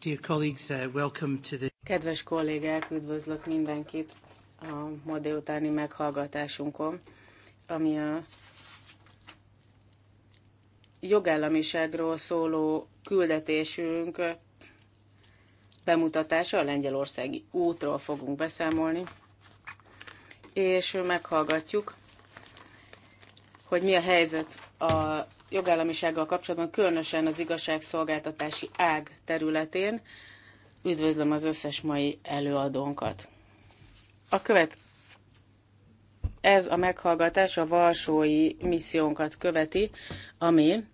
Dear colleagues, uh, welcome to the... Kedves kollégák, üdvözlök mindenkit a ma délutáni meghallgatásunkon, ami a jogállamiságról szóló küldetésünk bemutatása, a lengyelországi útról fogunk beszámolni, és meghallgatjuk, hogy mi a helyzet a jogállamisággal kapcsolatban, különösen az igazságszolgáltatási ág területén. Üdvözlöm az összes mai előadónkat. A követ... Ez a meghallgatás a Varsói missziónkat követi, ami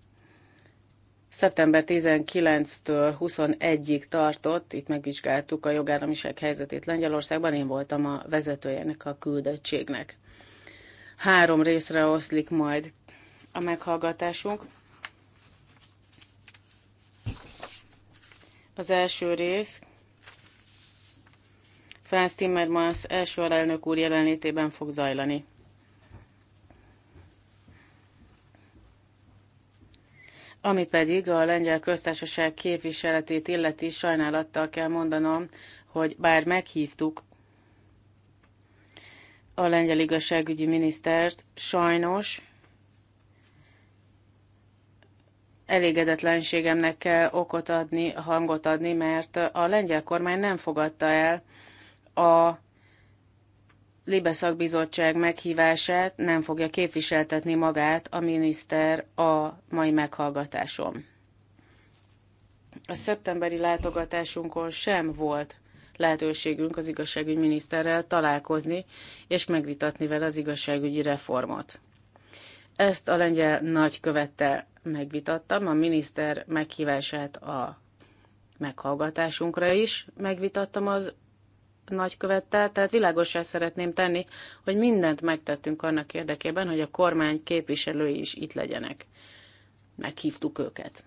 szeptember 19-től 21-ig tartott, itt megvizsgáltuk a jogállamiság helyzetét Lengyelországban, én voltam a vezetőjének a küldöttségnek. Három részre oszlik majd a meghallgatásunk. Az első rész Franz Timmermans első alelnök úr jelenlétében fog zajlani. Ami pedig a lengyel köztársaság képviseletét illeti, sajnálattal kell mondanom, hogy bár meghívtuk a lengyel igazságügyi minisztert, sajnos elégedetlenségemnek kell okot adni, hangot adni, mert a lengyel kormány nem fogadta el a Libeszakbizottság meghívását, nem fogja képviseltetni magát a miniszter a mai meghallgatáson. A szeptemberi látogatásunkon sem volt lehetőségünk az igazságügyminiszterrel találkozni és megvitatni vele az igazságügyi reformot. Ezt a lengyel nagykövettel megvitattam, a miniszter meghívását a meghallgatásunkra is megvitattam az nagykövettel, tehát világosá szeretném tenni, hogy mindent megtettünk annak érdekében, hogy a kormány képviselői is itt legyenek. Meghívtuk őket.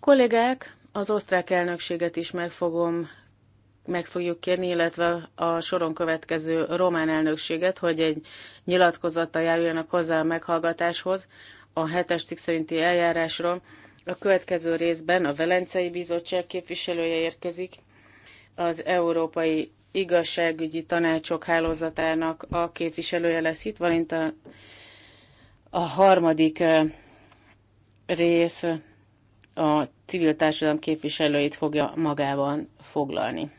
Kollégák, az osztrák elnökséget is meg fogom meg fogjuk kérni, illetve a soron következő román elnökséget, hogy egy nyilatkozattal járuljanak hozzá a meghallgatáshoz a hetes cikk szerinti eljárásról. A következő részben a Velencei Bizottság képviselője érkezik, az Európai Igazságügyi Tanácsok Hálózatának a képviselője lesz itt, valint a, a harmadik rész a civil társadalom képviselőit fogja magában foglalni.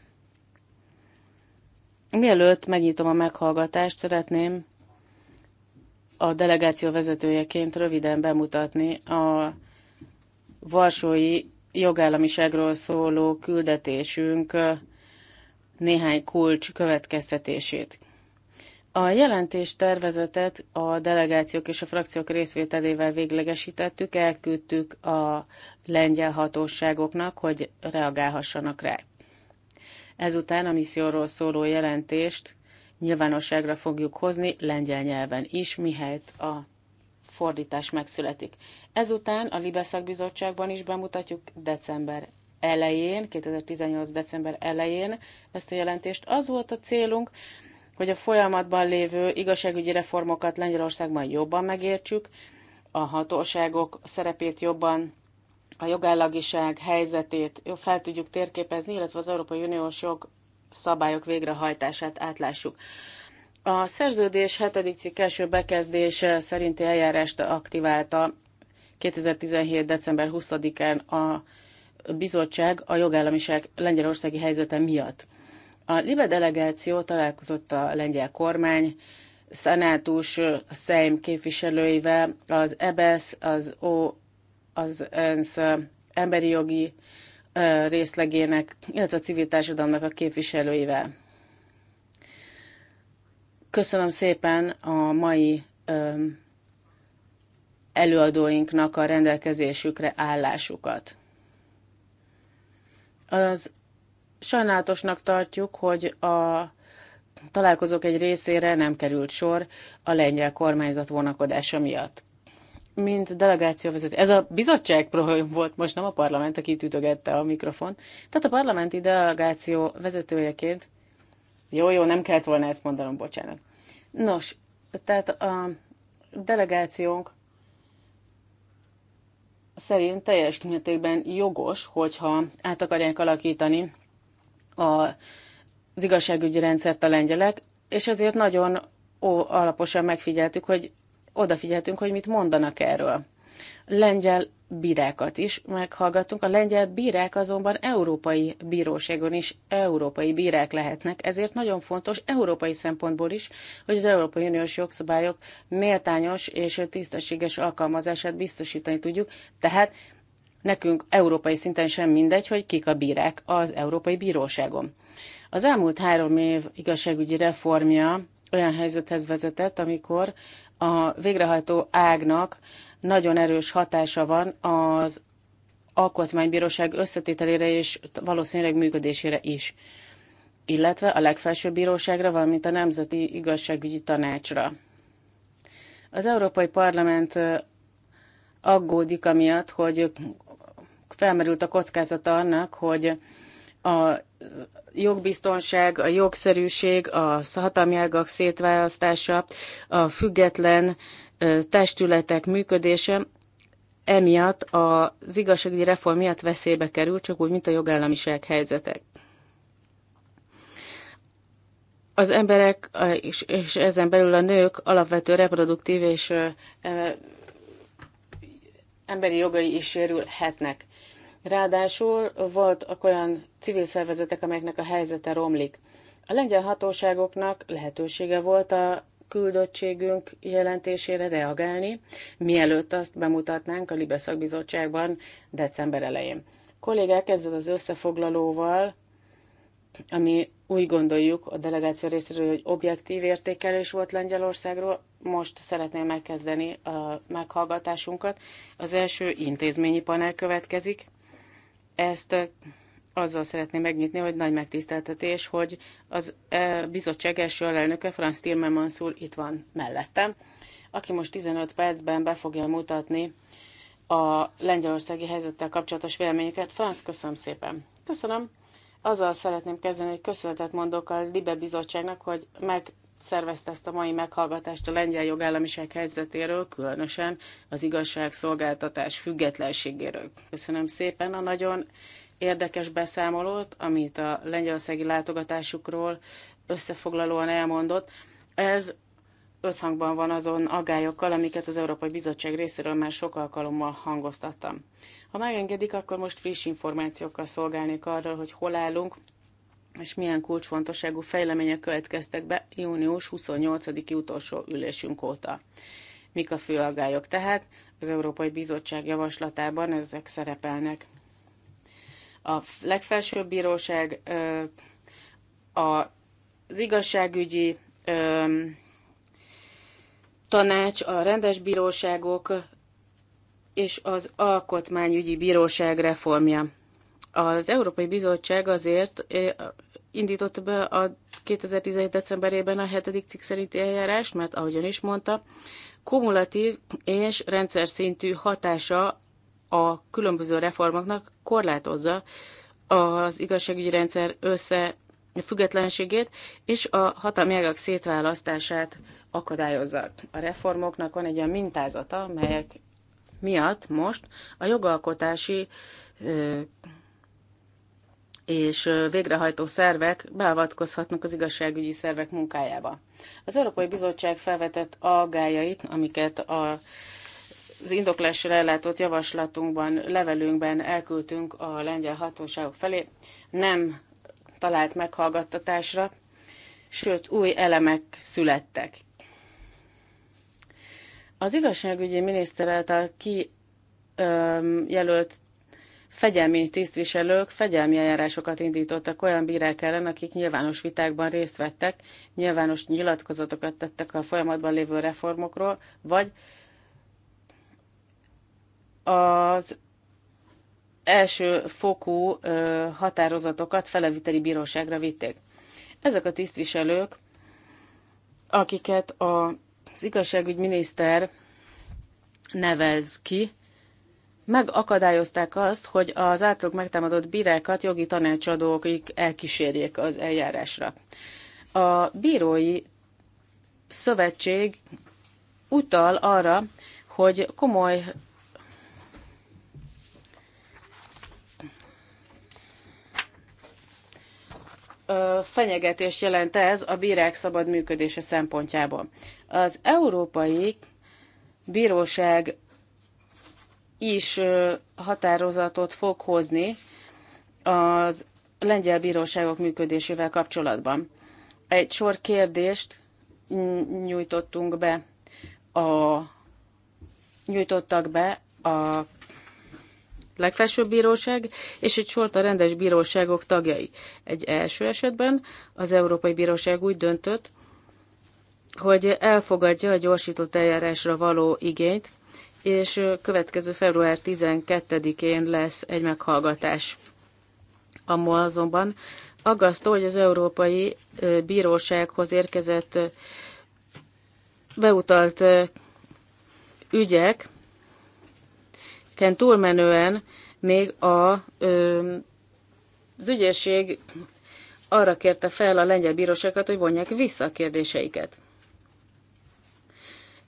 Mielőtt megnyitom a meghallgatást, szeretném a delegáció vezetőjeként röviden bemutatni a Varsói jogállamiságról szóló küldetésünk néhány kulcs következtetését. A jelentés tervezetet a delegációk és a frakciók részvételével véglegesítettük, elküldtük a lengyel hatóságoknak, hogy reagálhassanak rá. Ezután a misszióról szóló jelentést nyilvánosságra fogjuk hozni lengyel nyelven is, mihelyt a fordítás megszületik. Ezután a Libeszak Bizottságban is bemutatjuk december elején, 2018. december elején ezt a jelentést. Az volt a célunk, hogy a folyamatban lévő igazságügyi reformokat Lengyelországban jobban megértsük, a hatóságok szerepét jobban a jogállagiság helyzetét fel tudjuk térképezni, illetve az Európai Uniós jog szabályok végrehajtását átlássuk. A szerződés 7. cikk első bekezdés szerinti eljárást aktiválta 2017. december 20-án a bizottság a jogállamiság lengyelországi helyzete miatt. A Libe delegáció találkozott a lengyel kormány, szenátus, a Szeim képviselőivel, az EBS, e az o az ENSZ emberi jogi részlegének, illetve a civil társadalomnak a képviselőivel. Köszönöm szépen a mai előadóinknak a rendelkezésükre állásukat. Az sajnálatosnak tartjuk, hogy a találkozók egy részére nem került sor a lengyel kormányzat vonakodása miatt mint delegáció vezet. Ez a bizottság program volt, most nem a parlament, aki ütögette a mikrofon. Tehát a parlamenti delegáció vezetőjeként, jó, jó, nem kellett volna ezt mondanom, bocsánat. Nos, tehát a delegációnk szerint teljes mértékben jogos, hogyha át akarják alakítani a, az igazságügyi rendszert a lengyelek, és azért nagyon ó, alaposan megfigyeltük, hogy odafigyeltünk, hogy mit mondanak erről. Lengyel bírákat is meghallgattunk. A lengyel bírák azonban európai bíróságon is európai bírák lehetnek, ezért nagyon fontos európai szempontból is, hogy az Európai Uniós jogszabályok méltányos és tisztességes alkalmazását biztosítani tudjuk, tehát nekünk európai szinten sem mindegy, hogy kik a bírák az Európai Bíróságon. Az elmúlt három év igazságügyi reformja olyan helyzethez vezetett, amikor a végrehajtó ágnak nagyon erős hatása van az alkotmánybíróság összetételére és valószínűleg működésére is, illetve a legfelsőbb bíróságra, valamint a Nemzeti Igazságügyi Tanácsra. Az Európai Parlament aggódik amiatt, hogy felmerült a kockázata annak, hogy a jogbiztonság, a jogszerűség, a hatalmi ágak szétválasztása, a független testületek működése emiatt az igazságügyi reform miatt veszélybe kerül, csak úgy, mint a jogállamiság helyzetek az emberek, és, ezen belül a nők alapvető reproduktív és emberi jogai is sérülhetnek. Ráadásul voltak olyan civil szervezetek, amelyeknek a helyzete romlik. A lengyel hatóságoknak lehetősége volt a küldöttségünk jelentésére reagálni, mielőtt azt bemutatnánk a Libe szakbizottságban december elején. A kollégák ezzel az összefoglalóval, ami úgy gondoljuk a delegáció részéről, hogy objektív értékelés volt Lengyelországról, most szeretném megkezdeni a meghallgatásunkat. Az első intézményi panel következik. Ezt azzal szeretném megnyitni, hogy nagy megtiszteltetés, hogy az bizottság első alelnöke, Franz Timmermans úr itt van mellettem, aki most 15 percben be fogja mutatni a lengyelországi helyzettel kapcsolatos véleményeket. Franz, köszönöm szépen. Köszönöm. Azzal szeretném kezdeni, hogy köszönetet mondok a Libe Bizottságnak, hogy meg szervezte ezt a mai meghallgatást a lengyel jogállamiság helyzetéről, különösen az igazságszolgáltatás függetlenségéről. Köszönöm szépen a nagyon érdekes beszámolót, amit a lengyelországi látogatásukról összefoglalóan elmondott. Ez összhangban van azon agályokkal, amiket az Európai Bizottság részéről már sok alkalommal hangoztattam. Ha megengedik, akkor most friss információkkal szolgálnék arról, hogy hol állunk, és milyen kulcsfontosságú fejlemények következtek be június 28-i utolsó ülésünk óta. Mik a fő tehát? Az Európai Bizottság javaslatában ezek szerepelnek. A legfelsőbb bíróság, az igazságügyi tanács, a rendes bíróságok és az alkotmányügyi bíróság reformja. Az Európai Bizottság azért indította be a 2017. decemberében a hetedik cikk szerinti eljárást, mert ahogyan is mondta, kumulatív és rendszer szintű hatása a különböző reformoknak korlátozza az igazságügyi rendszer össze függetlenségét és a hatalmi ágak szétválasztását akadályozza. A reformoknak van egy olyan mintázata, melyek miatt most a jogalkotási és végrehajtó szervek beavatkozhatnak az igazságügyi szervek munkájába. Az Európai Bizottság felvetett aggájait, amiket a, az indoklásra ellátott javaslatunkban, levelünkben elküldtünk a lengyel hatóságok felé, nem talált meghallgattatásra, sőt új elemek születtek. Az igazságügyi miniszter által kijelölt fegyelmi tisztviselők fegyelmi eljárásokat indítottak olyan bírák ellen, akik nyilvános vitákban részt vettek, nyilvános nyilatkozatokat tettek a folyamatban lévő reformokról, vagy az első fokú határozatokat feleviteli bíróságra vitték. Ezek a tisztviselők, akiket az igazságügyminiszter nevez ki, megakadályozták azt, hogy az általuk megtámadott bírákat jogi tanácsadók elkísérjék az eljárásra. A bírói szövetség utal arra, hogy komoly fenyegetés jelent ez a bírák szabad működése szempontjából. Az Európai Bíróság is határozatot fog hozni az lengyel bíróságok működésével kapcsolatban. Egy sor kérdést nyújtottunk be a, nyújtottak be a legfelsőbb bíróság, és egy sort a rendes bíróságok tagjai. Egy első esetben az Európai Bíróság úgy döntött, hogy elfogadja a gyorsított eljárásra való igényt, és következő február 12-én lesz egy meghallgatás. Amó azonban aggasztó, hogy az Európai Bírósághoz érkezett beutalt ügyek, ken túlmenően még a, ö, az ügyészség arra kérte fel a lengyel bírósákat, hogy vonják vissza a kérdéseiket.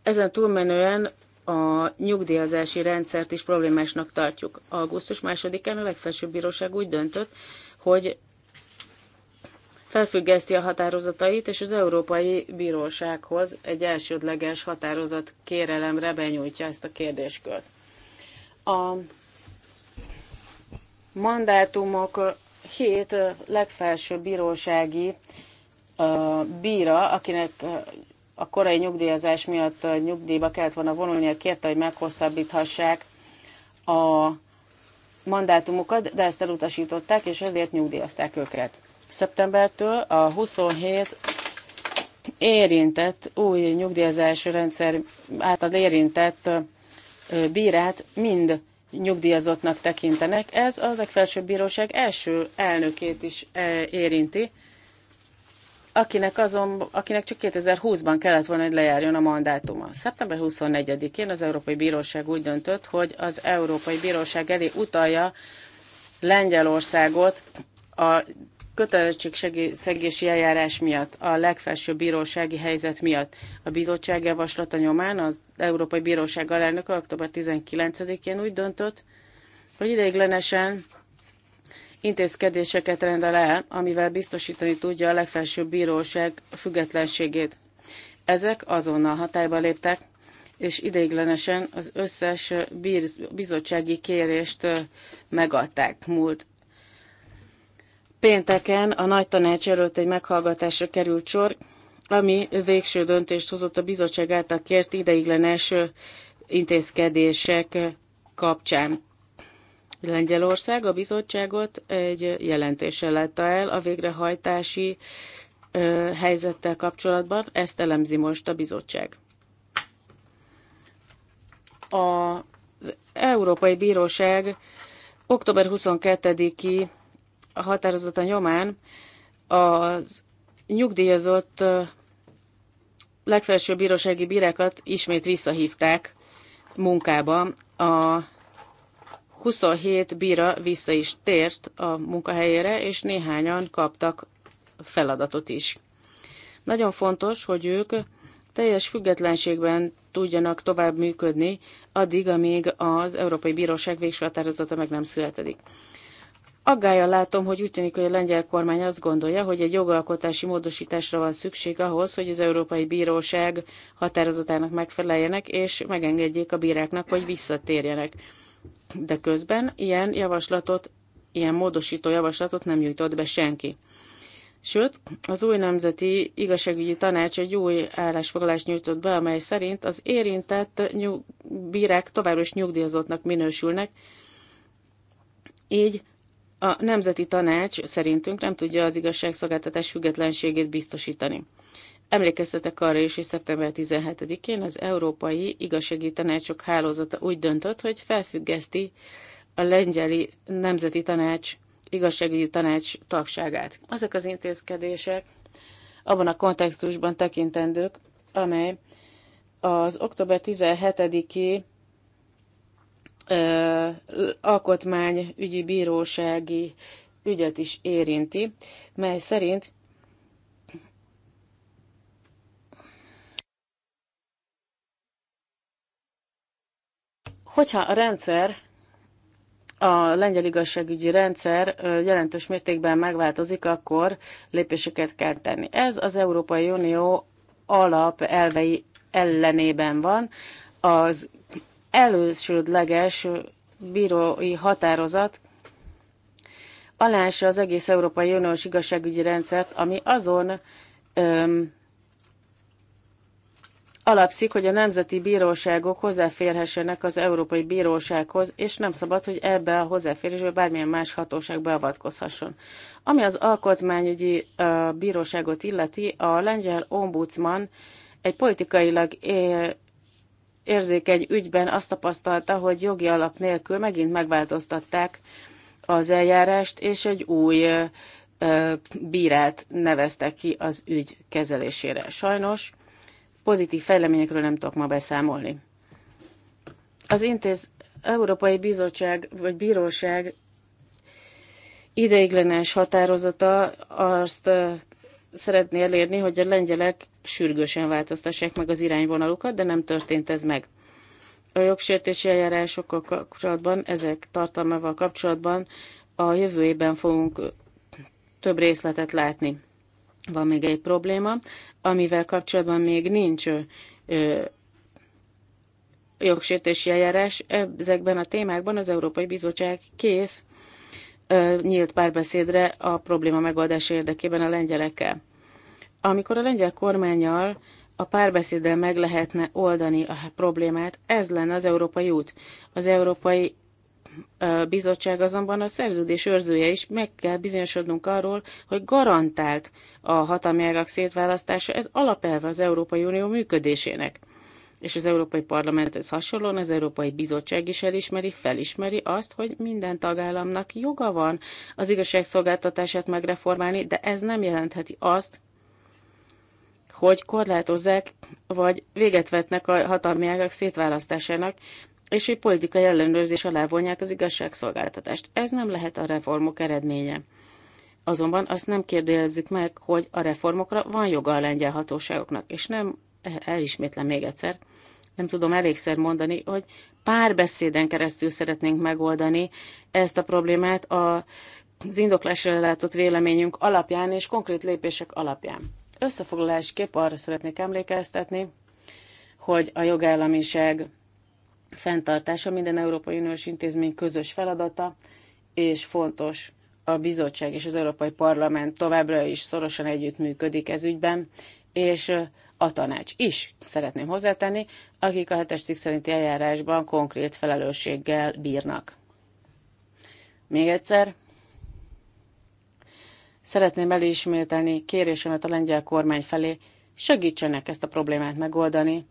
Ezen túlmenően a nyugdíjazási rendszert is problémásnak tartjuk. Augusztus 2-án a legfelsőbb bíróság úgy döntött, hogy felfüggeszti a határozatait, és az Európai Bírósághoz egy elsődleges határozat kérelemre benyújtja ezt a kérdéskört. A mandátumok hét legfelsőbb bírósági bíra, akinek a korai nyugdíjazás miatt nyugdíjba kellett volna vonulnia, kérte, hogy meghosszabbíthassák a mandátumukat, de ezt elutasították, és ezért nyugdíjazták őket. Szeptembertől a 27 érintett, új nyugdíjazási rendszer által érintett bírát mind nyugdíjazottnak tekintenek. Ez a legfelsőbb bíróság első elnökét is érinti, akinek, azon, akinek csak 2020-ban kellett volna, hogy lejárjon a mandátuma. Szeptember 24-én az Európai Bíróság úgy döntött, hogy az Európai Bíróság elé utalja Lengyelországot a kötelezettségszegési eljárás miatt, a legfelsőbb bírósági helyzet miatt. A bizottság javaslata nyomán az Európai Bíróság alelnöke október 19-én úgy döntött, hogy ideiglenesen intézkedéseket rendel el, amivel biztosítani tudja a legfelsőbb bíróság függetlenségét. Ezek azonnal hatályba léptek, és ideiglenesen az összes bizottsági kérést megadták múlt Pénteken a nagy tanács előtt egy meghallgatásra került sor, ami végső döntést hozott a bizottság által kért ideiglenes intézkedések kapcsán. Lengyelország a bizottságot egy jelentéssel látta el a végrehajtási helyzettel kapcsolatban, ezt elemzi most a bizottság. Az Európai Bíróság október 22-i határozata nyomán az nyugdíjazott legfelsőbb bírósági bírákat ismét visszahívták munkába a 27 bíra vissza is tért a munkahelyére, és néhányan kaptak feladatot is. Nagyon fontos, hogy ők teljes függetlenségben tudjanak tovább működni, addig, amíg az Európai Bíróság végső határozata meg nem születedik. Aggája látom, hogy úgy tűnik, hogy a lengyel kormány azt gondolja, hogy egy jogalkotási módosításra van szükség ahhoz, hogy az Európai Bíróság határozatának megfeleljenek, és megengedjék a bíráknak, hogy visszatérjenek de közben ilyen javaslatot, ilyen módosító javaslatot nem nyújtott be senki. Sőt, az új Nemzeti Igazságügyi Tanács egy új állásfoglalást nyújtott be, amely szerint az érintett nyug- bírák továbbra is nyugdíjazottnak minősülnek, így a Nemzeti Tanács szerintünk nem tudja az igazságszolgáltatás függetlenségét biztosítani. Emlékeztetek arra is, hogy szeptember 17-én az Európai Igazsági Tanácsok Hálózata úgy döntött, hogy felfüggeszti a lengyeli Nemzeti Tanács, Igazságügyi Tanács tagságát. Azok az intézkedések abban a kontextusban tekintendők, amely az október 17-i alkotmányügyi bírósági ügyet is érinti, mely szerint Hogyha a rendszer, a lengyel igazságügyi rendszer jelentős mértékben megváltozik, akkor lépéseket kell tenni. Ez az Európai Unió alap elvei ellenében van. Az elősődleges bírói határozat alása az egész Európai Uniós igazságügyi rendszert, ami azon öm, alapszik, hogy a nemzeti bíróságok hozzáférhessenek az Európai Bírósághoz, és nem szabad, hogy ebbe a hozzáférésbe bármilyen más hatóság beavatkozhasson. Ami az alkotmányügyi bíróságot illeti, a lengyel ombudsman egy politikailag érzékeny ügyben azt tapasztalta, hogy jogi alap nélkül megint megváltoztatták az eljárást, és egy új bírát neveztek ki az ügy kezelésére. Sajnos pozitív fejleményekről nem tudok ma beszámolni. Az intéz Európai Bizottság vagy Bíróság ideiglenes határozata azt szeretné elérni, hogy a lengyelek sürgősen változtassák meg az irányvonalukat, de nem történt ez meg. A jogsértési eljárásokkal kapcsolatban, ezek tartalmával kapcsolatban a jövőjében fogunk több részletet látni. Van még egy probléma, amivel kapcsolatban még nincs ö, jogsértési eljárás. Ezekben a témákban az Európai Bizottság kész ö, nyílt párbeszédre a probléma megoldása érdekében a lengyelekkel. Amikor a lengyel kormányjal a párbeszéddel meg lehetne oldani a problémát, ez lenne az európai út. Az európai bizottság azonban a szerződés őrzője is, meg kell bizonyosodnunk arról, hogy garantált a hatalmi ágak szétválasztása, ez alapelve az Európai Unió működésének. És az Európai Parlamenthez hasonlóan az Európai Bizottság is elismeri, felismeri azt, hogy minden tagállamnak joga van az igazságszolgáltatását megreformálni, de ez nem jelentheti azt, hogy korlátozzák, vagy véget vetnek a hatalmi ágak szétválasztásának, és hogy politikai ellenőrzés alá vonják az igazságszolgáltatást. Ez nem lehet a reformok eredménye. Azonban azt nem kérdezzük meg, hogy a reformokra van joga a lengyel hatóságoknak, és nem, elismétlem még egyszer, nem tudom elégszer mondani, hogy párbeszéden keresztül szeretnénk megoldani ezt a problémát a, az indoklásra látott véleményünk alapján és konkrét lépések alapján. Összefoglalásképp arra szeretnék emlékeztetni, hogy a jogállamiság fenntartása minden Európai Uniós intézmény közös feladata, és fontos a bizottság és az Európai Parlament továbbra is szorosan együttműködik ez ügyben, és a tanács is, szeretném hozzátenni, akik a hetes cikk szerinti eljárásban konkrét felelősséggel bírnak. Még egyszer, szeretném elismételni kérésemet a lengyel kormány felé, segítsenek ezt a problémát megoldani,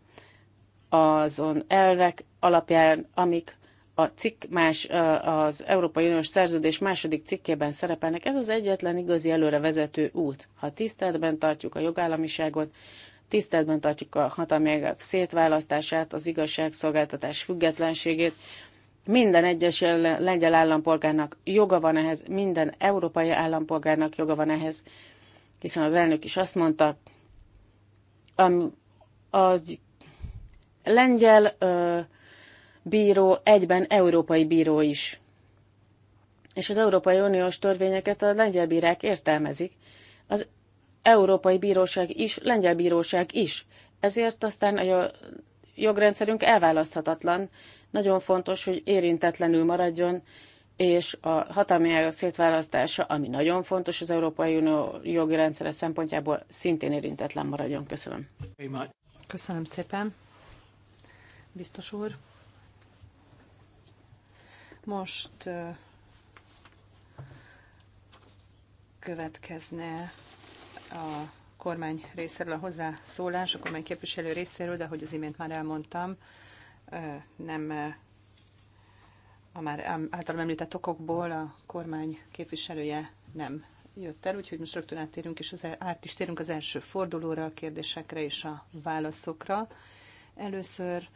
azon elvek alapján, amik a cikk más, az Európai Uniós Szerződés második cikkében szerepelnek. Ez az egyetlen igazi előrevezető út. Ha tiszteletben tartjuk a jogállamiságot, tiszteletben tartjuk a hatalmiak szétválasztását, az igazságszolgáltatás függetlenségét, minden egyes lengyel állampolgárnak joga van ehhez, minden európai állampolgárnak joga van ehhez, hiszen az elnök is azt mondta, az lengyel ö, bíró, egyben európai bíró is. És az Európai Uniós törvényeket a lengyel bírák értelmezik. Az Európai Bíróság is, lengyel bíróság is. Ezért aztán a jogrendszerünk elválaszthatatlan. Nagyon fontos, hogy érintetlenül maradjon, és a hatalmi ágak szétválasztása, ami nagyon fontos az Európai Unió jogi rendszere szempontjából, szintén érintetlen maradjon. Köszönöm. Köszönöm szépen biztos úr. Most következne a kormány részéről a hozzászólás, a kormány képviselő részéről, de ahogy az imént már elmondtam, nem a már általam említett okokból a kormány képviselője nem jött el, úgyhogy most rögtön áttérünk, és az, e-, át is térünk az első fordulóra, a kérdésekre és a válaszokra. Először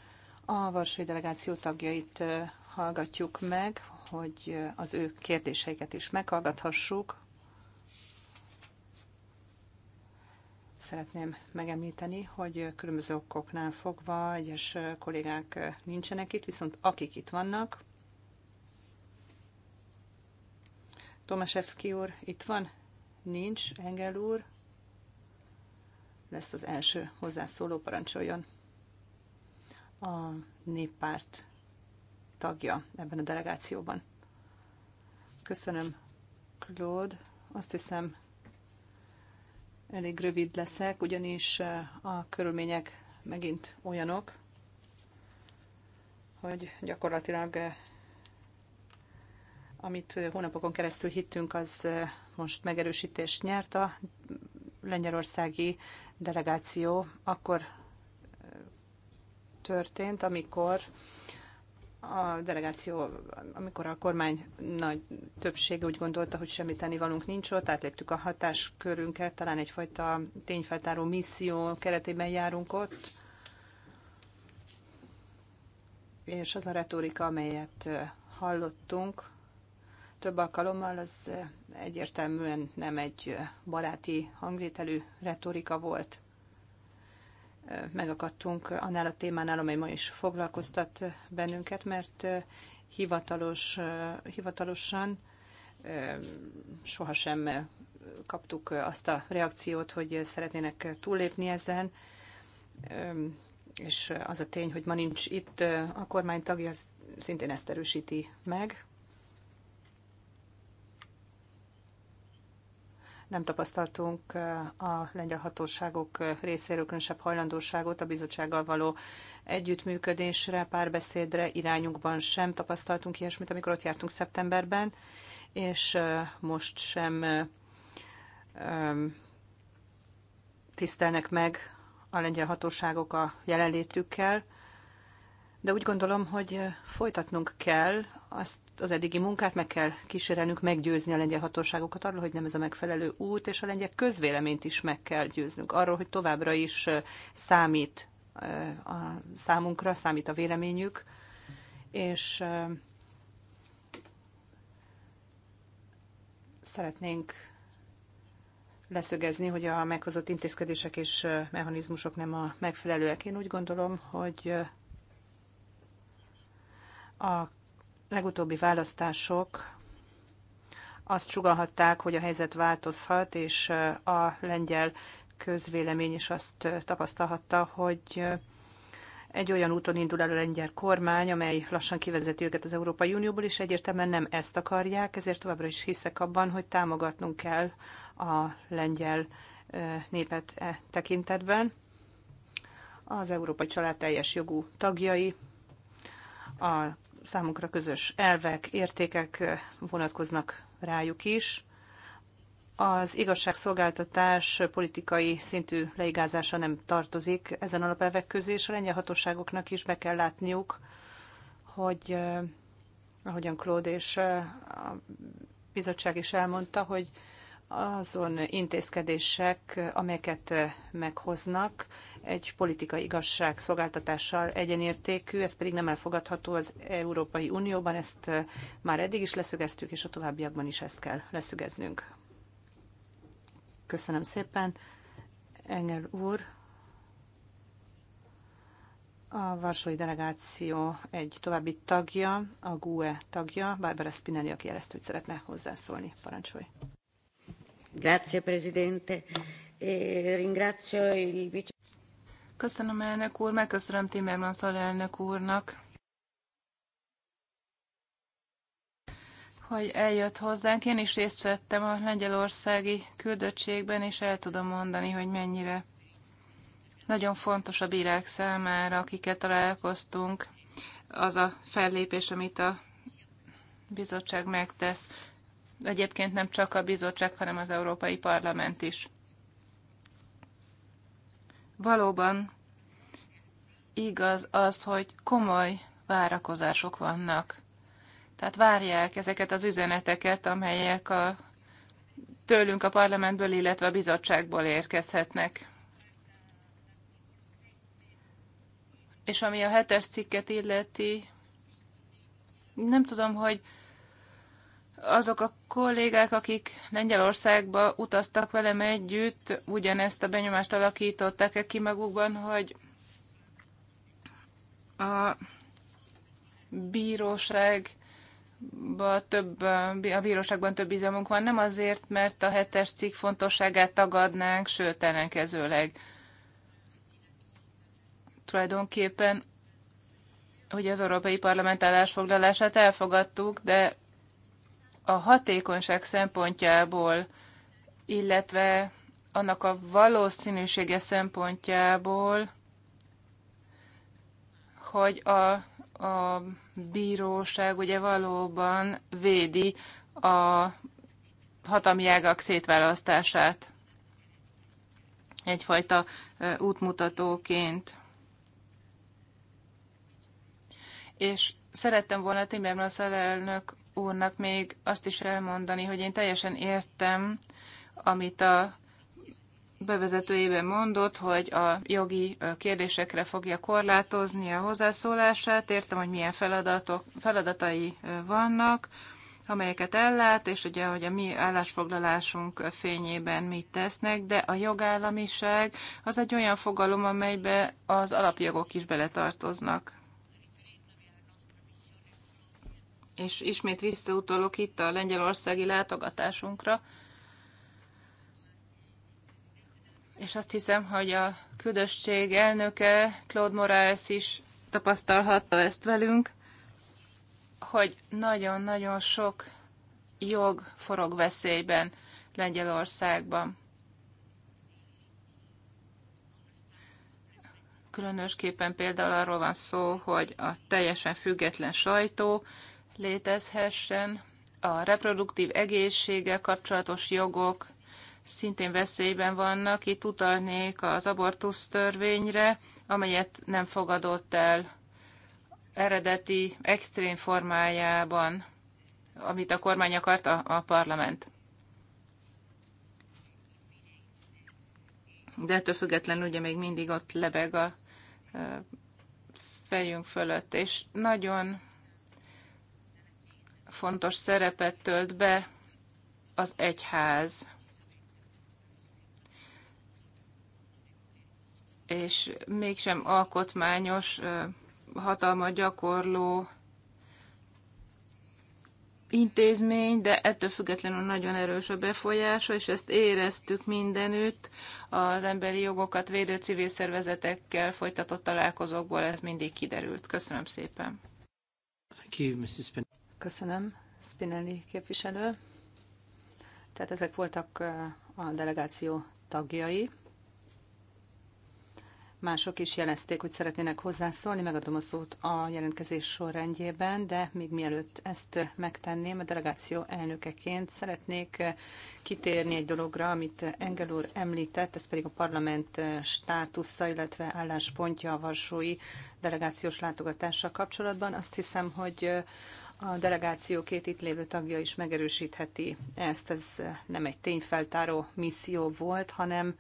a Varsói Delegáció tagjait hallgatjuk meg, hogy az ő kérdéseiket is meghallgathassuk. Szeretném megemlíteni, hogy különböző okoknál fogva egyes kollégák nincsenek itt, viszont akik itt vannak, Tomaszewski úr itt van? Nincs. Engel úr? Lesz az első hozzászóló, parancsoljon a néppárt tagja ebben a delegációban. Köszönöm, Claude. Azt hiszem, elég rövid leszek, ugyanis eh, a körülmények megint olyanok, hogy gyakorlatilag eh, amit hónapokon keresztül hittünk, az eh, most megerősítést nyert a lengyelországi delegáció. Akkor történt, amikor a delegáció, amikor a kormány nagy többsége úgy gondolta, hogy semmi tennivalunk nincs ott, átléptük a hatáskörünket, talán egyfajta tényfeltáró misszió keretében járunk ott, és az a retorika, amelyet hallottunk több alkalommal, az egyértelműen nem egy baráti hangvételű retorika volt megakadtunk annál a témánál, amely ma is foglalkoztat bennünket, mert hivatalos, hivatalosan sohasem kaptuk azt a reakciót, hogy szeretnének túllépni ezen, és az a tény, hogy ma nincs itt a kormány tagja, szintén ezt erősíti meg. nem tapasztaltunk eh, a lengyel hatóságok eh, részéről különösebb hajlandóságot a bizottsággal való együttműködésre, párbeszédre, irányunkban sem tapasztaltunk ilyesmit, amikor ott jártunk szeptemberben, és eh, most sem tisztelnek meg a lengyel hatóságok a jelenlétükkel, de úgy gondolom, hogy folytatnunk kell azt az eddigi munkát meg kell kísérelnünk meggyőzni a lengyel hatóságokat arról, hogy nem ez a megfelelő út, és a lengyel közvéleményt is meg kell győznünk arról, hogy továbbra is számít a számunkra, számít a véleményük, és szeretnénk leszögezni, hogy a meghozott intézkedések és mechanizmusok nem a megfelelőek. Én úgy gondolom, hogy a legutóbbi választások azt sugalhatták, hogy a helyzet változhat, és a lengyel közvélemény is azt tapasztalhatta, hogy egy olyan úton indul el a lengyel kormány, amely lassan kivezeti őket az Európai Unióból, és egyértelműen nem ezt akarják, ezért továbbra is hiszek abban, hogy támogatnunk kell a lengyel népet e tekintetben. Az Európai Család teljes jogú tagjai, a számunkra közös elvek, értékek vonatkoznak rájuk is. Az igazságszolgáltatás politikai szintű leigázása nem tartozik ezen alapelvek közé, és a lengyel hatóságoknak is be kell látniuk, hogy eh, ahogyan Claude és eh, a bizottság is elmondta, hogy azon intézkedések, amelyeket meghoznak, egy politikai igazság szolgáltatással egyenértékű, ez pedig nem elfogadható az Európai Unióban, ezt eh, már eddig is leszögeztük, és a továbbiakban is ezt kell leszögeznünk. Köszönöm szépen, Engel úr. A Varsói Delegáció egy további tagja, a GUE tagja, Barbara Spinelli, aki jelezte, hogy szeretne hozzászólni. Parancsolj! Grazie, Presidente. E ringrazio il vice... Köszönöm elnök úr, megköszönöm Timmermans alelnök úrnak, hogy eljött hozzánk. Én is részt vettem a lengyelországi küldöttségben, és el tudom mondani, hogy mennyire nagyon fontos a bírák számára, akiket találkoztunk, az a fellépés, amit a bizottság megtesz. Egyébként nem csak a bizottság, hanem az Európai Parlament is. Valóban igaz az, hogy komoly várakozások vannak. Tehát várják ezeket az üzeneteket, amelyek a, tőlünk a parlamentből, illetve a bizottságból érkezhetnek. És ami a hetes cikket illeti, nem tudom, hogy azok a kollégák, akik Lengyelországba utaztak velem együtt, ugyanezt a benyomást alakították -e ki magukban, hogy a bíróságban több, a bíróságban több izomunk van, nem azért, mert a hetes cikk fontosságát tagadnánk, sőt, ellenkezőleg. Tulajdonképpen hogy az Európai Parlament állásfoglalását elfogadtuk, de a hatékonyság szempontjából, illetve annak a valószínűsége szempontjából, hogy a, a bíróság ugye valóban védi a hatalmi ágak szétválasztását egyfajta útmutatóként. És szerettem volna Timmermans elnök úrnak még azt is elmondani, hogy én teljesen értem, amit a bevezetőjében mondott, hogy a jogi kérdésekre fogja korlátozni a hozzászólását. Értem, hogy milyen feladatok, feladatai vannak, amelyeket ellát, és ugye, hogy a mi állásfoglalásunk fényében mit tesznek, de a jogállamiság az egy olyan fogalom, amelybe az alapjogok is beletartoznak. és ismét visszautolok itt a lengyelországi látogatásunkra, és azt hiszem, hogy a küldöttség elnöke, Claude Moraes is tapasztalhatta ezt velünk, hogy nagyon-nagyon sok jog forog veszélyben Lengyelországban. Különösképpen például arról van szó, hogy a teljesen független sajtó létezhessen, a reproduktív egészsége kapcsolatos jogok szintén veszélyben vannak. Itt utalnék az abortusz törvényre, amelyet nem fogadott el eredeti extrém formájában, amit a kormány akart a, a parlament. De ettől függetlenül ugye még mindig ott lebeg a fejünk fölött, és nagyon fontos szerepet tölt be az egyház. És mégsem alkotmányos hatalmat gyakorló intézmény, de ettől függetlenül nagyon erős a befolyása, és ezt éreztük mindenütt. Az emberi jogokat védő civil szervezetekkel folytatott találkozókból ez mindig kiderült. Köszönöm szépen. Köszönöm, Spinelli képviselő. Tehát ezek voltak eh, a delegáció tagjai. Mások is jelezték, hogy szeretnének hozzászólni, megadom a szót a jelentkezés sorrendjében, de még mielőtt ezt megtenném, a delegáció elnökeként szeretnék eh, kitérni egy dologra, amit Engel úr említett, ez pedig a parlament eh, státusza, illetve álláspontja a Varsói delegációs látogatással kapcsolatban. Azt hiszem, hogy a delegáció két itt lévő tagja is megerősítheti ezt. Ez nem egy tényfeltáró misszió volt, hanem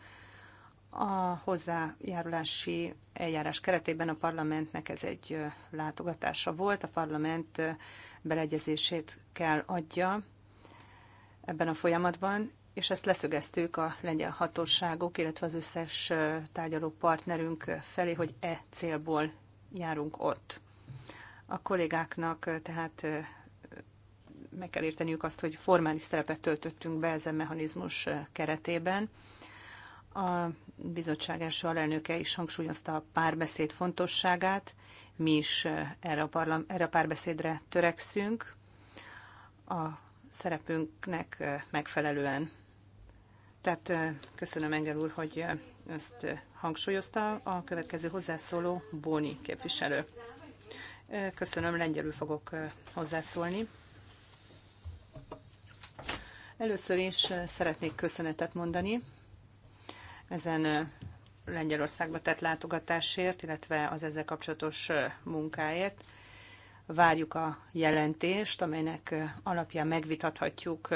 a hozzájárulási eljárás keretében a parlamentnek ez egy látogatása volt. A parlament beleegyezését kell adja ebben a folyamatban, és ezt leszögeztük a lengyel hatóságok, illetve az összes tárgyaló partnerünk felé, hogy e célból járunk ott. A kollégáknak tehát meg kell érteniük azt, hogy formális szerepet töltöttünk be ezen mechanizmus keretében. A bizottság első alelnöke is hangsúlyozta a párbeszéd fontosságát, mi is erre a, parlam, erre a párbeszédre törekszünk a szerepünknek megfelelően. Tehát köszönöm Engel úr, hogy ezt hangsúlyozta a következő hozzászóló Bóni képviselő. Köszönöm, lengyelül fogok hozzászólni. Először is szeretnék köszönetet mondani ezen Lengyelországba tett látogatásért, illetve az ezzel kapcsolatos munkáért. Várjuk a jelentést, amelynek alapján megvitathatjuk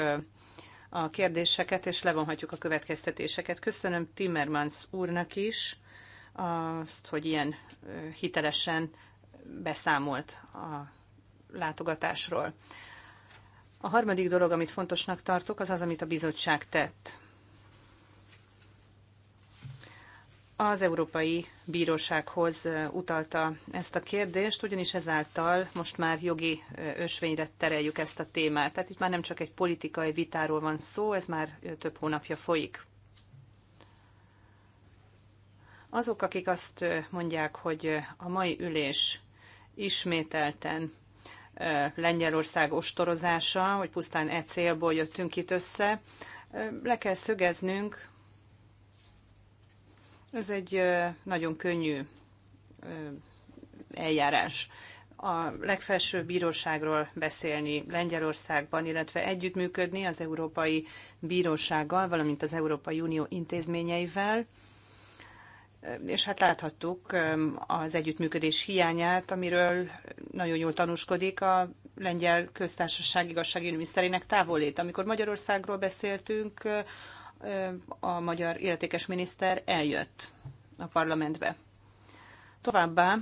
a kérdéseket, és levonhatjuk a következtetéseket. Köszönöm Timmermans úrnak is azt, hogy ilyen hitelesen beszámolt a látogatásról. A harmadik dolog, amit fontosnak tartok, az az, amit a bizottság tett. Az Európai Bírósághoz utalta ezt a kérdést, ugyanis ezáltal most már jogi ösvényre tereljük ezt a témát. Tehát itt már nem csak egy politikai vitáról van szó, ez már több hónapja folyik. Azok, akik azt mondják, hogy a mai ülés ismételten Lengyelország ostorozása, hogy pusztán e célból jöttünk itt össze. Le kell szögeznünk, ez egy nagyon könnyű eljárás. A legfelsőbb bíróságról beszélni Lengyelországban, illetve együttműködni az Európai Bírósággal, valamint az Európai Unió intézményeivel, és hát láthattuk az együttműködés hiányát, amiről nagyon jól tanúskodik a lengyel köztársaság igazságügyi miniszterének távolét. Amikor Magyarországról beszéltünk, a magyar illetékes miniszter eljött a parlamentbe. Továbbá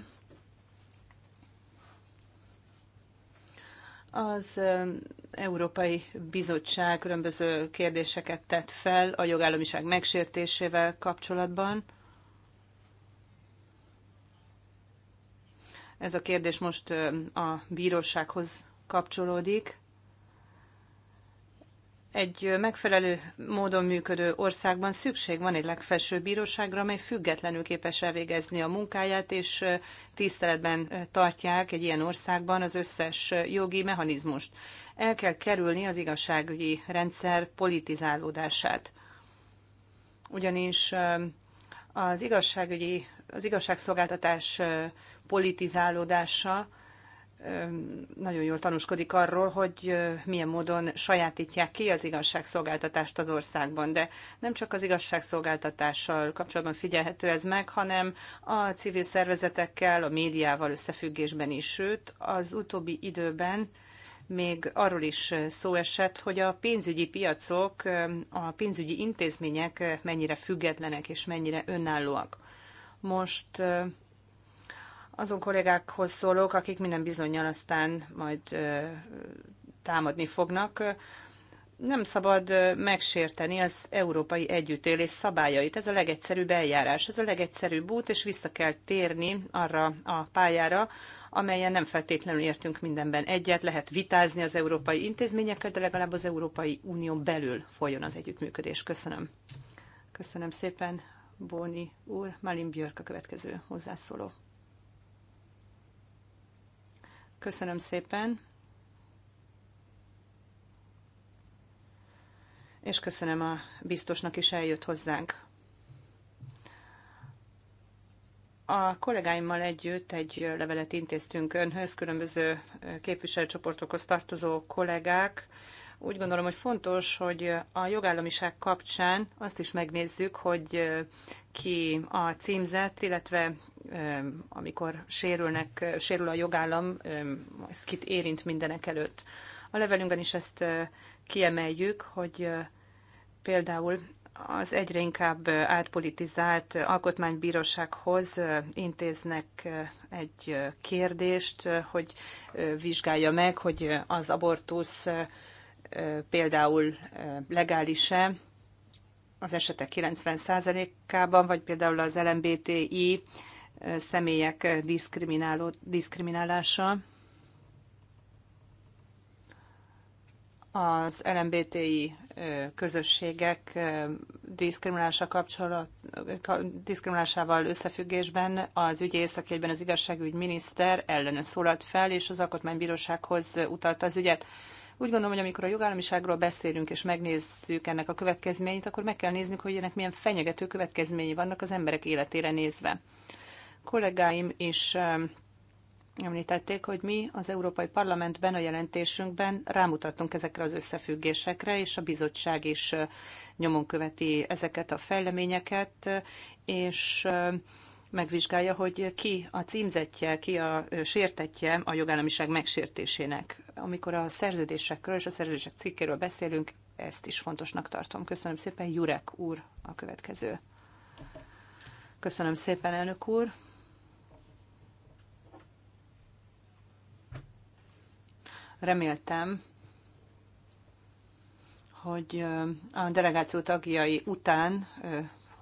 az Európai Bizottság különböző kérdéseket tett fel a jogállamiság megsértésével kapcsolatban – Ez a kérdés most a bírósághoz kapcsolódik. Egy megfelelő módon működő országban szükség van egy legfelsőbb bíróságra, amely függetlenül képes elvégezni a munkáját, és tiszteletben tartják egy ilyen országban az összes jogi mechanizmust. El kell kerülni az igazságügyi rendszer politizálódását. Ugyanis az igazságügyi, az igazságszolgáltatás politizálódása nagyon jól tanúskodik arról, hogy milyen módon sajátítják ki az igazságszolgáltatást az országban. De nem csak az igazságszolgáltatással kapcsolatban figyelhető ez meg, hanem a civil szervezetekkel, a médiával összefüggésben is. Sőt, az utóbbi időben még arról is szó esett, hogy a pénzügyi piacok, a pénzügyi intézmények mennyire függetlenek és mennyire önállóak. Most azon kollégákhoz szólok, akik minden bizonyal aztán majd támadni fognak. Nem szabad megsérteni az európai együttélés szabályait. Ez a legegyszerűbb eljárás, ez a legegyszerűbb út, és vissza kell térni arra a pályára, amelyen nem feltétlenül értünk mindenben egyet, lehet vitázni az európai intézményekkel, de legalább az Európai Unió belül folyjon az együttműködés. Köszönöm. Köszönöm szépen, Bóni úr. Malin Björk a következő hozzászóló. Köszönöm szépen. És köszönöm a biztosnak is eljött hozzánk. A kollégáimmal együtt egy levelet intéztünk önhöz, különböző képviselőcsoportokhoz tartozó kollégák, úgy gondolom, hogy fontos, hogy a jogállamiság kapcsán azt is megnézzük, hogy ki a címzett, illetve amikor sérülnek, sérül a jogállam, ez kit érint mindenek előtt. A levelünkben is ezt kiemeljük, hogy például az egyre inkább átpolitizált alkotmánybírósághoz intéznek egy kérdést, hogy vizsgálja meg, hogy az abortusz például legális-e az esetek 90%-ában, vagy például az LMBTI személyek diszkrimináló, diszkriminálása. Az LMBTI közösségek diszkriminálása kapcsolat, diszkriminálásával összefüggésben az ügyész, aki egyben az igazságügyminiszter ellen szólalt fel, és az alkotmánybírósághoz utalta az ügyet. Úgy gondolom, hogy amikor a jogállamiságról beszélünk és megnézzük ennek a következményét, akkor meg kell néznünk, hogy ennek milyen fenyegető következményei vannak az emberek életére nézve. Kollégáim is um, Említették, hogy mi az Európai Parlamentben a jelentésünkben rámutattunk ezekre az összefüggésekre, és a bizottság is uh, nyomon követi ezeket a fejleményeket, uh, és uh, megvizsgálja, hogy ki a címzetje, ki a sértetje a jogállamiság megsértésének. Amikor a szerződésekről és a szerződések cikkéről beszélünk, ezt is fontosnak tartom. Köszönöm szépen, Jurek úr a következő. Köszönöm szépen, elnök úr. Reméltem, hogy a delegáció tagjai után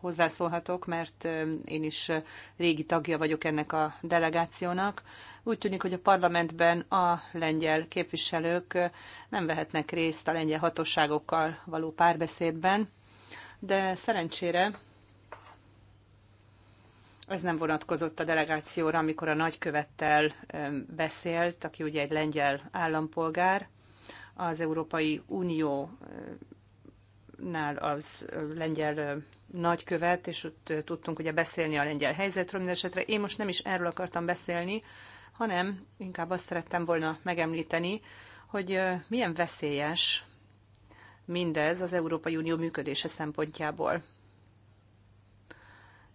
hozzászólhatok, mert én is régi tagja vagyok ennek a delegációnak. Úgy tűnik, hogy a parlamentben a lengyel képviselők nem vehetnek részt a lengyel hatóságokkal való párbeszédben, de szerencsére ez nem vonatkozott a delegációra, amikor a nagykövettel beszélt, aki ugye egy lengyel állampolgár, az Európai Unió nál az lengyel nagykövet, és ott tudtunk ugye beszélni a lengyel helyzetről, minden esetre én most nem is erről akartam beszélni, hanem inkább azt szerettem volna megemlíteni, hogy milyen veszélyes mindez az Európai Unió működése szempontjából,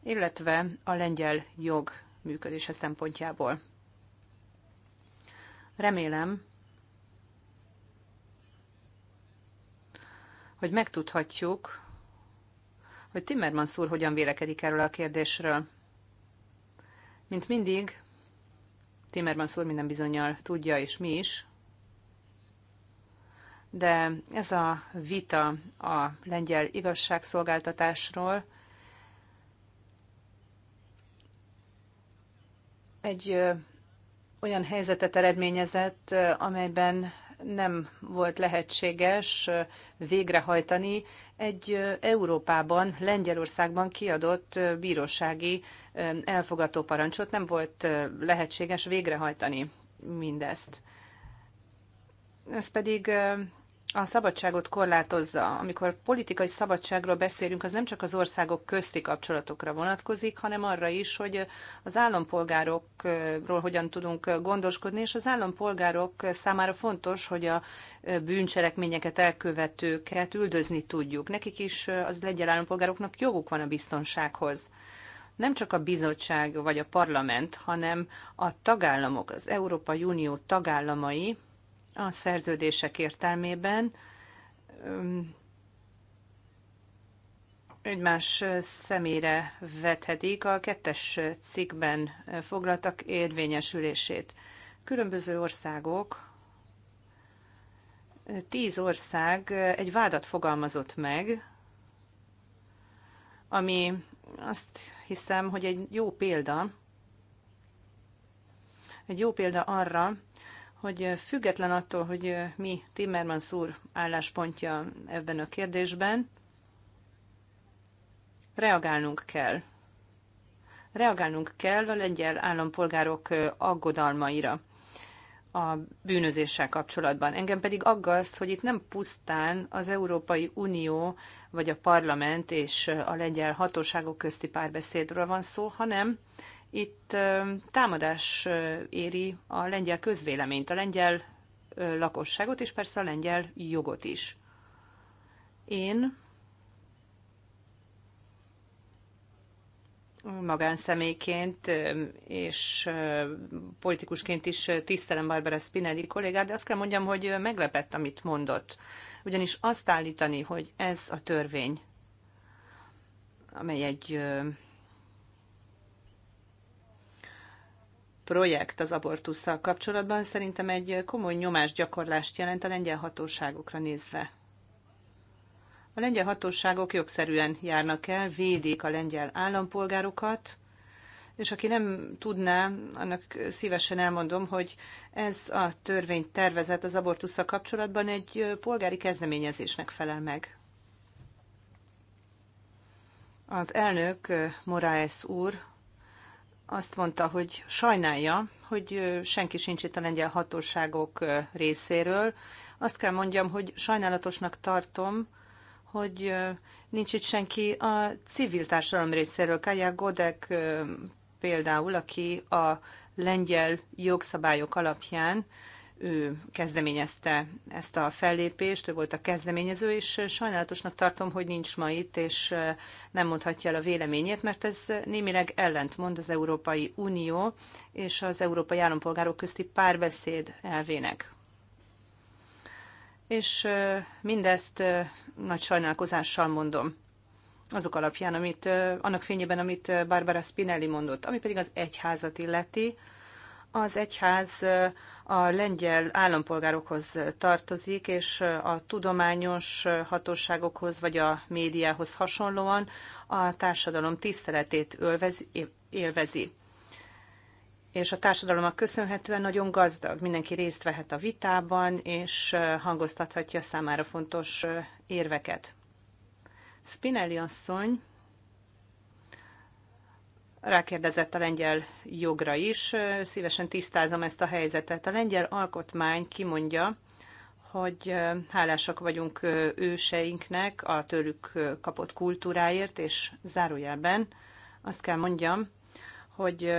illetve a lengyel jog működése szempontjából. Remélem, hogy megtudhatjuk, hogy Timmermans úr hogyan vélekedik erről a kérdésről. Mint mindig, Timmermans úr minden bizonyal tudja, és mi is, de ez a vita a lengyel igazságszolgáltatásról egy olyan helyzetet eredményezett, amelyben nem volt lehetséges végrehajtani egy Európában, Lengyelországban kiadott bírósági elfogató parancsot, nem volt lehetséges végrehajtani mindezt. Ez pedig a szabadságot korlátozza. Amikor politikai szabadságról beszélünk, az nem csak az országok közti kapcsolatokra vonatkozik, hanem arra is, hogy az állampolgárokról hogyan tudunk gondoskodni, és az állampolgárok számára fontos, hogy a bűncselekményeket elkövetőket üldözni tudjuk. Nekik is az legyen állampolgároknak joguk van a biztonsághoz nem csak a bizottság vagy a parlament, hanem a tagállamok, az Európai Unió tagállamai a szerződések értelmében egymás szemére vethetik a kettes cikkben foglaltak érvényesülését. Különböző országok, tíz ország egy vádat fogalmazott meg, ami azt hiszem, hogy egy jó példa, egy jó példa arra, hogy független attól, hogy mi Timmermans úr álláspontja ebben a kérdésben, reagálnunk kell. Reagálnunk kell a lengyel állampolgárok aggodalmaira a bűnözéssel kapcsolatban. Engem pedig aggaszt, hogy itt nem pusztán az Európai Unió vagy a parlament és a lengyel hatóságok közti párbeszédről van szó, hanem itt támadás éri a lengyel közvéleményt, a lengyel lakosságot és persze a lengyel jogot is. Én magánszemélyként és politikusként is tisztelem Barbara Spinelli kollégát, de azt kell mondjam, hogy meglepett, amit mondott. Ugyanis azt állítani, hogy ez a törvény, amely egy projekt az abortussal kapcsolatban szerintem egy komoly nyomásgyakorlást jelent a lengyel hatóságokra nézve. A lengyel hatóságok jogszerűen járnak el, védik a lengyel állampolgárokat, és aki nem tudná, annak szívesen elmondom, hogy ez a törvény tervezet az abortussal kapcsolatban egy polgári kezdeményezésnek felel meg. Az elnök Moraes úr azt mondta, hogy sajnálja, hogy senki sincs itt a lengyel hatóságok részéről. Azt kell mondjam, hogy sajnálatosnak tartom, hogy nincs itt senki a civil társadalom részéről. Kaja Godek például, aki a lengyel jogszabályok alapján ő kezdeményezte ezt a fellépést, ő volt a kezdeményező, és sajnálatosnak tartom, hogy nincs ma itt, és nem mondhatja el a véleményét, mert ez némileg ellentmond az Európai Unió és az európai állampolgárok közti párbeszéd elvének. És mindezt nagy sajnálkozással mondom azok alapján, amit, annak fényében, amit Barbara Spinelli mondott, ami pedig az egyházat illeti. Az egyház a lengyel állampolgárokhoz tartozik, és a tudományos hatóságokhoz vagy a médiához hasonlóan a társadalom tiszteletét élvezi. És a társadalomnak köszönhetően nagyon gazdag, mindenki részt vehet a vitában, és hangoztathatja számára fontos érveket. Spinelli asszony rákérdezett a lengyel jogra is. Szívesen tisztázom ezt a helyzetet. A lengyel alkotmány kimondja, hogy hálásak vagyunk őseinknek a tőlük kapott kultúráért, és zárójelben azt kell mondjam, hogy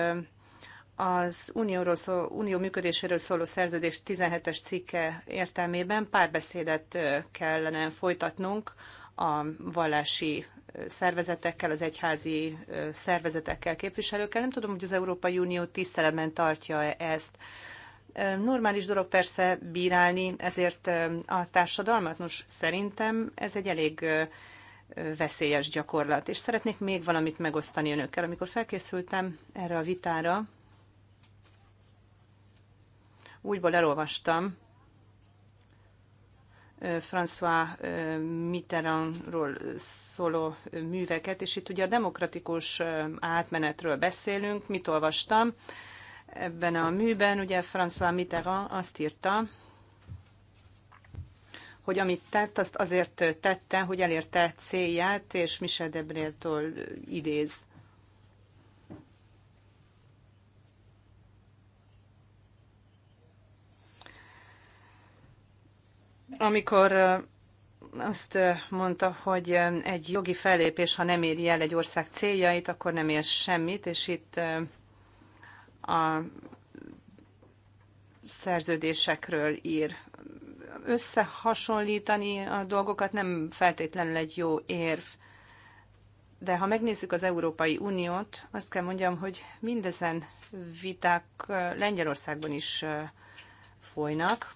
az Unióról szó, Unió működéséről szóló szerződés 17-es cikke értelmében párbeszédet kellene folytatnunk a vallási szervezetekkel, az egyházi szervezetekkel, képviselőkkel. Nem tudom, hogy az Európai Unió tiszteletben tartja -e ezt. Normális dolog persze bírálni ezért a társadalmat. Nos, szerintem ez egy elég veszélyes gyakorlat. És szeretnék még valamit megosztani önökkel. Amikor felkészültem erre a vitára, úgyból elolvastam, François Mitterrandról szóló műveket, és itt ugye a demokratikus átmenetről beszélünk, mit olvastam ebben a műben, ugye François Mitterrand azt írta, hogy amit tett, azt azért tette, hogy elérte célját, és Michel Debréltól idéz. amikor azt mondta, hogy egy jogi fellépés, ha nem éri el egy ország céljait, akkor nem ér semmit, és itt a szerződésekről ír. Összehasonlítani a dolgokat nem feltétlenül egy jó érv, de ha megnézzük az Európai Uniót, azt kell mondjam, hogy mindezen viták Lengyelországban is folynak.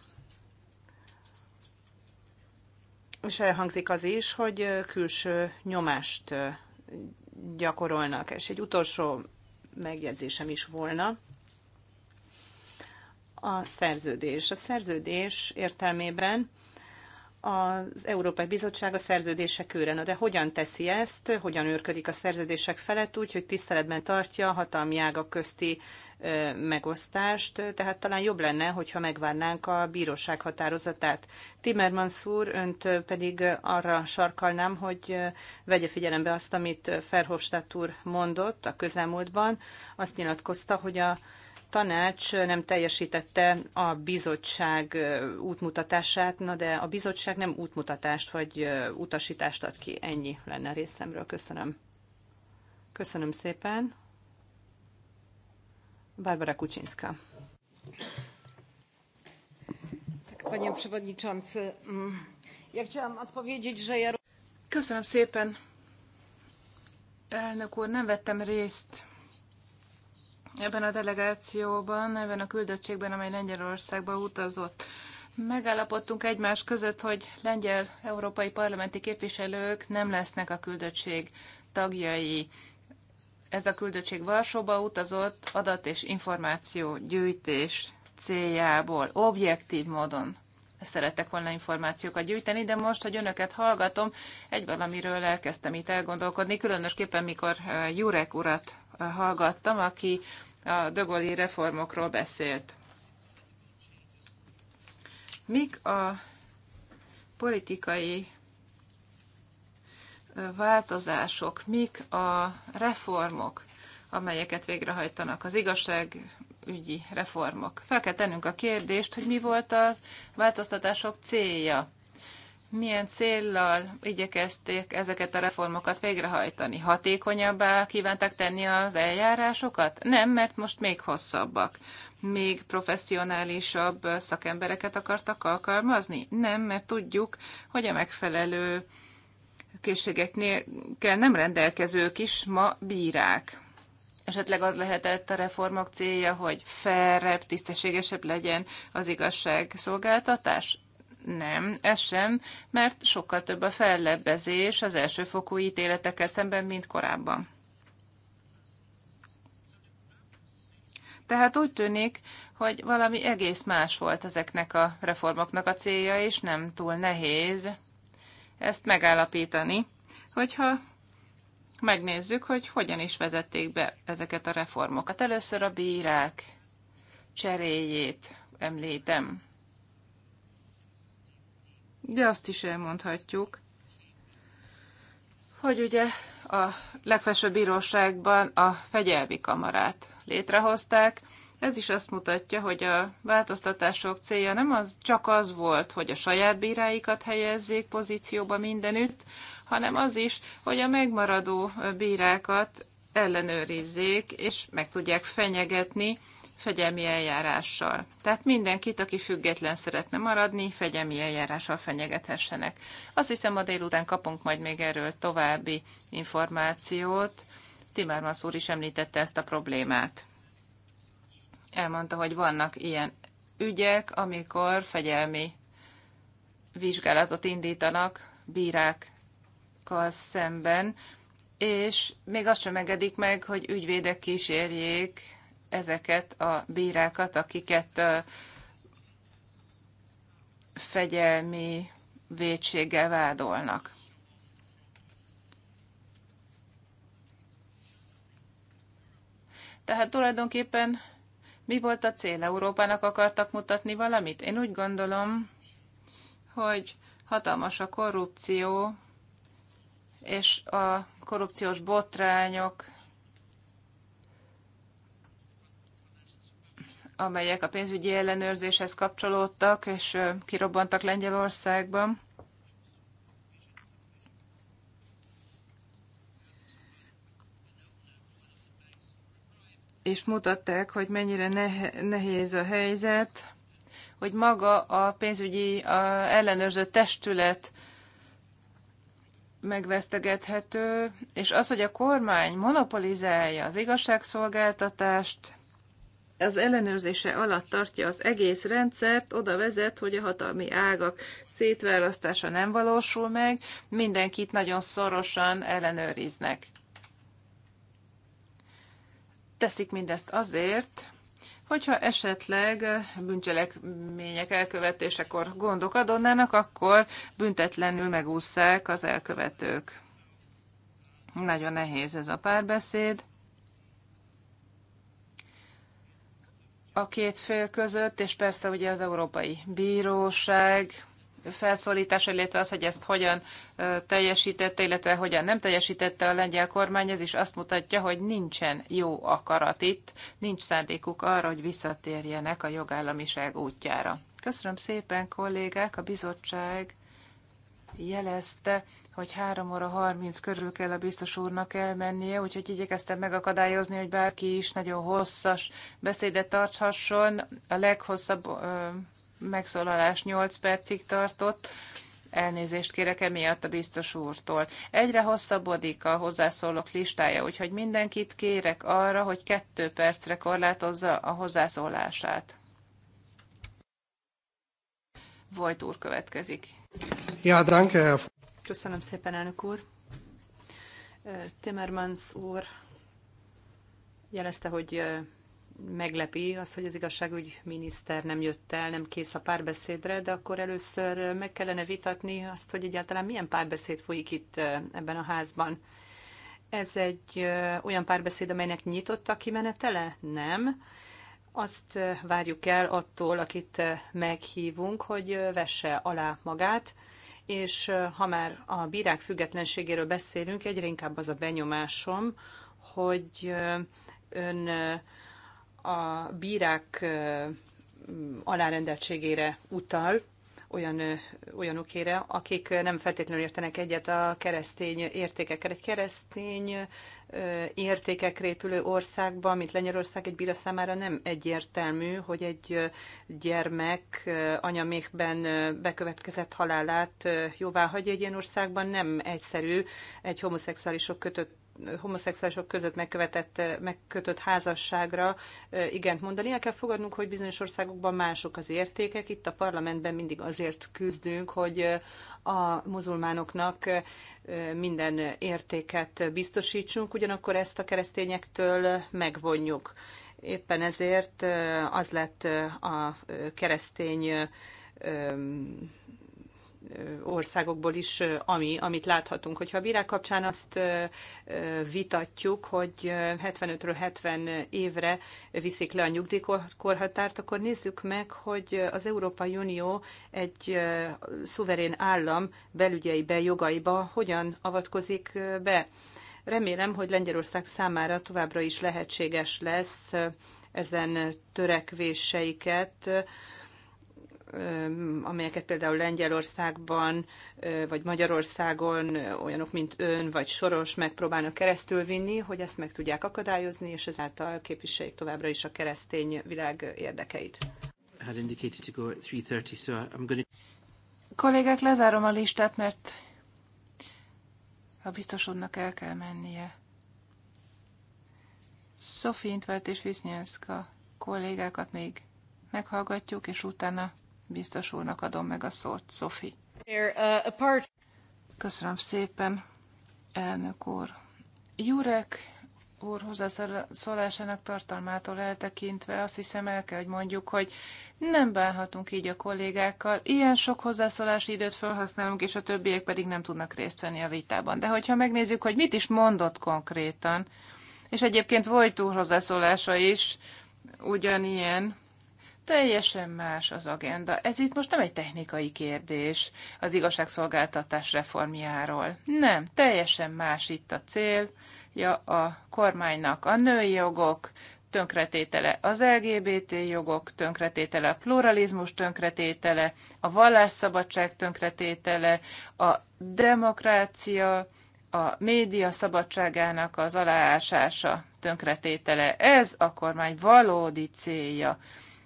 és elhangzik az is, hogy külső nyomást gyakorolnak. És egy utolsó megjegyzésem is volna. A szerződés. A szerződés értelmében az Európai Bizottság a szerződések őren. De hogyan teszi ezt, hogyan őrködik a szerződések felett úgy, hogy tiszteletben tartja a hatalmi ágak közti megosztást, tehát talán jobb lenne, hogyha megvárnánk a bíróság határozatát. Timmermans úr, önt pedig arra sarkalnám, hogy vegye figyelembe azt, amit Ferhofstadt úr mondott a közelmúltban. Azt nyilatkozta, hogy a tanács nem teljesítette a bizottság útmutatását, na de a bizottság nem útmutatást vagy utasítást ad ki. Ennyi lenne részemről. Köszönöm. Köszönöm szépen. Barbara Kucsinska. Panie Przewodniczący, mm, ja chciałam odpowiedzieć, że ja... Köszönöm szépen. Elnök úr, nem vettem részt ebben a delegációban, ebben a küldöttségben, amely Lengyelországba utazott. Megállapodtunk egymás között, hogy lengyel európai parlamenti képviselők nem lesznek a küldöttség tagjai. Ez a küldöttség Varsóba utazott adat és információ gyűjtés céljából, objektív módon szerettek volna információkat gyűjteni, de most, hogy önöket hallgatom, egy valamiről elkezdtem itt elgondolkodni, különösképpen mikor eh, Jurek urat hallgattam, aki a dögoli reformokról beszélt. Mik a politikai változások, mik a reformok, amelyeket végrehajtanak az igazságügyi reformok. Fel kell tennünk a kérdést, hogy mi volt a változtatások célja milyen céllal igyekezték ezeket a reformokat végrehajtani? Hatékonyabbá kívántak tenni az eljárásokat? Nem, mert most még hosszabbak. Még professzionálisabb szakembereket akartak alkalmazni? Nem, mert tudjuk, hogy a megfelelő készségeknél nem rendelkezők is ma bírák. Esetleg az lehetett a reformok célja, hogy felrebb, tisztességesebb legyen az igazságszolgáltatás? Nem, ez sem, mert sokkal több a fellebbezés az elsőfokú ítéletekkel szemben, mint korábban. Tehát úgy tűnik, hogy valami egész más volt ezeknek a reformoknak a célja, és nem túl nehéz ezt megállapítani, hogyha megnézzük, hogy hogyan is vezették be ezeket a reformokat. Először a bírák cseréjét említem de azt is elmondhatjuk, hogy ugye a legfelsőbb bíróságban a fegyelmi kamarát létrehozták. Ez is azt mutatja, hogy a változtatások célja nem az, csak az volt, hogy a saját bíráikat helyezzék pozícióba mindenütt, hanem az is, hogy a megmaradó bírákat ellenőrizzék, és meg tudják fenyegetni fegyelmi eljárással. Tehát mindenkit, aki független szeretne maradni, fegyelmi eljárással fenyegethessenek. Azt hiszem, ma délután kapunk majd még erről további információt. Timár úr is említette ezt a problémát. Elmondta, hogy vannak ilyen ügyek, amikor fegyelmi vizsgálatot indítanak bírákkal szemben, és még azt sem engedik meg, hogy ügyvédek kísérjék ezeket a bírákat, akiket fegyelmi védséggel vádolnak. Tehát tulajdonképpen mi volt a cél? Európának akartak mutatni valamit? Én úgy gondolom, hogy hatalmas a korrupció, és a korrupciós botrányok amelyek a pénzügyi ellenőrzéshez kapcsolódtak, és kirobbantak Lengyelországban. És mutatták, hogy mennyire nehéz a helyzet, hogy maga a pénzügyi ellenőrző testület megvesztegethető, és az, hogy a kormány monopolizálja az igazságszolgáltatást, az ellenőrzése alatt tartja az egész rendszert, oda vezet, hogy a hatalmi ágak szétválasztása nem valósul meg, mindenkit nagyon szorosan ellenőriznek. Teszik mindezt azért, hogyha esetleg bűncselekmények elkövetésekor gondok adonnának, akkor büntetlenül megúszszák az elkövetők. Nagyon nehéz ez a párbeszéd a két fél között, és persze ugye az Európai Bíróság felszólítása, illetve az, hogy ezt hogyan teljesítette, illetve hogyan nem teljesítette a lengyel kormány, ez is azt mutatja, hogy nincsen jó akarat itt, nincs szándékuk arra, hogy visszatérjenek a jogállamiság útjára. Köszönöm szépen, kollégák, a bizottság jelezte, hogy 3 óra 30 körül kell a biztos úrnak elmennie, úgyhogy igyekeztem megakadályozni, hogy bárki is nagyon hosszas beszédet tarthasson. A leghosszabb ö, megszólalás 8 percig tartott. Elnézést kérek emiatt a biztos úrtól. Egyre hosszabbodik a hozzászólók listája, úgyhogy mindenkit kérek arra, hogy kettő percre korlátozza a hozzászólását. Vojt úr következik. Ja, danke. Köszönöm szépen, elnök úr. Timmermans úr jelezte, hogy meglepi az, hogy az igazságügy miniszter nem jött el, nem kész a párbeszédre, de akkor először meg kellene vitatni azt, hogy egyáltalán milyen párbeszéd folyik itt ebben a házban. Ez egy olyan párbeszéd, amelynek nyitott a kimenetele? Nem. Azt várjuk el attól, akit meghívunk, hogy vesse alá magát, és ha már a bírák függetlenségéről beszélünk, egyre inkább az a benyomásom, hogy ön a bírák alárendeltségére utal, olyan, olyanokére, akik nem feltétlenül értenek egyet a keresztény értékekkel. Egy keresztény értékekre épülő országban, mint Lengyelország egy bíra számára nem egyértelmű, hogy egy gyermek anyamékben bekövetkezett halálát jóvá hagyja egy ilyen országban. Nem egyszerű egy homoszexuálisok kötött homoszexuálisok között megkövetett, megkötött házasságra igent mondani. El kell fogadnunk, hogy bizonyos országokban mások az értékek. Itt a parlamentben mindig azért küzdünk, hogy a muzulmánoknak minden értéket biztosítsunk, ugyanakkor ezt a keresztényektől megvonjuk. Éppen ezért az lett a keresztény országokból is, ami, amit láthatunk. Hogyha a bírák kapcsán azt vitatjuk, hogy 75-ről 70 évre viszik le a nyugdíjkorhatárt, akkor nézzük meg, hogy az Európai Unió egy szuverén állam belügyeibe, jogaiba hogyan avatkozik be. Remélem, hogy Lengyelország számára továbbra is lehetséges lesz ezen törekvéseiket, amelyeket például Lengyelországban vagy Magyarországon olyanok, mint ön vagy Soros megpróbálnak keresztül vinni, hogy ezt meg tudják akadályozni, és ezáltal képviseljék továbbra is a keresztény világ érdekeit. Kollégák, lezárom a listát, mert a biztosodnak el kell mennie. Sophie Intvert és Visznyánszka kollégákat még meghallgatjuk, és utána biztos úrnak adom meg a szót. Szofi. Uh, Köszönöm szépen, elnök úr. Jurek úr hozzászólásának tartalmától eltekintve azt hiszem el kell, hogy mondjuk, hogy nem bánhatunk így a kollégákkal, ilyen sok hozzászólási időt felhasználunk, és a többiek pedig nem tudnak részt venni a vitában. De hogyha megnézzük, hogy mit is mondott konkrétan, és egyébként volt úr hozzászólása is, ugyanilyen, teljesen más az agenda. Ez itt most nem egy technikai kérdés az igazságszolgáltatás reformjáról. Nem, teljesen más itt a cél, ja, a kormánynak a női jogok tönkretétele, az LGBT jogok tönkretétele, a pluralizmus tönkretétele, a vallásszabadság tönkretétele, a demokrácia, a média szabadságának az aláásása tönkretétele. Ez a kormány valódi célja.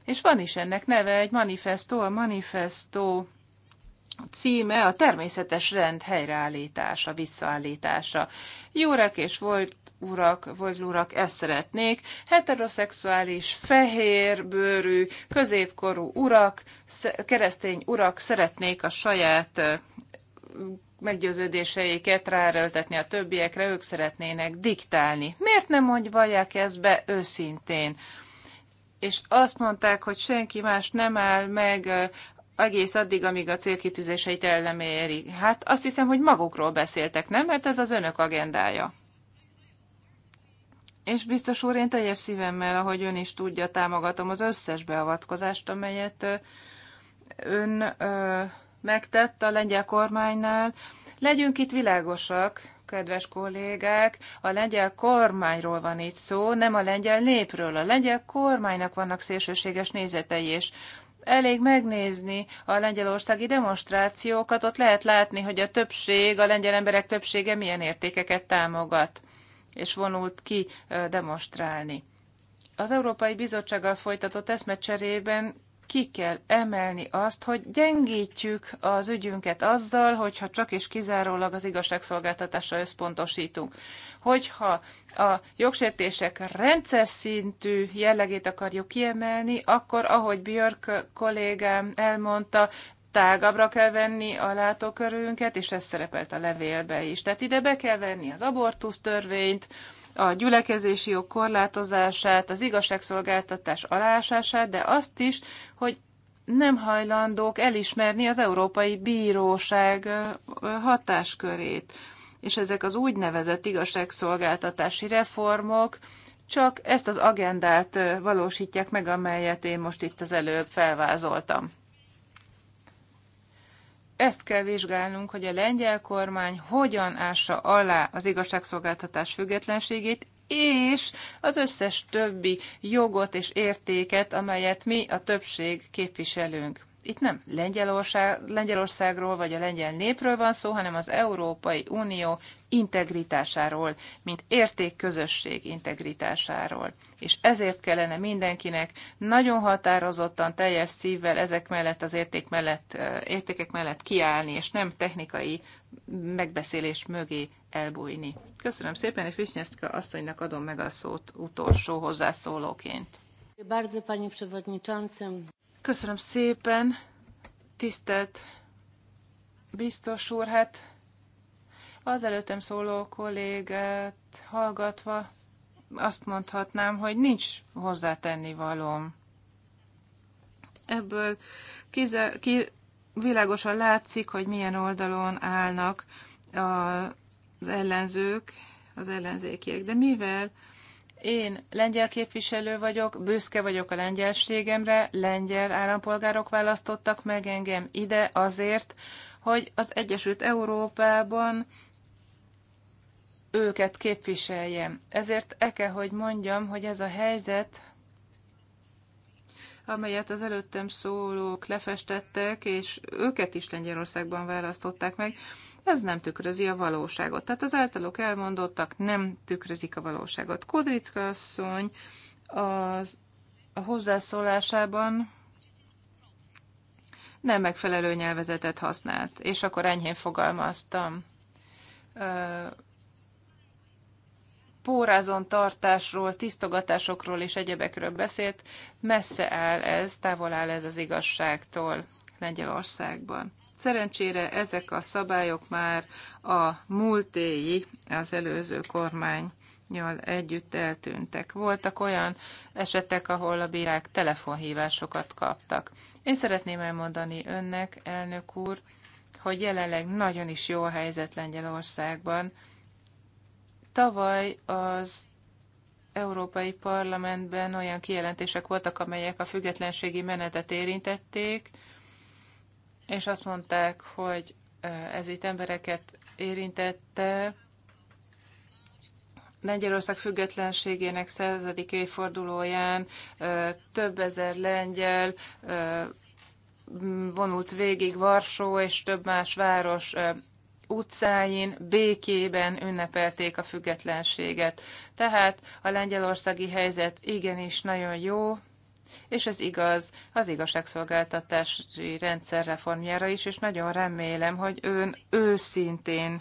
És van is ennek neve, egy manifestó, a manifestó címe a természetes rend helyreállítása, visszaállítása. Jórek és volt urak, vagy urak, ezt szeretnék. Heteroszexuális, fehér bőrű középkorú urak, keresztény urak szeretnék a saját meggyőződéseiket ráerőltetni a többiekre, ők szeretnének diktálni. Miért nem mondják ezt be őszintén? és azt mondták, hogy senki más nem áll meg egész addig, amíg a célkitűzéseit el nem éri. Hát azt hiszem, hogy magukról beszéltek, nem? Mert ez az önök agendája. És biztos úr, én teljes szívemmel, ahogy ön is tudja, támogatom az összes beavatkozást, amelyet ön ö, megtett a lengyel kormánynál. Legyünk itt világosak, kedves kollégák, a lengyel kormányról van itt szó, nem a lengyel népről. A lengyel kormánynak vannak szélsőséges nézetei, és elég megnézni a lengyelországi demonstrációkat, ott lehet látni, hogy a többség, a lengyel emberek többsége milyen értékeket támogat, és vonult ki demonstrálni. Az Európai Bizottsággal folytatott eszmecserében ki kell emelni azt, hogy gyengítjük az ügyünket azzal, hogyha csak és kizárólag az igazságszolgáltatásra összpontosítunk. Hogyha a jogsértések rendszer szintű jellegét akarjuk kiemelni, akkor, ahogy Björk kollégám elmondta, tágabbra kell venni a látókörünket, és ez szerepelt a levélbe is. Tehát ide be kell venni az abortusz törvényt, a gyülekezési jog korlátozását, az igazságszolgáltatás alásását, de azt is, hogy nem hajlandók elismerni az Európai Bíróság hatáskörét. És ezek az úgynevezett igazságszolgáltatási reformok csak ezt az agendát valósítják meg, amelyet én most itt az előbb felvázoltam ezt kell vizsgálnunk, hogy a lengyel kormány hogyan ássa alá az igazságszolgáltatás függetlenségét, és az összes többi jogot és értéket, amelyet mi a többség képviselünk. Itt nem Lengyelország, Lengyelországról vagy a lengyel népről van szó, hanem az Európai Unió integritásáról, mint értékközösség integritásáról. És ezért kellene mindenkinek nagyon határozottan, teljes szívvel ezek mellett, az érték mellett, értékek mellett kiállni, és nem technikai megbeszélés mögé elbújni. Köszönöm szépen, és Visnyeszka asszonynak adom meg a szót utolsó hozzászólóként. Köszönöm szépen, tisztelt biztos úr, hát az előttem szóló kollégát hallgatva azt mondhatnám, hogy nincs hozzátenni valóm. Ebből kize, ki, világosan látszik, hogy milyen oldalon állnak a, az ellenzők, az ellenzékiek. De mivel én lengyel képviselő vagyok, büszke vagyok a lengyelségemre, lengyel állampolgárok választottak meg engem ide azért, hogy az Egyesült Európában őket képviseljem. Ezért e kell, hogy mondjam, hogy ez a helyzet, amelyet az előttem szólók lefestettek, és őket is Lengyelországban választották meg, ez nem tükrözi a valóságot. Tehát az általuk elmondottak nem tükrözik a valóságot. Kodricka asszony az, a hozzászólásában nem megfelelő nyelvezetet használt, és akkor enyhén fogalmaztam pórázon tartásról, tisztogatásokról és egyebekről beszélt, messze áll ez, távol áll ez az igazságtól Lengyelországban. Szerencsére ezek a szabályok már a múltéi, az előző kormány együtt eltűntek. Voltak olyan esetek, ahol a bírák telefonhívásokat kaptak. Én szeretném elmondani önnek, elnök úr, hogy jelenleg nagyon is jó a helyzet Lengyelországban, Tavaly az Európai Parlamentben olyan kijelentések voltak, amelyek a függetlenségi menetet érintették, és azt mondták, hogy ez itt embereket érintette. Lengyelország függetlenségének századik évfordulóján több ezer lengyel vonult végig Varsó és több más város utcáin békében ünnepelték a függetlenséget. Tehát a lengyelországi helyzet igenis nagyon jó, és ez igaz az igazságszolgáltatási rendszer reformjára is, és nagyon remélem, hogy ön őszintén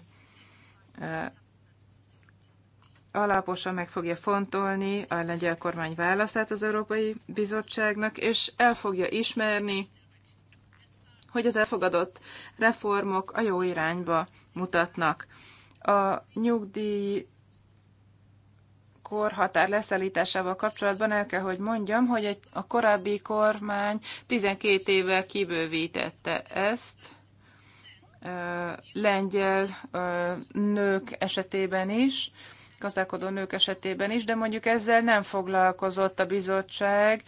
alaposan meg fogja fontolni a lengyel kormány válaszát az Európai Bizottságnak, és el fogja ismerni, hogy az elfogadott reformok a jó irányba mutatnak. A nyugdíj korhatár leszállításával kapcsolatban el kell, hogy mondjam, hogy egy, a korábbi kormány 12 évvel kibővítette ezt, lengyel nők esetében is, gazdálkodó nők esetében is, de mondjuk ezzel nem foglalkozott a bizottság,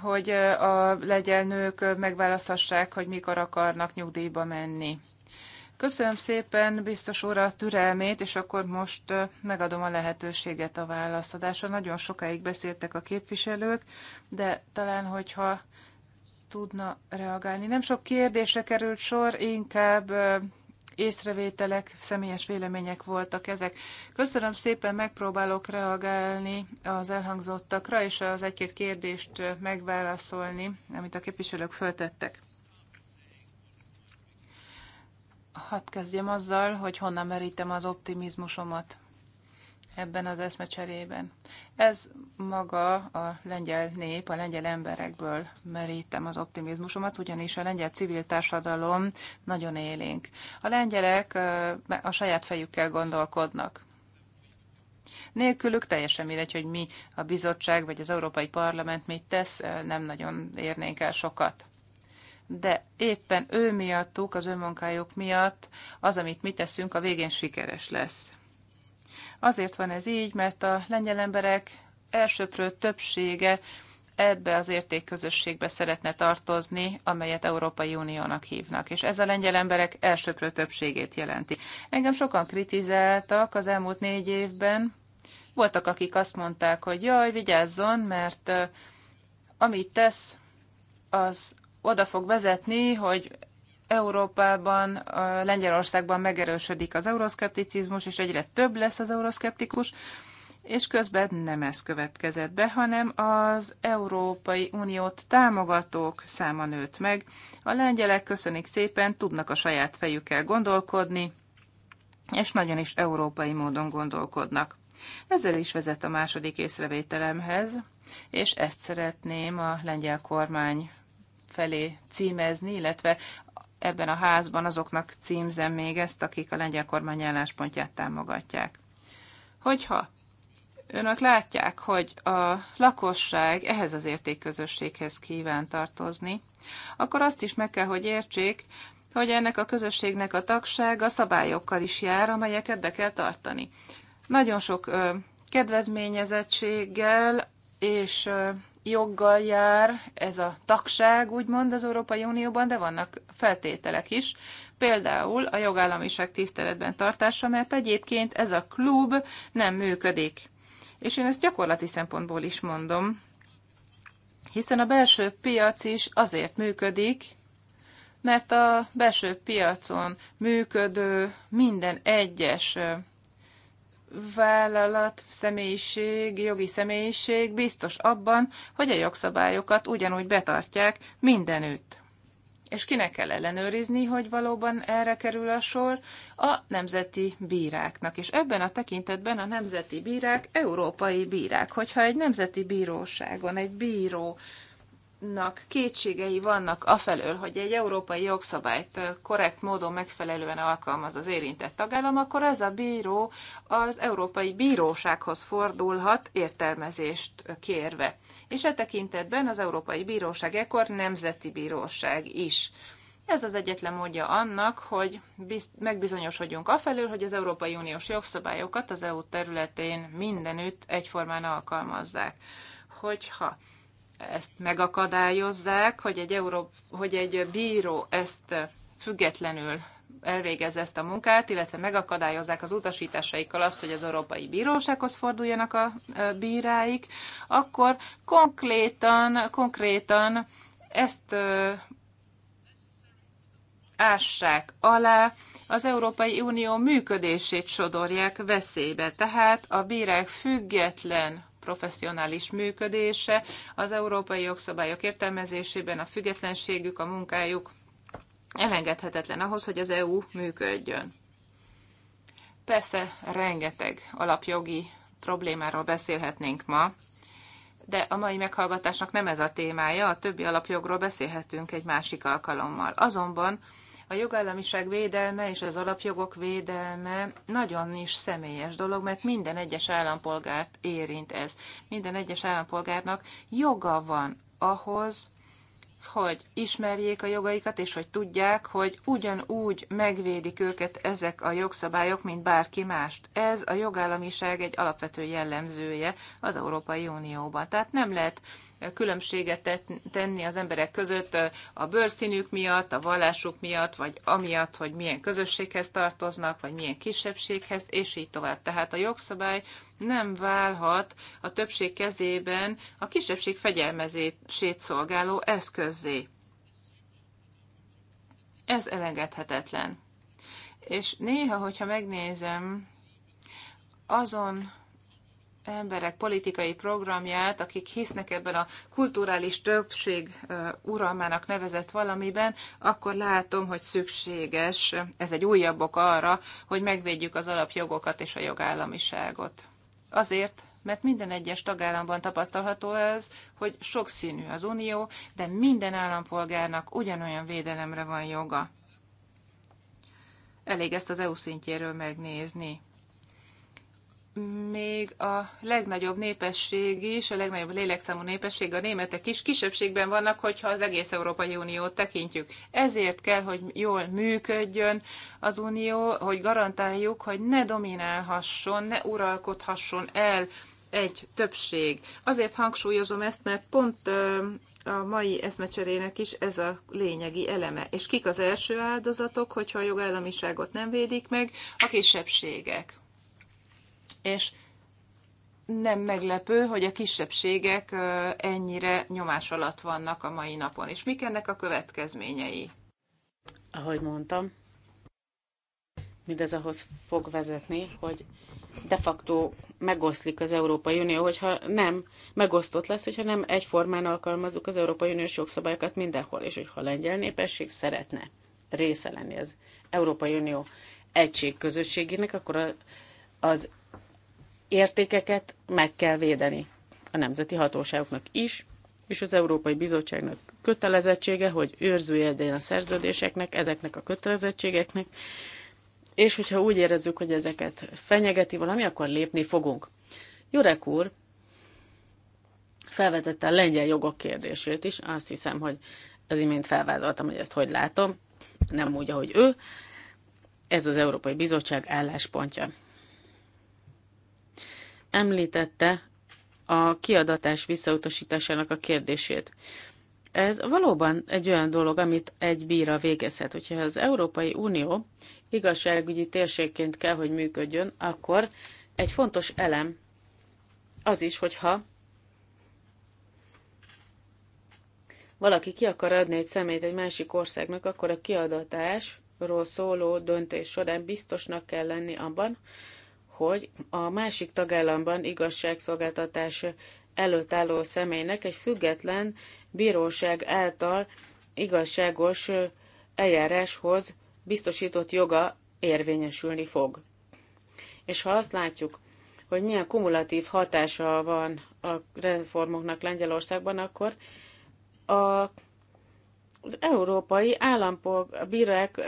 hogy a legyen nők megválaszthassák, hogy mikor akarnak nyugdíjba menni. Köszönöm szépen, biztos úr, a türelmét, és akkor most megadom a lehetőséget a válaszadásra. Nagyon sokáig beszéltek a képviselők, de talán, hogyha tudna reagálni. Nem sok kérdésre került sor, inkább észrevételek, személyes vélemények voltak ezek. Köszönöm szépen, megpróbálok reagálni az elhangzottakra, és az egy-két kérdést megválaszolni, amit a képviselők föltettek. Hadd kezdjem azzal, hogy honnan merítem az optimizmusomat ebben az eszmecserében. Ez maga a lengyel nép, a lengyel emberekből merítem az optimizmusomat, ugyanis a lengyel civil társadalom nagyon élénk. A lengyelek a saját fejükkel gondolkodnak. Nélkülük teljesen mindegy, hogy mi a bizottság vagy az Európai Parlament mit tesz, nem nagyon érnénk el sokat de éppen ő miattuk, az ő munkájuk miatt az, amit mi teszünk, a végén sikeres lesz. Azért van ez így, mert a lengyel emberek elsőprő többsége ebbe az értékközösségbe szeretne tartozni, amelyet Európai Uniónak hívnak, és ez a lengyel emberek elsőprő többségét jelenti. Engem sokan kritizáltak az elmúlt négy évben. Voltak, akik azt mondták, hogy jaj, vigyázzon, mert amit tesz, az oda fog vezetni, hogy Európában, Lengyelországban megerősödik az euroszkepticizmus, és egyre több lesz az euroszkeptikus, és közben nem ez következett be, hanem az Európai Uniót támogatók száma nőtt meg. A lengyelek köszönik szépen, tudnak a saját fejükkel gondolkodni, és nagyon is európai módon gondolkodnak. Ezzel is vezet a második észrevételemhez, és ezt szeretném a lengyel kormány felé címezni, illetve ebben a házban azoknak címzem még ezt, akik a lengyel kormány álláspontját támogatják. Hogyha önök látják, hogy a lakosság ehhez az értékközösséghez kíván tartozni, akkor azt is meg kell, hogy értsék, hogy ennek a közösségnek a tagsága szabályokkal is jár, amelyeket be kell tartani. Nagyon sok ö, kedvezményezettséggel és joggal jár ez a tagság, úgymond az Európai Unióban, de vannak feltételek is. Például a jogállamiság tiszteletben tartása, mert egyébként ez a klub nem működik. És én ezt gyakorlati szempontból is mondom, hiszen a belső piac is azért működik, mert a belső piacon működő minden egyes vállalat, személyiség, jogi személyiség biztos abban, hogy a jogszabályokat ugyanúgy betartják mindenütt. És kinek kell ellenőrizni, hogy valóban erre kerül a sor? A nemzeti bíráknak. És ebben a tekintetben a nemzeti bírák európai bírák. Hogyha egy nemzeti bíróságon egy bíró nak kétségei vannak afelől, hogy egy európai jogszabályt korrekt módon megfelelően alkalmaz az érintett tagállam, akkor ez a bíró az Európai Bírósághoz fordulhat értelmezést kérve. És e tekintetben az Európai Bíróság ekkor nemzeti bíróság is. Ez az egyetlen módja annak, hogy megbizonyosodjunk afelől, hogy az Európai Uniós jogszabályokat az EU területén mindenütt egyformán alkalmazzák. Hogyha ezt megakadályozzák, hogy egy, Euró, hogy egy bíró ezt függetlenül elvégezze ezt a munkát, illetve megakadályozzák az utasításaikkal azt, hogy az Európai Bírósághoz forduljanak a bíráik, akkor konkrétan, konkrétan ezt ássák alá, az Európai Unió működését sodorják veszélybe. Tehát a bírák független professzionális működése, az európai jogszabályok értelmezésében a függetlenségük, a munkájuk elengedhetetlen ahhoz, hogy az EU működjön. Persze rengeteg alapjogi problémáról beszélhetnénk ma, de a mai meghallgatásnak nem ez a témája, a többi alapjogról beszélhetünk egy másik alkalommal. Azonban a jogállamiság védelme és az alapjogok védelme nagyon is személyes dolog, mert minden egyes állampolgárt érint ez. Minden egyes állampolgárnak joga van ahhoz, hogy ismerjék a jogaikat, és hogy tudják, hogy ugyanúgy megvédik őket ezek a jogszabályok, mint bárki mást. Ez a jogállamiság egy alapvető jellemzője az Európai Unióban. Tehát nem lehet különbséget tenni az emberek között a bőrszínük miatt, a vallásuk miatt, vagy amiatt, hogy milyen közösséghez tartoznak, vagy milyen kisebbséghez, és így tovább. Tehát a jogszabály nem válhat a többség kezében a kisebbség fegyelmezését szolgáló eszközzé. Ez elengedhetetlen. És néha, hogyha megnézem azon emberek politikai programját, akik hisznek ebben a kulturális többség uralmának nevezett valamiben, akkor látom, hogy szükséges, ez egy újabb ok arra, hogy megvédjük az alapjogokat és a jogállamiságot. Azért, mert minden egyes tagállamban tapasztalható ez, hogy sokszínű az unió, de minden állampolgárnak ugyanolyan védelemre van joga. Elég ezt az EU szintjéről megnézni még a legnagyobb népesség is, a legnagyobb lélekszámú népesség, a németek is kisebbségben vannak, hogyha az egész Európai Uniót tekintjük. Ezért kell, hogy jól működjön az Unió, hogy garantáljuk, hogy ne dominálhasson, ne uralkodhasson el egy többség. Azért hangsúlyozom ezt, mert pont a mai eszmecserének is ez a lényegi eleme. És kik az első áldozatok, hogyha a jogállamiságot nem védik meg? A kisebbségek és nem meglepő, hogy a kisebbségek ennyire nyomás alatt vannak a mai napon. És mik ennek a következményei? Ahogy mondtam, mindez ahhoz fog vezetni, hogy de facto megoszlik az Európai Unió, hogyha nem, megosztott lesz, hogyha nem egyformán alkalmazzuk az Európai Uniós jogszabályokat mindenhol, és hogyha a lengyel népesség szeretne része lenni az Európai Unió egység közösségének, akkor az értékeket meg kell védeni a nemzeti hatóságoknak is, és az Európai Bizottságnak kötelezettsége, hogy őrzője a szerződéseknek, ezeknek a kötelezettségeknek, és hogyha úgy érezzük, hogy ezeket fenyegeti valami, akkor lépni fogunk. Jurek úr felvetette a lengyel jogok kérdését is, azt hiszem, hogy az imént felvázoltam, hogy ezt hogy látom, nem úgy, ahogy ő. Ez az Európai Bizottság álláspontja említette a kiadatás visszautasításának a kérdését. Ez valóban egy olyan dolog, amit egy bíra végezhet. Hogyha az Európai Unió igazságügyi térségként kell, hogy működjön, akkor egy fontos elem az is, hogyha valaki ki akar adni egy szemét egy másik országnak, akkor a kiadatásról szóló döntés során biztosnak kell lenni abban, hogy a másik tagállamban igazságszolgáltatás előtt álló személynek egy független bíróság által igazságos eljáráshoz biztosított joga érvényesülni fog. És ha azt látjuk, hogy milyen kumulatív hatása van a reformoknak Lengyelországban, akkor a, az európai állampolgárok bírák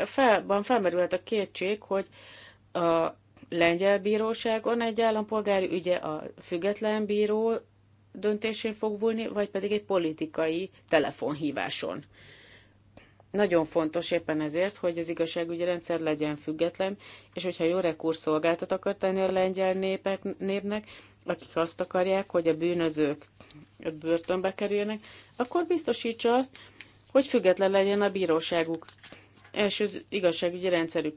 felmerülhet a kétség, hogy a lengyel bíróságon egy állampolgári ügye a független bíró döntésén fog volni, vagy pedig egy politikai telefonhíváson. Nagyon fontos éppen ezért, hogy az igazságügyi rendszer legyen független, és hogyha jó rekurszolgáltat akar tenni a lengyel népek, népnek, akik azt akarják, hogy a bűnözők börtönbe kerüljenek, akkor biztosítsa azt, hogy független legyen a bíróságuk és az igazságügyi rendszerük.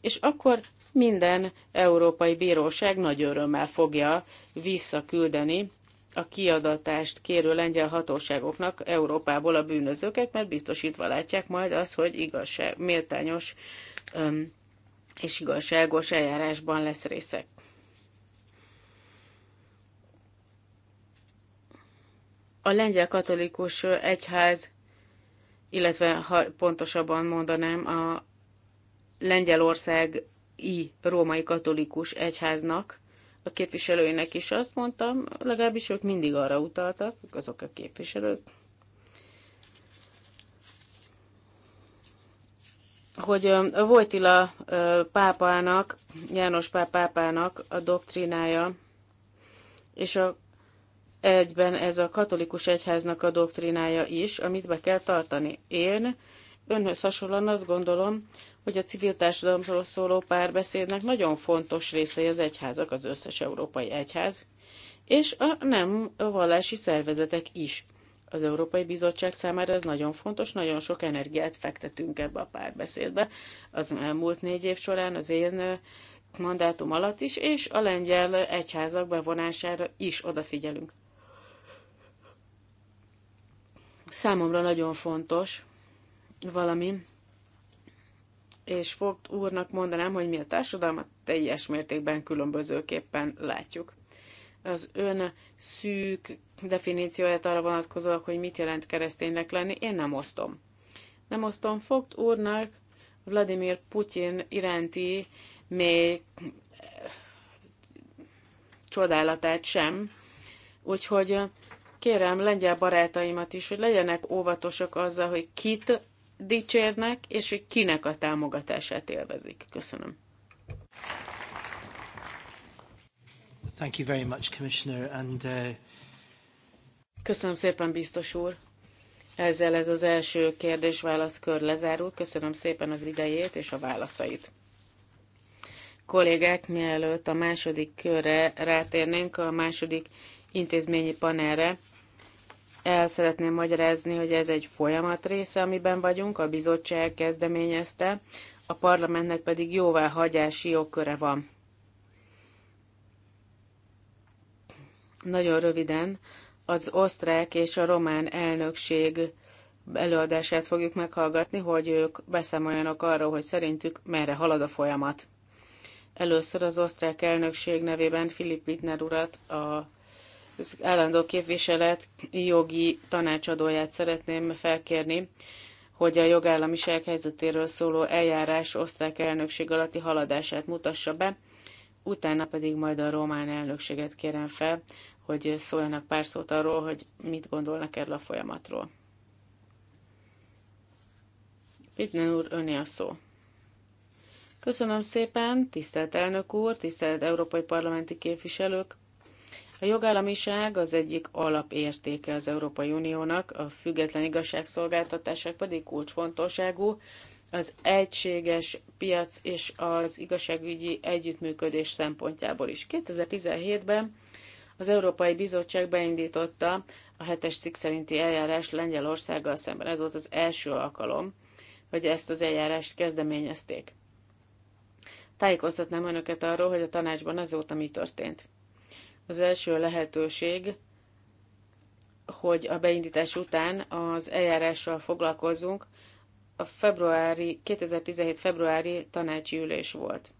És akkor minden európai bíróság nagy örömmel fogja visszaküldeni a kiadatást kérő lengyel hatóságoknak Európából a bűnözőket, mert biztosítva látják majd az, hogy igazság, méltányos öm, és igazságos eljárásban lesz részek. A lengyel katolikus egyház, illetve ha pontosabban mondanám, a Lengyelország i római katolikus egyháznak a képviselőinek is azt mondtam, legalábbis ők mindig arra utaltak, azok a képviselők, hogy Vojtila pápának, János Pál pápának a doktrinája, és a, egyben ez a katolikus egyháznak a doktrinája is, amit be kell tartani. Én önhöz hasonlóan azt gondolom, hogy a civil társadalomról szóló párbeszédnek nagyon fontos részei az egyházak, az összes európai egyház, és a nem vallási szervezetek is. Az Európai Bizottság számára ez nagyon fontos, nagyon sok energiát fektetünk ebbe a párbeszédbe az elmúlt négy év során, az én mandátum alatt is, és a lengyel egyházak bevonására is odafigyelünk. Számomra nagyon fontos valami, és Fogt úrnak mondanám, hogy mi a társadalmat teljes mértékben különbözőképpen látjuk. Az ön szűk definícióját arra vonatkozóak, hogy mit jelent kereszténynek lenni, én nem osztom. Nem osztom Fogt úrnak Vladimir Putyin iránti még csodálatát sem, úgyhogy kérem lengyel barátaimat is, hogy legyenek óvatosak azzal, hogy kit dicsérnek, és hogy kinek a támogatását élvezik. Köszönöm. Thank you very much, Commissioner, and, uh... Köszönöm szépen, biztos úr. Ezzel ez az első kérdés válaszkör kör lezárul. Köszönöm szépen az idejét és a válaszait. Kollégák, mielőtt a második körre rátérnénk, a második intézményi panelre, el szeretném magyarázni, hogy ez egy folyamat része, amiben vagyunk, a bizottság kezdeményezte, a parlamentnek pedig hagyási jogköre van. Nagyon röviden, az osztrák és a román elnökség előadását fogjuk meghallgatni, hogy ők beszámoljanak arról, hogy szerintük merre halad a folyamat. Először az osztrák elnökség nevében Filip Wittner urat, a az állandó képviselet jogi tanácsadóját szeretném felkérni, hogy a jogállamiság helyzetéről szóló eljárás osztrák elnökség alatti haladását mutassa be, utána pedig majd a román elnökséget kérem fel, hogy szóljanak pár szót arról, hogy mit gondolnak erről a folyamatról. Pitnen úr, öné a szó. Köszönöm szépen, tisztelt elnök úr, tisztelt európai parlamenti képviselők! A jogállamiság az egyik alapértéke az Európai Uniónak, a független igazságszolgáltatások pedig kulcsfontosságú, az egységes piac és az igazságügyi együttműködés szempontjából is. 2017-ben az Európai Bizottság beindította a hetes cikk szerinti eljárás Lengyelországgal szemben. Ez volt az első alkalom, hogy ezt az eljárást kezdeményezték. Tájékoztatnám önöket arról, hogy a tanácsban azóta mi történt. Az első lehetőség, hogy a beindítás után az eljárással foglalkozunk, a februári, 2017. februári tanácsi ülés volt.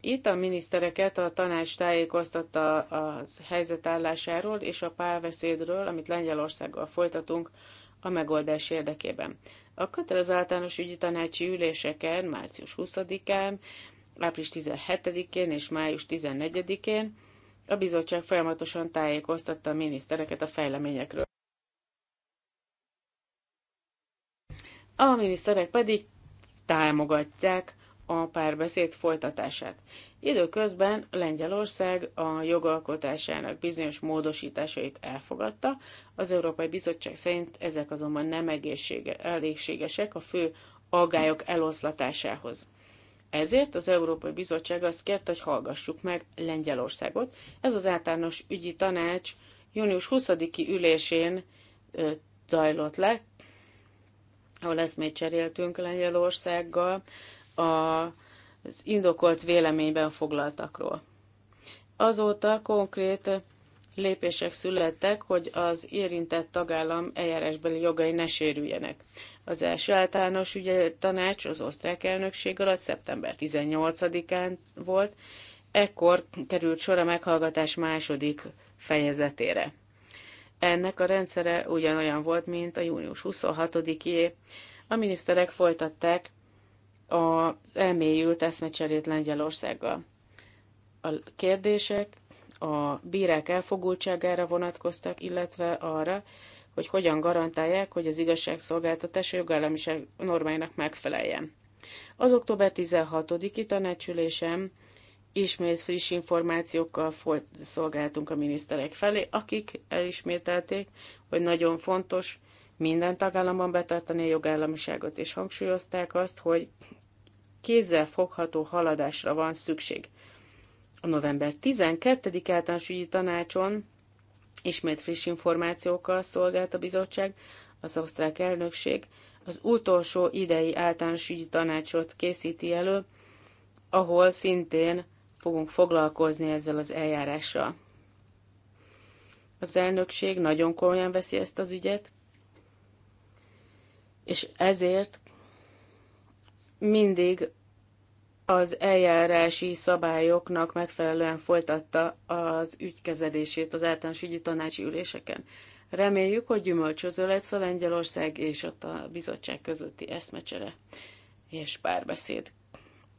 Itt a minisztereket a tanács tájékoztatta az helyzetállásáról és a párbeszédről, amit Lengyelországgal folytatunk a megoldás érdekében. A kötelező általános ügyi tanácsi üléseken március 20-án, április 17-én és május 14-én a bizottság folyamatosan tájékoztatta a minisztereket a fejleményekről. A miniszterek pedig támogatják a párbeszéd folytatását. Időközben Lengyelország a jogalkotásának bizonyos módosításait elfogadta, az Európai Bizottság szerint ezek azonban nem egészségesek elégségesek a fő aggályok eloszlatásához. Ezért az Európai Bizottság azt kérte, hogy hallgassuk meg Lengyelországot. Ez az általános ügyi tanács június 20-i ülésén zajlott le, ahol eszmét cseréltünk Lengyelországgal az indokolt véleményben foglaltakról. Azóta konkrét lépések születtek, hogy az érintett tagállam eljárásbeli jogai ne sérüljenek. Az első általános ügye tanács az osztrák elnökség alatt szeptember 18-án volt, ekkor került sor a meghallgatás második fejezetére. Ennek a rendszere ugyanolyan volt, mint a június 26-é. A miniszterek folytatták az elmélyült eszmecserét Lengyelországgal. A kérdések a bírák elfogultságára vonatkoztak, illetve arra, hogy hogyan garantálják, hogy az igazságszolgáltatás a jogállamiság normáinak megfeleljen. Az október 16-i tanácsülésem ismét friss információkkal szolgáltunk a miniszterek felé, akik elismételték, hogy nagyon fontos minden tagállamban betartani a jogállamiságot, és hangsúlyozták azt, hogy kézzel fogható haladásra van szükség. A november 12. általános ügyi tanácson ismét friss információkkal szolgált a bizottság, az osztrák elnökség az utolsó idei általános ügyi tanácsot készíti elő, ahol szintén fogunk foglalkozni ezzel az eljárással. Az elnökség nagyon komolyan veszi ezt az ügyet, és ezért mindig az eljárási szabályoknak megfelelően folytatta az ügykezelését az általános ügyi tanácsi üléseken. Reméljük, hogy gyümölcsöző lesz a Lengyelország és ott a bizottság közötti eszmecsere és párbeszéd.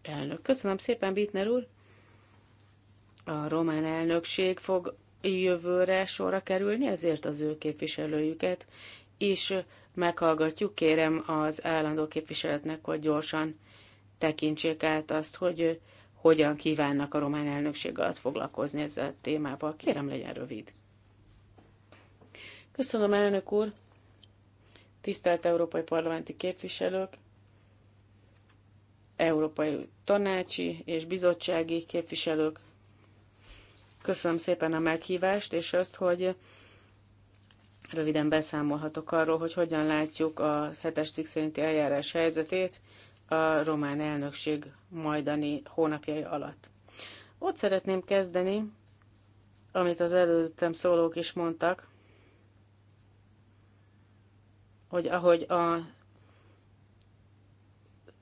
Elnök, köszönöm szépen, Bitner úr! A román elnökség fog jövőre sorra kerülni, ezért az ő képviselőjüket is meghallgatjuk. Kérem az állandó képviseletnek, hogy gyorsan tekintsék át azt, hogy hogyan kívánnak a román elnökség alatt foglalkozni ezzel a témával. Kérem, legyen rövid. Köszönöm, elnök úr! Tisztelt Európai Parlamenti képviselők! Európai Tanácsi és Bizottsági képviselők! Köszönöm szépen a meghívást, és azt, hogy röviden beszámolhatok arról, hogy hogyan látjuk a hetes cikk szerinti eljárás helyzetét, a román elnökség majdani hónapjai alatt. Ott szeretném kezdeni, amit az előttem szólók is mondtak, hogy ahogy a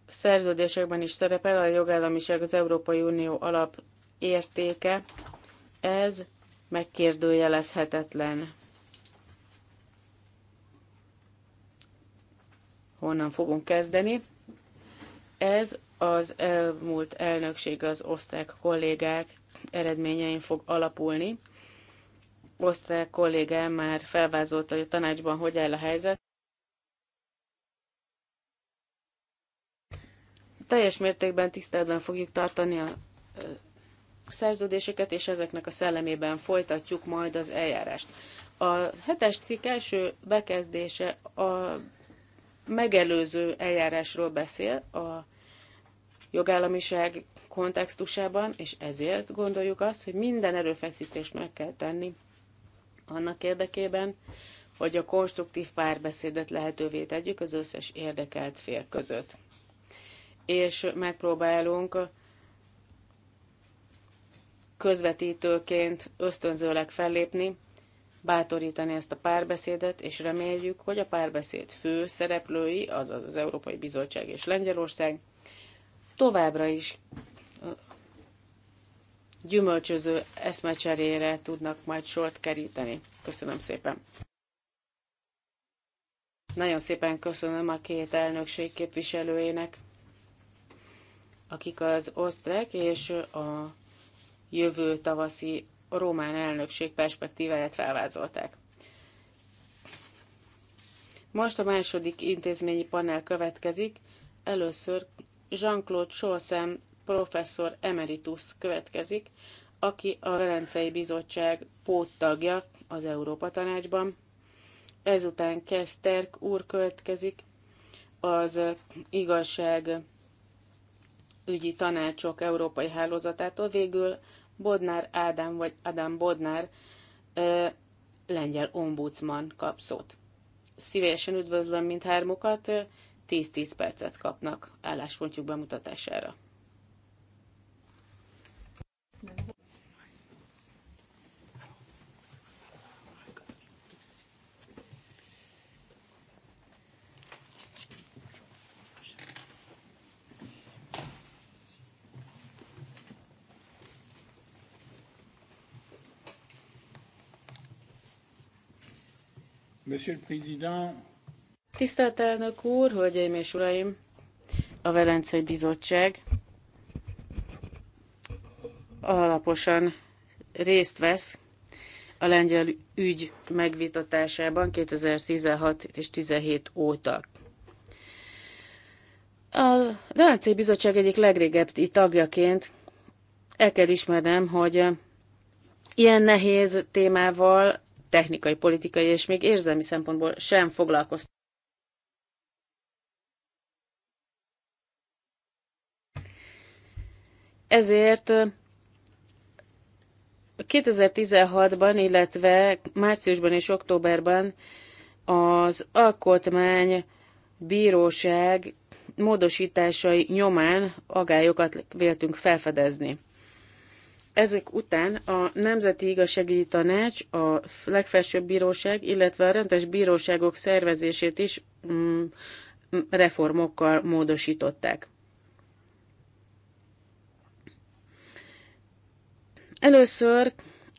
szerződésekben is szerepel a jogállamiság az Európai Unió alap értéke, ez megkérdőjelezhetetlen. Honnan fogunk kezdeni? Ez az elmúlt elnökség az osztrák kollégák eredményein fog alapulni. Osztrák kollégám már felvázolta, hogy a tanácsban hogy áll a helyzet. Teljes mértékben tiszteletben fogjuk tartani a szerződéseket, és ezeknek a szellemében folytatjuk majd az eljárást. A hetes cikk első bekezdése a megelőző eljárásról beszél a jogállamiság kontextusában, és ezért gondoljuk azt, hogy minden erőfeszítést meg kell tenni annak érdekében, hogy a konstruktív párbeszédet lehetővé tegyük az összes érdekelt fél között. És megpróbálunk közvetítőként ösztönzőleg fellépni, bátorítani ezt a párbeszédet, és reméljük, hogy a párbeszéd fő szereplői, azaz az Európai Bizottság és Lengyelország továbbra is gyümölcsöző eszmecserére tudnak majd sort keríteni. Köszönöm szépen! Nagyon szépen köszönöm a két elnökség képviselőjének, akik az osztrák és a jövő tavaszi a román elnökség perspektíváját felvázolták. Most a második intézményi panel következik. Először Jean-Claude Csolszem professzor emeritus következik, aki a Velencei Bizottság póttagja az Európa Tanácsban. Ezután Keszterk úr következik, az igazság ügyi tanácsok európai hálózatától végül Bodnár Ádám vagy Ádám Bodnár ö, lengyel ombudsman kap szót. Szívesen üdvözlöm mindhármukat, 10-10 percet kapnak álláspontjuk bemutatására. Tisztelt elnök úr, hölgyeim és uraim! A Velencei Bizottság alaposan részt vesz a lengyel ügy megvitatásában 2016 és 17 óta. Az LNC Bizottság egyik legrégebbi tagjaként el kell ismernem, hogy ilyen nehéz témával technikai, politikai és még érzelmi szempontból sem foglalkoztak. Ezért 2016-ban, illetve márciusban és októberben az alkotmány bíróság módosításai nyomán agályokat véltünk felfedezni. Ezek után a Nemzeti Igazságügyi Tanács, a legfelsőbb bíróság, illetve a rendes bíróságok szervezését is mm, reformokkal módosították. Először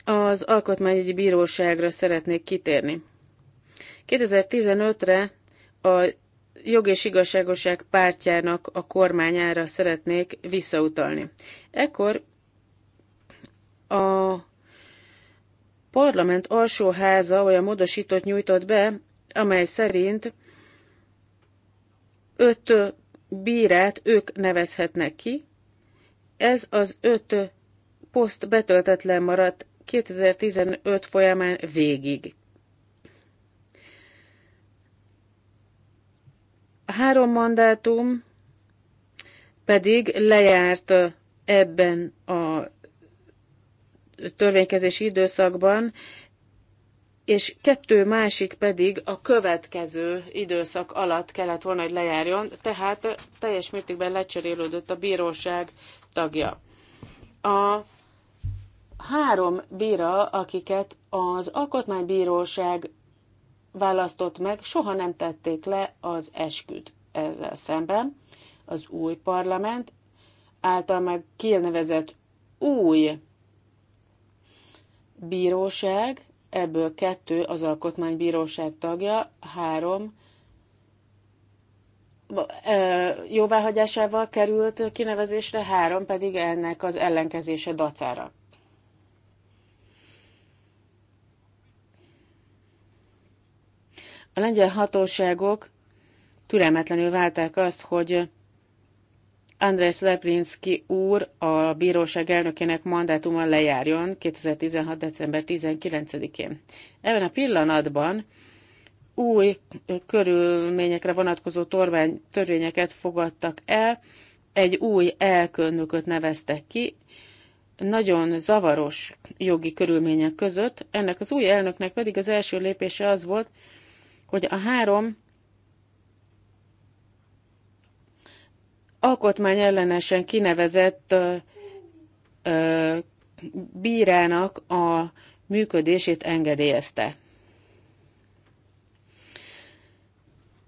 az Alkotmányügyi Bíróságra szeretnék kitérni. 2015-re a Jog és Igazságoság pártjának a kormányára szeretnék visszautalni. Ekkor a parlament alsóháza olyan módosítót nyújtott be, amely szerint öt bírát ők nevezhetnek ki. Ez az öt poszt betöltetlen maradt 2015 folyamán végig. A három mandátum pedig lejárt ebben a törvénykezési időszakban, és kettő másik pedig a következő időszak alatt kellett volna, hogy lejárjon, tehát teljes mértékben lecserélődött a bíróság tagja. A három bíra, akiket az alkotmánybíróság választott meg, soha nem tették le az esküt ezzel szemben. Az új parlament által meg kielnevezett új bíróság, ebből kettő az alkotmánybíróság tagja, három jóváhagyásával került kinevezésre, három pedig ennek az ellenkezése dacára. A lengyel hatóságok türelmetlenül válták azt, hogy András Leplinski úr a bíróság elnökének mandátuma lejárjon 2016. december 19-én. Ebben a pillanatban új körülményekre vonatkozó torvány, törvényeket fogadtak el, egy új elkönnököt neveztek ki, nagyon zavaros jogi körülmények között. Ennek az új elnöknek pedig az első lépése az volt, hogy a három alkotmány ellenesen kinevezett ö, ö, bírának a működését engedélyezte.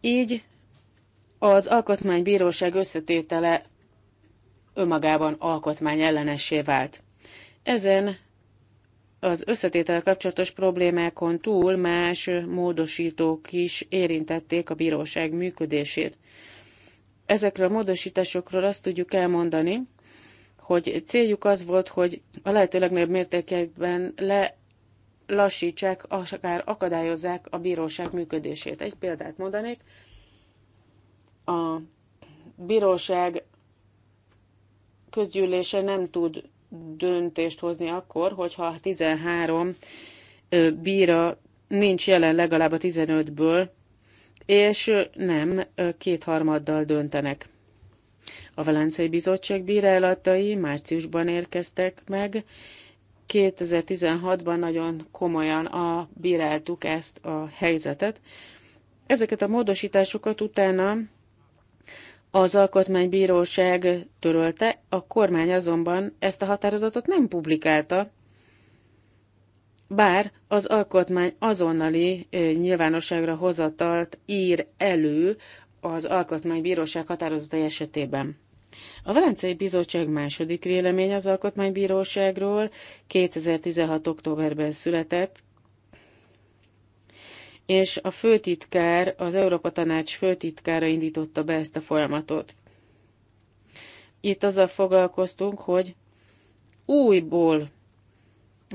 Így az alkotmánybíróság összetétele önmagában alkotmány ellenessé vált. Ezen az összetétel kapcsolatos problémákon túl más módosítók is érintették a bíróság működését. Ezekről a módosításokról azt tudjuk elmondani, hogy céljuk az volt, hogy a lehető legnagyobb mértékekben lelassítsák, akár akadályozzák a bíróság működését. Egy példát mondanék. A bíróság közgyűlése nem tud döntést hozni akkor, hogyha 13 bíra nincs jelen legalább a 15-ből és nem kétharmaddal döntenek. A Velencei Bizottság bírálatai márciusban érkeztek meg, 2016-ban nagyon komolyan a, bíráltuk ezt a helyzetet. Ezeket a módosításokat utána az alkotmánybíróság törölte, a kormány azonban ezt a határozatot nem publikálta, bár az alkotmány azonnali nyilvánosságra hozatalt ír elő az Alkotmánybíróság határozatai esetében. A Velencei Bizottság második vélemény az Alkotmánybíróságról 2016. októberben született, és a főtitkár, az Európa Tanács főtitkára indította be ezt a folyamatot. Itt azzal foglalkoztunk, hogy újból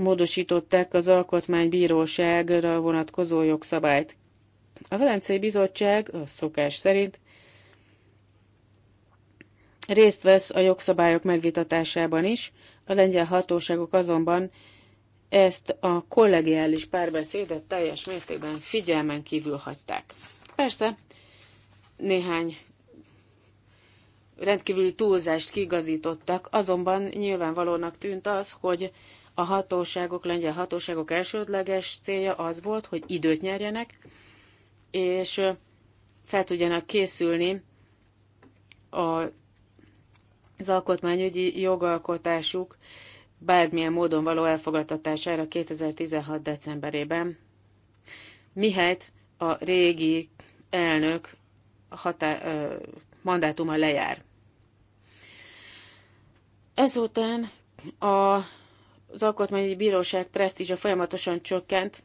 módosították az alkotmánybíróságra vonatkozó jogszabályt. A Velencei Bizottság a szokás szerint részt vesz a jogszabályok megvitatásában is, a lengyel hatóságok azonban ezt a kollegiális párbeszédet teljes mértékben figyelmen kívül hagyták. Persze, néhány rendkívüli túlzást kigazítottak, azonban nyilvánvalónak tűnt az, hogy a hatóságok, lengyel hatóságok elsődleges célja az volt, hogy időt nyerjenek, és fel tudjanak készülni a, az alkotmányügyi jogalkotásuk bármilyen módon való elfogadtatására 2016. decemberében, mihelyt a régi elnök hatá- ö, mandátuma lejár. Ezután a az alkotmányi bíróság presztízsa folyamatosan csökkent,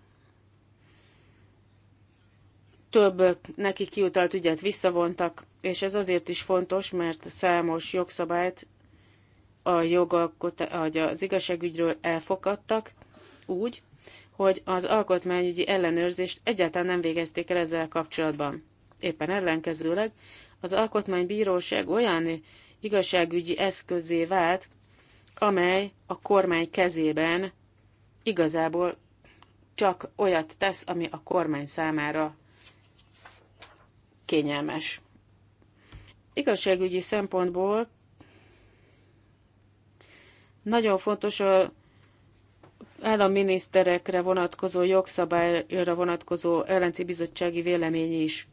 több neki kiutalt ügyet visszavontak, és ez azért is fontos, mert számos jogszabályt a jogalkotá- az igazságügyről elfogadtak úgy, hogy az alkotmányügyi ellenőrzést egyáltalán nem végezték el ezzel kapcsolatban. Éppen ellenkezőleg az alkotmánybíróság olyan igazságügyi eszközé vált, amely a kormány kezében igazából csak olyat tesz, ami a kormány számára kényelmes. Igazságügyi szempontból nagyon fontos a államminiszterekre vonatkozó jogszabályra vonatkozó ellenci bizottsági vélemény is.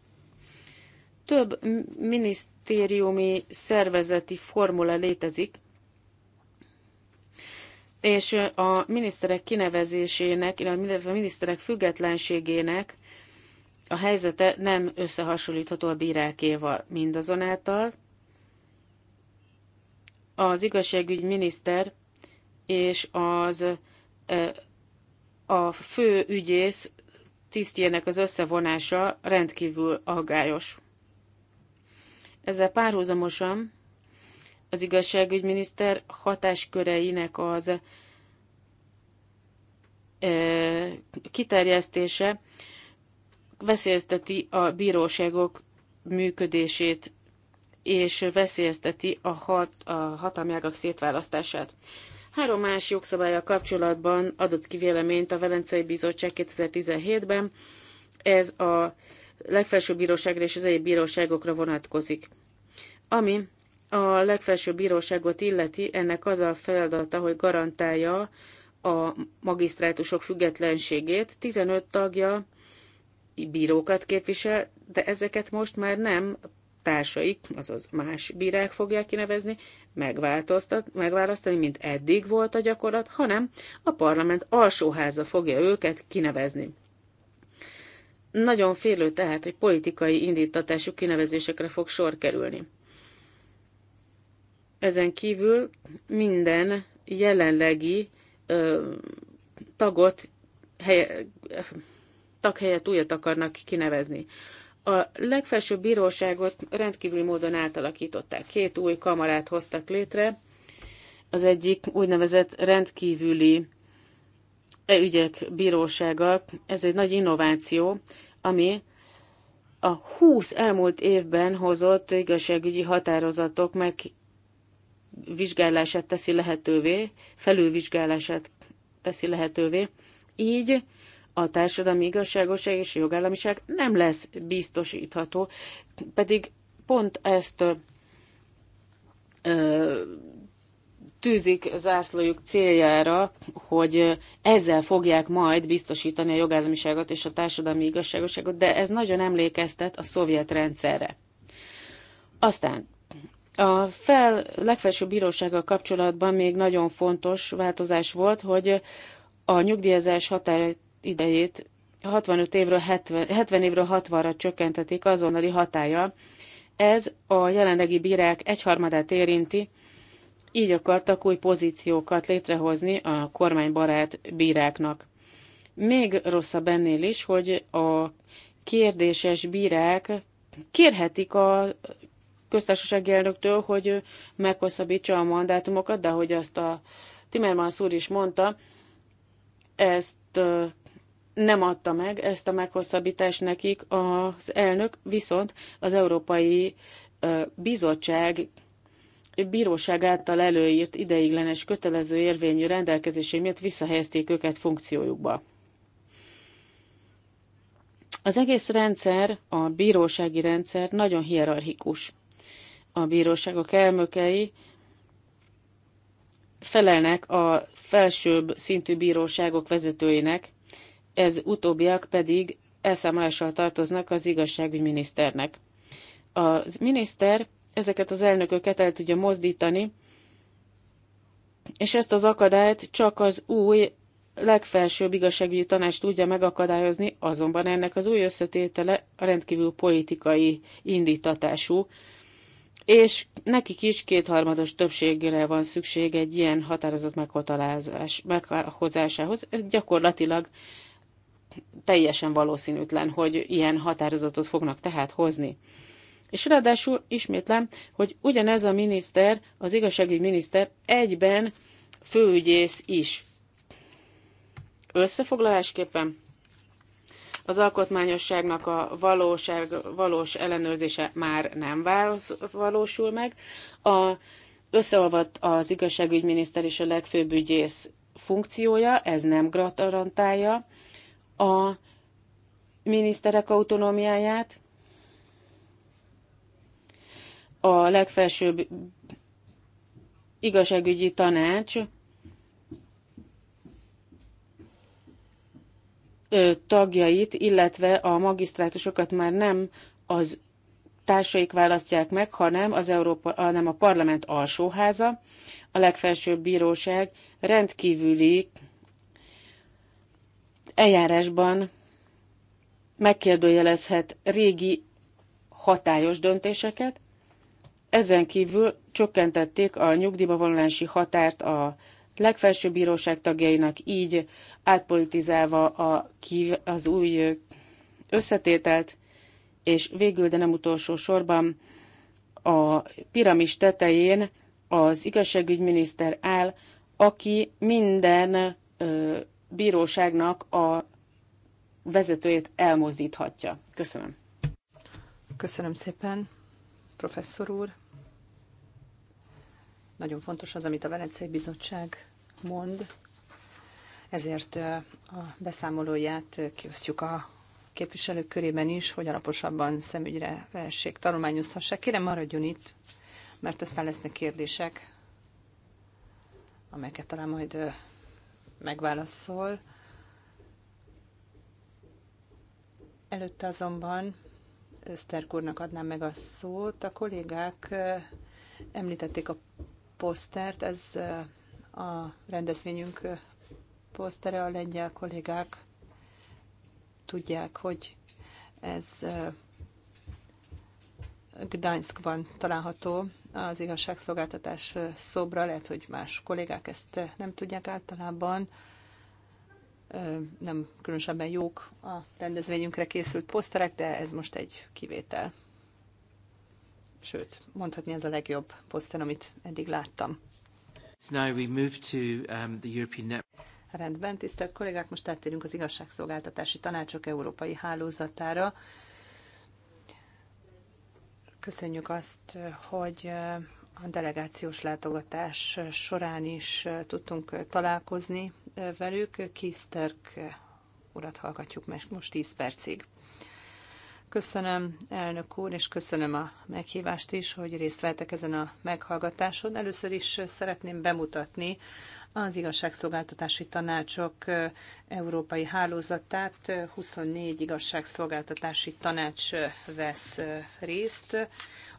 Több minisztériumi szervezeti formula létezik, és a miniszterek kinevezésének, illetve a miniszterek függetlenségének a helyzete nem összehasonlítható a bírákéval. Mindazonáltal az igazságügy miniszter és az a fő ügyész tisztjének az összevonása rendkívül aggályos. Ezzel párhuzamosan az igazságügyminiszter hatásköreinek az kiterjesztése veszélyezteti a bíróságok működését, és veszélyezteti a, hat, a hatalmiágak szétválasztását. Három más jogszabálya kapcsolatban adott ki véleményt a Velencei Bizottság 2017-ben. Ez a legfelsőbb bíróságra és az egyéb bíróságokra vonatkozik. Ami a legfelsőbb bíróságot illeti, ennek az a feladata, hogy garantálja a magisztrátusok függetlenségét. 15 tagja bírókat képvisel, de ezeket most már nem társaik, azaz más bírák fogják kinevezni, megváltoztat, megválasztani, mint eddig volt a gyakorlat, hanem a parlament alsóháza fogja őket kinevezni. Nagyon félő tehát, hogy politikai indítatású kinevezésekre fog sor kerülni. Ezen kívül minden jelenlegi ö, tagot, helye, taghelyet újat akarnak kinevezni. A legfelsőbb bíróságot rendkívüli módon átalakították. Két új kamarát hoztak létre. Az egyik úgynevezett rendkívüli e ügyek bírósága. Ez egy nagy innováció, ami a 20 elmúlt évben hozott igazságügyi határozatok meg vizsgálását teszi lehetővé, felülvizsgálását teszi lehetővé, így a társadalmi igazságosság és jogállamiság nem lesz biztosítható, pedig pont ezt ö, tűzik zászlójuk céljára, hogy ezzel fogják majd biztosítani a jogállamiságot és a társadalmi igazságoságot, de ez nagyon emlékeztet a szovjet rendszerre. Aztán a fel, legfelsőbb bírósággal kapcsolatban még nagyon fontos változás volt, hogy a nyugdíjazás határidejét 65 évről 70, 70 évről 60-ra csökkentetik azonnali hatája. Ez a jelenlegi bírák egyharmadát érinti, így akartak új pozíciókat létrehozni a kormánybarát bíráknak. Még rosszabb ennél is, hogy a kérdéses bírák kérhetik a köztársasági elnöktől, hogy meghosszabbítsa a mandátumokat, de ahogy azt a Timmermans úr is mondta, ezt nem adta meg ezt a meghosszabbítást nekik az elnök, viszont az Európai Bizottság bíróság által előírt ideiglenes kötelező érvényű rendelkezésé miatt visszahelyezték őket funkciójukba. Az egész rendszer, a bírósági rendszer nagyon hierarchikus a bíróságok elmökei felelnek a felsőbb szintű bíróságok vezetőinek, ez utóbbiak pedig elszámolással tartoznak az igazságügyminiszternek. A miniszter ezeket az elnököket el tudja mozdítani, és ezt az akadályt csak az új, legfelsőbb igazságügyi tanács tudja megakadályozni, azonban ennek az új összetétele rendkívül politikai indítatású, és nekik is kétharmados többségre van szükség egy ilyen határozott meghozásához. Ez gyakorlatilag teljesen valószínűtlen, hogy ilyen határozatot fognak tehát hozni. És ráadásul ismétlem, hogy ugyanez a miniszter, az igazságügyi miniszter egyben főügyész is. Összefoglalásképpen az alkotmányosságnak a valóság, valós ellenőrzése már nem valósul meg. A, összeolvadt az igazságügyminiszter és a legfőbb ügyész funkciója, ez nem garantálja a miniszterek autonómiáját. A legfelsőbb igazságügyi tanács tagjait, illetve a magisztrátusokat már nem az társaik választják meg, hanem, az Európa, hanem a parlament alsóháza, a legfelsőbb bíróság rendkívüli eljárásban megkérdőjelezhet régi hatályos döntéseket, ezen kívül csökkentették a nyugdíjba vonulási határt a legfelsőbb bíróság tagjainak, így átpolitizálva a, az új összetételt, és végül, de nem utolsó sorban, a piramis tetején az igazságügyminiszter áll, aki minden ö, bíróságnak a vezetőjét elmozdíthatja. Köszönöm. Köszönöm szépen, professzor úr. Nagyon fontos az, amit a Velencei Bizottság mond, ezért a beszámolóját kiosztjuk a képviselők körében is, hogy alaposabban szemügyre vehessék, tanulmányozhassák. Kérem, maradjon itt, mert aztán lesznek kérdések, amelyeket talán majd megválaszol. Előtte azonban Öszterkurnak adnám meg a szót. A kollégák említették a posztert, ez a rendezvényünk posztere, a lengyel kollégák tudják, hogy ez Gdańskban található az igazságszolgáltatás szobra, lehet, hogy más kollégák ezt nem tudják általában, nem különösebben jók a rendezvényünkre készült poszterek, de ez most egy kivétel sőt, mondhatni ez a legjobb poszter, amit eddig láttam. So now we move to um, the European Net Rendben, tisztelt kollégák, most áttérünk az igazságszolgáltatási tanácsok európai hálózatára. Köszönjük azt, hogy uh, a delegációs látogatás során is uh, tudtunk uh, találkozni velük. Kiszterk urat hallgatjuk most 10 percig. Köszönöm, elnök úr, és köszönöm a meghívást is, hogy részt vettek ezen a meghallgatáson. Először is szeretném bemutatni az igazságszolgáltatási tanácsok európai hálózatát. 24 igazságszolgáltatási tanács vesz részt.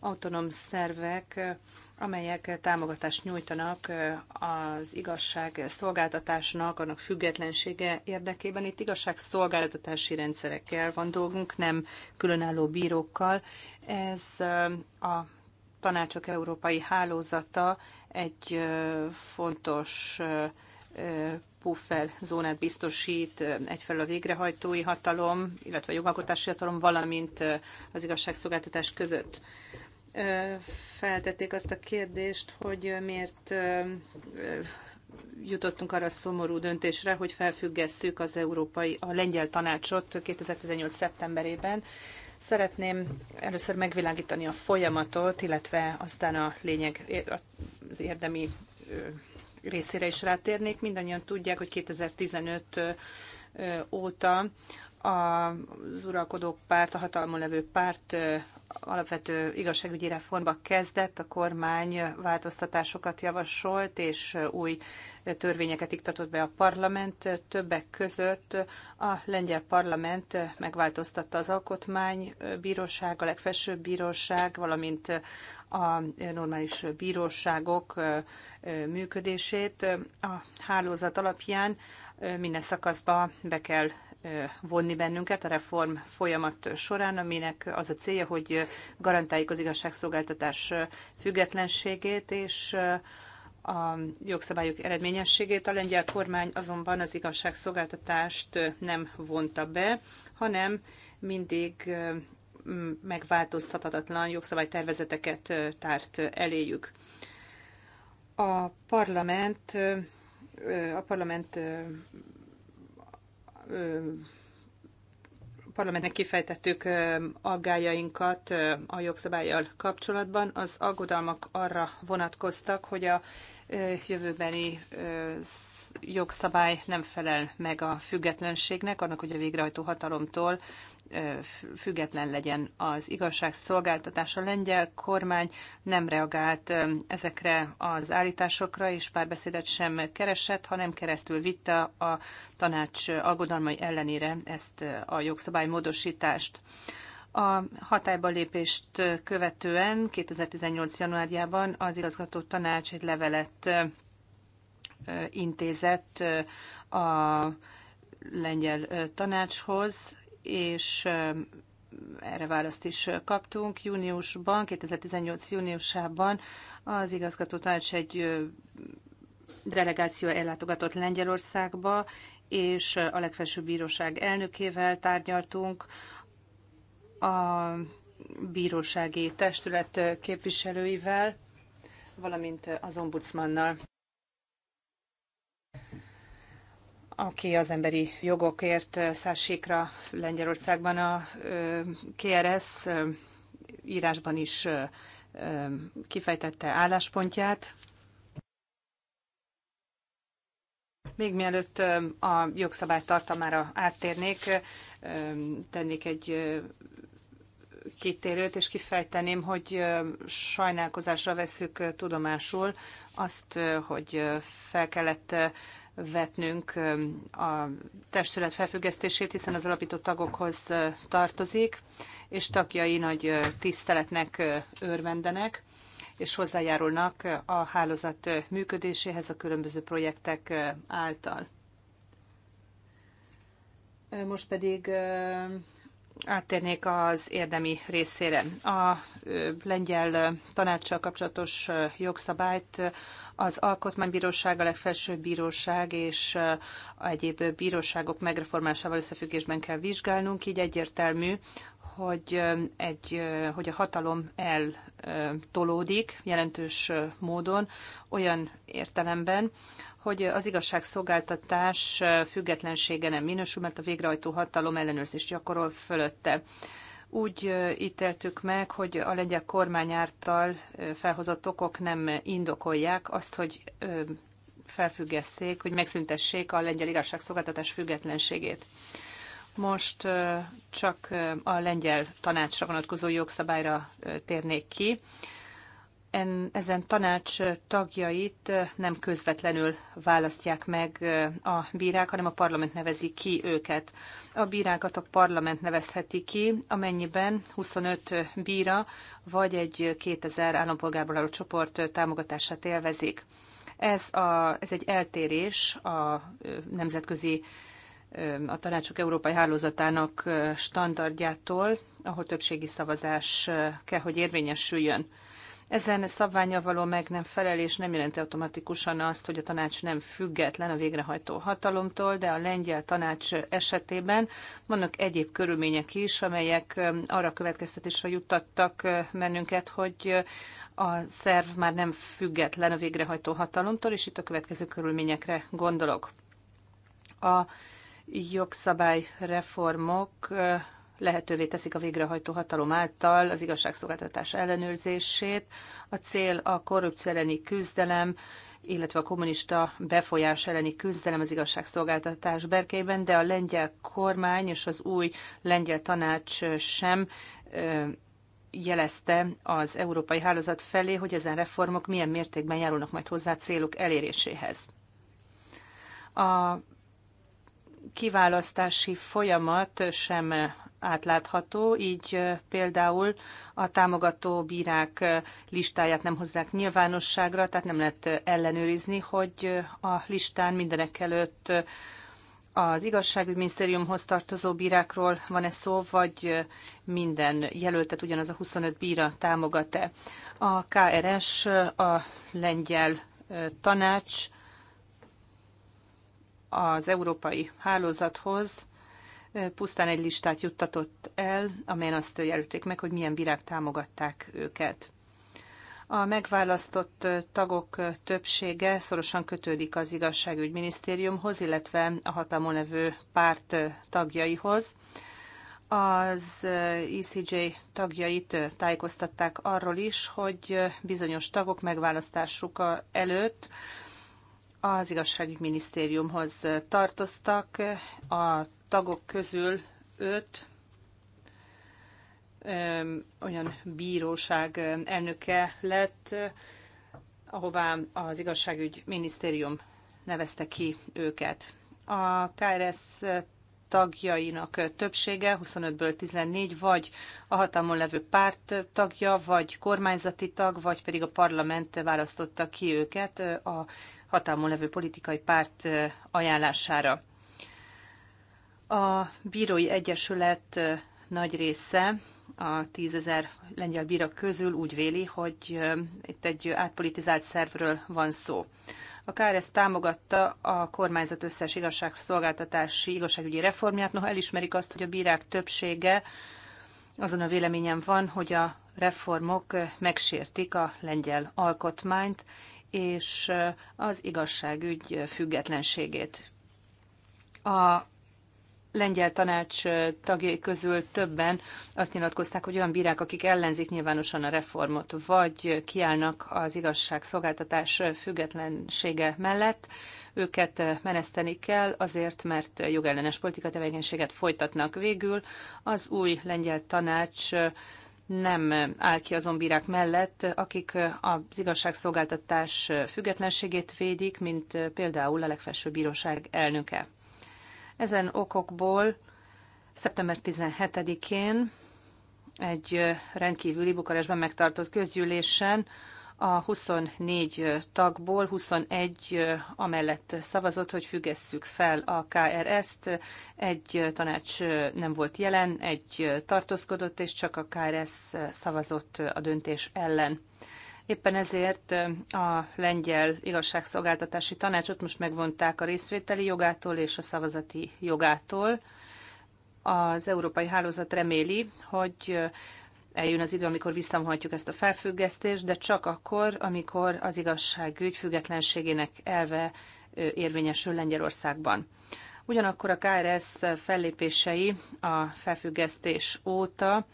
Autonóm szervek amelyek támogatást nyújtanak az igazság szolgáltatásnak, annak függetlensége érdekében. Itt igazság szolgáltatási rendszerekkel van dolgunk, nem különálló bírókkal. Ez a Tanácsok Európai Hálózata egy fontos puffer zónát biztosít egyfelől a végrehajtói hatalom, illetve a jogalkotási hatalom, valamint az igazságszolgáltatás között feltették azt a kérdést, hogy miért jutottunk arra a szomorú döntésre, hogy felfüggesszük az európai, a lengyel tanácsot 2018. szeptemberében. Szeretném először megvilágítani a folyamatot, illetve aztán a lényeg, az érdemi részére is rátérnék. Mindannyian tudják, hogy 2015 óta az uralkodó párt, a hatalmon levő párt alapvető igazságügyi reformba kezdett, a kormány változtatásokat javasolt, és új törvényeket iktatott be a parlament. Többek között a lengyel parlament megváltoztatta az alkotmánybíróság, a legfelsőbb bíróság, valamint a normális bíróságok működését a hálózat alapján minden szakaszba be kell vonni bennünket a reform folyamat során, aminek az a célja, hogy garantáljuk az igazságszolgáltatás függetlenségét és a jogszabályok eredményességét. A lengyel kormány azonban az igazságszolgáltatást nem vonta be, hanem mindig megváltoztathatatlan jogszabálytervezeteket tárt eléjük. A parlament, a parlament parlamentnek kifejtettük aggájainkat a jogszabályjal kapcsolatban. Az aggodalmak arra vonatkoztak, hogy a jövőbeni jogszabály nem felel meg a függetlenségnek, annak, hogy a végrehajtó hatalomtól független legyen az igazságszolgáltatás. A lengyel kormány nem reagált ezekre az állításokra, és párbeszédet sem keresett, hanem keresztül vitte a tanács aggodalmai ellenére ezt a jogszabálymódosítást. A hatályba lépést követően 2018. januárjában az igazgató tanács egy levelet intézett a lengyel tanácshoz, és erre választ is kaptunk. Júniusban, 2018. júniusában az igazgató tanács egy delegáció ellátogatott Lengyelországba, és a legfelsőbb bíróság elnökével tárgyaltunk, a bírósági testület képviselőivel, valamint az ombudsmannal. aki az emberi jogokért szásikra Lengyelországban a KRS írásban is kifejtette álláspontját. Még mielőtt a jogszabály tartalmára áttérnék, tennék egy kitérőt, és kifejteném, hogy sajnálkozásra veszük tudomásul azt, hogy fel kellett vetnünk a testület felfüggesztését, hiszen az alapított tagokhoz tartozik, és tagjai nagy tiszteletnek örvendenek, és hozzájárulnak a hálózat működéséhez a különböző projektek által. Most pedig áttérnék az érdemi részére. A lengyel tanácssal kapcsolatos jogszabályt az Alkotmánybíróság, a legfelsőbb bíróság és uh, egyéb bíróságok megreformásával összefüggésben kell vizsgálnunk, így egyértelmű, hogy, um, egy, uh, hogy a hatalom eltolódik uh, jelentős módon olyan értelemben, hogy az igazságszolgáltatás függetlensége nem minősül, mert a végrehajtó hatalom ellenőrzést gyakorol fölötte úgy ítéltük meg, hogy a lengyel kormány által felhozott okok nem indokolják azt, hogy felfüggesszék, hogy megszüntessék a lengyel igazságszolgáltatás függetlenségét. Most csak a lengyel tanácsra vonatkozó jogszabályra térnék ki en, ezen tanács tagjait nem közvetlenül választják meg a bírák, hanem a parlament nevezi ki őket. A bírákat a parlament nevezheti ki, amennyiben 25 bíra vagy egy 2000 állampolgárból álló csoport támogatását élvezik. Ez, a, ez egy eltérés a nemzetközi a tanácsok európai hálózatának standardjától, ahol többségi szavazás kell, hogy érvényesüljön. Ezen szabványa való meg nem felelés nem jelenti automatikusan azt, hogy a tanács nem független a végrehajtó hatalomtól, de a lengyel tanács esetében vannak egyéb körülmények is, amelyek um, arra következtetésre juttattak uh, bennünket, hogy uh, a szerv már nem független a végrehajtó hatalomtól, és itt a következő körülményekre gondolok. A jogszabályreformok uh, lehetővé teszik a végrehajtó hatalom által az igazságszolgáltatás ellenőrzését. A cél a korrupció elleni küzdelem, illetve a kommunista befolyás elleni küzdelem az igazságszolgáltatás berkeiben, de a lengyel kormány és az új lengyel tanács sem jelezte az európai hálózat felé, hogy ezen reformok milyen mértékben járulnak majd hozzá célok eléréséhez. A kiválasztási folyamat sem átlátható, így például a támogató bírák listáját nem hozzák nyilvánosságra, tehát nem lehet ellenőrizni, hogy a listán mindenek előtt az igazságügyminisztériumhoz tartozó bírákról van-e szó, vagy minden jelöltet ugyanaz a 25 bíra támogat-e. A KRS, a lengyel tanács az európai hálózathoz pusztán egy listát juttatott el, amelyen azt jelölték meg, hogy milyen virág támogatták őket. A megválasztott tagok többsége szorosan kötődik az igazságügyminisztériumhoz, illetve a hatalmon levő párt tagjaihoz. Az ECJ tagjait tájékoztatták arról is, hogy bizonyos tagok megválasztásuk előtt az igazságügyminisztériumhoz tartoztak, a tagok közül öt olyan bíróság elnöke lett, ahová az igazságügy minisztérium nevezte ki őket. A KRS tagjainak többsége, 25-ből 14, vagy a hatalmon levő párt tagja, vagy kormányzati tag, vagy pedig a parlament választotta ki őket a hatalmon levő politikai párt ajánlására. A Bírói Egyesület nagy része a tízezer lengyel bírak közül úgy véli, hogy itt egy átpolitizált szervről van szó. A KRS támogatta a kormányzat összes igazságszolgáltatási igazságügyi reformját, noha elismerik azt, hogy a bírák többsége azon a véleményen van, hogy a reformok megsértik a lengyel alkotmányt és az igazságügy függetlenségét. A lengyel tanács tagjai közül többen azt nyilatkozták, hogy olyan bírák, akik ellenzik nyilvánosan a reformot, vagy kiállnak az igazságszolgáltatás függetlensége mellett, őket meneszteni kell azért, mert jogellenes politika tevékenységet folytatnak végül. Az új lengyel tanács nem áll ki azon bírák mellett, akik az igazságszolgáltatás függetlenségét védik, mint például a legfelsőbb bíróság elnöke. Ezen okokból szeptember 17-én egy rendkívüli Bukarestben megtartott közgyűlésen a 24 tagból 21 amellett szavazott, hogy függesszük fel a KRS-t. Egy tanács nem volt jelen, egy tartózkodott, és csak a KRS szavazott a döntés ellen. Éppen ezért a lengyel igazságszolgáltatási tanácsot most megvonták a részvételi jogától és a szavazati jogától. Az európai hálózat reméli, hogy eljön az idő, amikor visszamhatjuk ezt a felfüggesztést, de csak akkor, amikor az igazságügy függetlenségének elve érvényesül Lengyelországban. Ugyanakkor a KRS fellépései a felfüggesztés óta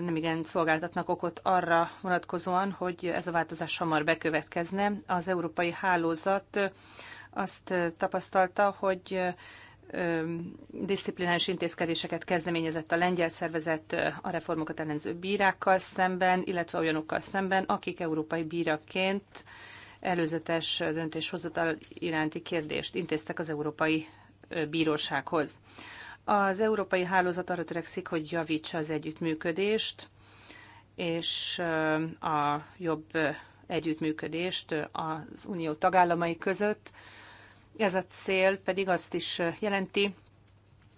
nem igen szolgáltatnak okot arra vonatkozóan, hogy ez a változás hamar bekövetkezne. Az európai hálózat azt tapasztalta, hogy disziplinális intézkedéseket kezdeményezett a lengyel szervezet a reformokat ellenző bírákkal szemben, illetve olyanokkal szemben, akik európai bíraként előzetes döntéshozatal iránti kérdést intéztek az Európai Bírósághoz. Az európai hálózat arra törekszik, hogy javítsa az együttműködést, és a jobb együttműködést az unió tagállamai között. Ez a cél pedig azt is jelenti,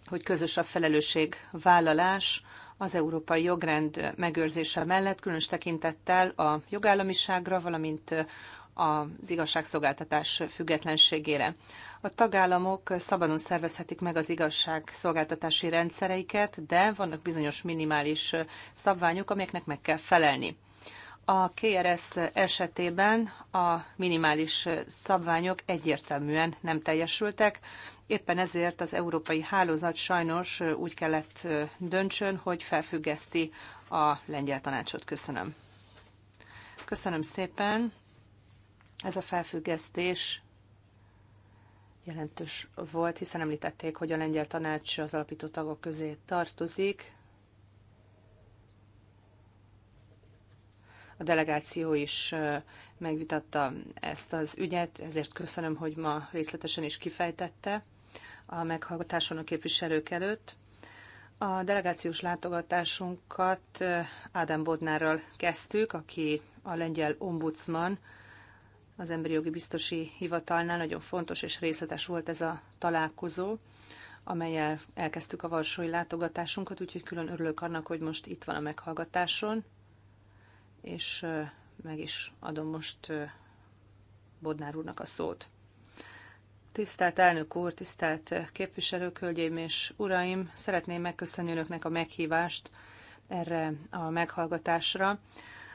hogy közös a felelősségvállalás az európai jogrend megőrzése mellett, különös tekintettel a jogállamiságra, valamint az igazságszolgáltatás függetlenségére. A tagállamok szabadon szervezhetik meg az igazságszolgáltatási rendszereiket, de vannak bizonyos minimális szabványok, amelyeknek meg kell felelni. A KRS esetében a minimális szabványok egyértelműen nem teljesültek, éppen ezért az európai hálózat sajnos úgy kellett döntsön, hogy felfüggeszti a lengyel tanácsot. Köszönöm. Köszönöm szépen. Ez a felfüggesztés jelentős volt, hiszen említették, hogy a lengyel tanács az alapító tagok közé tartozik. A delegáció is megvitatta ezt az ügyet, ezért köszönöm, hogy ma részletesen is kifejtette a meghallgatáson a képviselők előtt. A delegációs látogatásunkat Ádám Bodnárral kezdtük, aki a lengyel ombudsman, az Emberi Jogi Biztosi Hivatalnál. Nagyon fontos és részletes volt ez a találkozó, amelyel elkezdtük a varsói látogatásunkat, úgyhogy külön örülök annak, hogy most itt van a meghallgatáson, és meg is adom most Bodnár úrnak a szót. Tisztelt elnök úr, tisztelt képviselők, hölgyeim és uraim! Szeretném megköszönni önöknek a meghívást erre a meghallgatásra.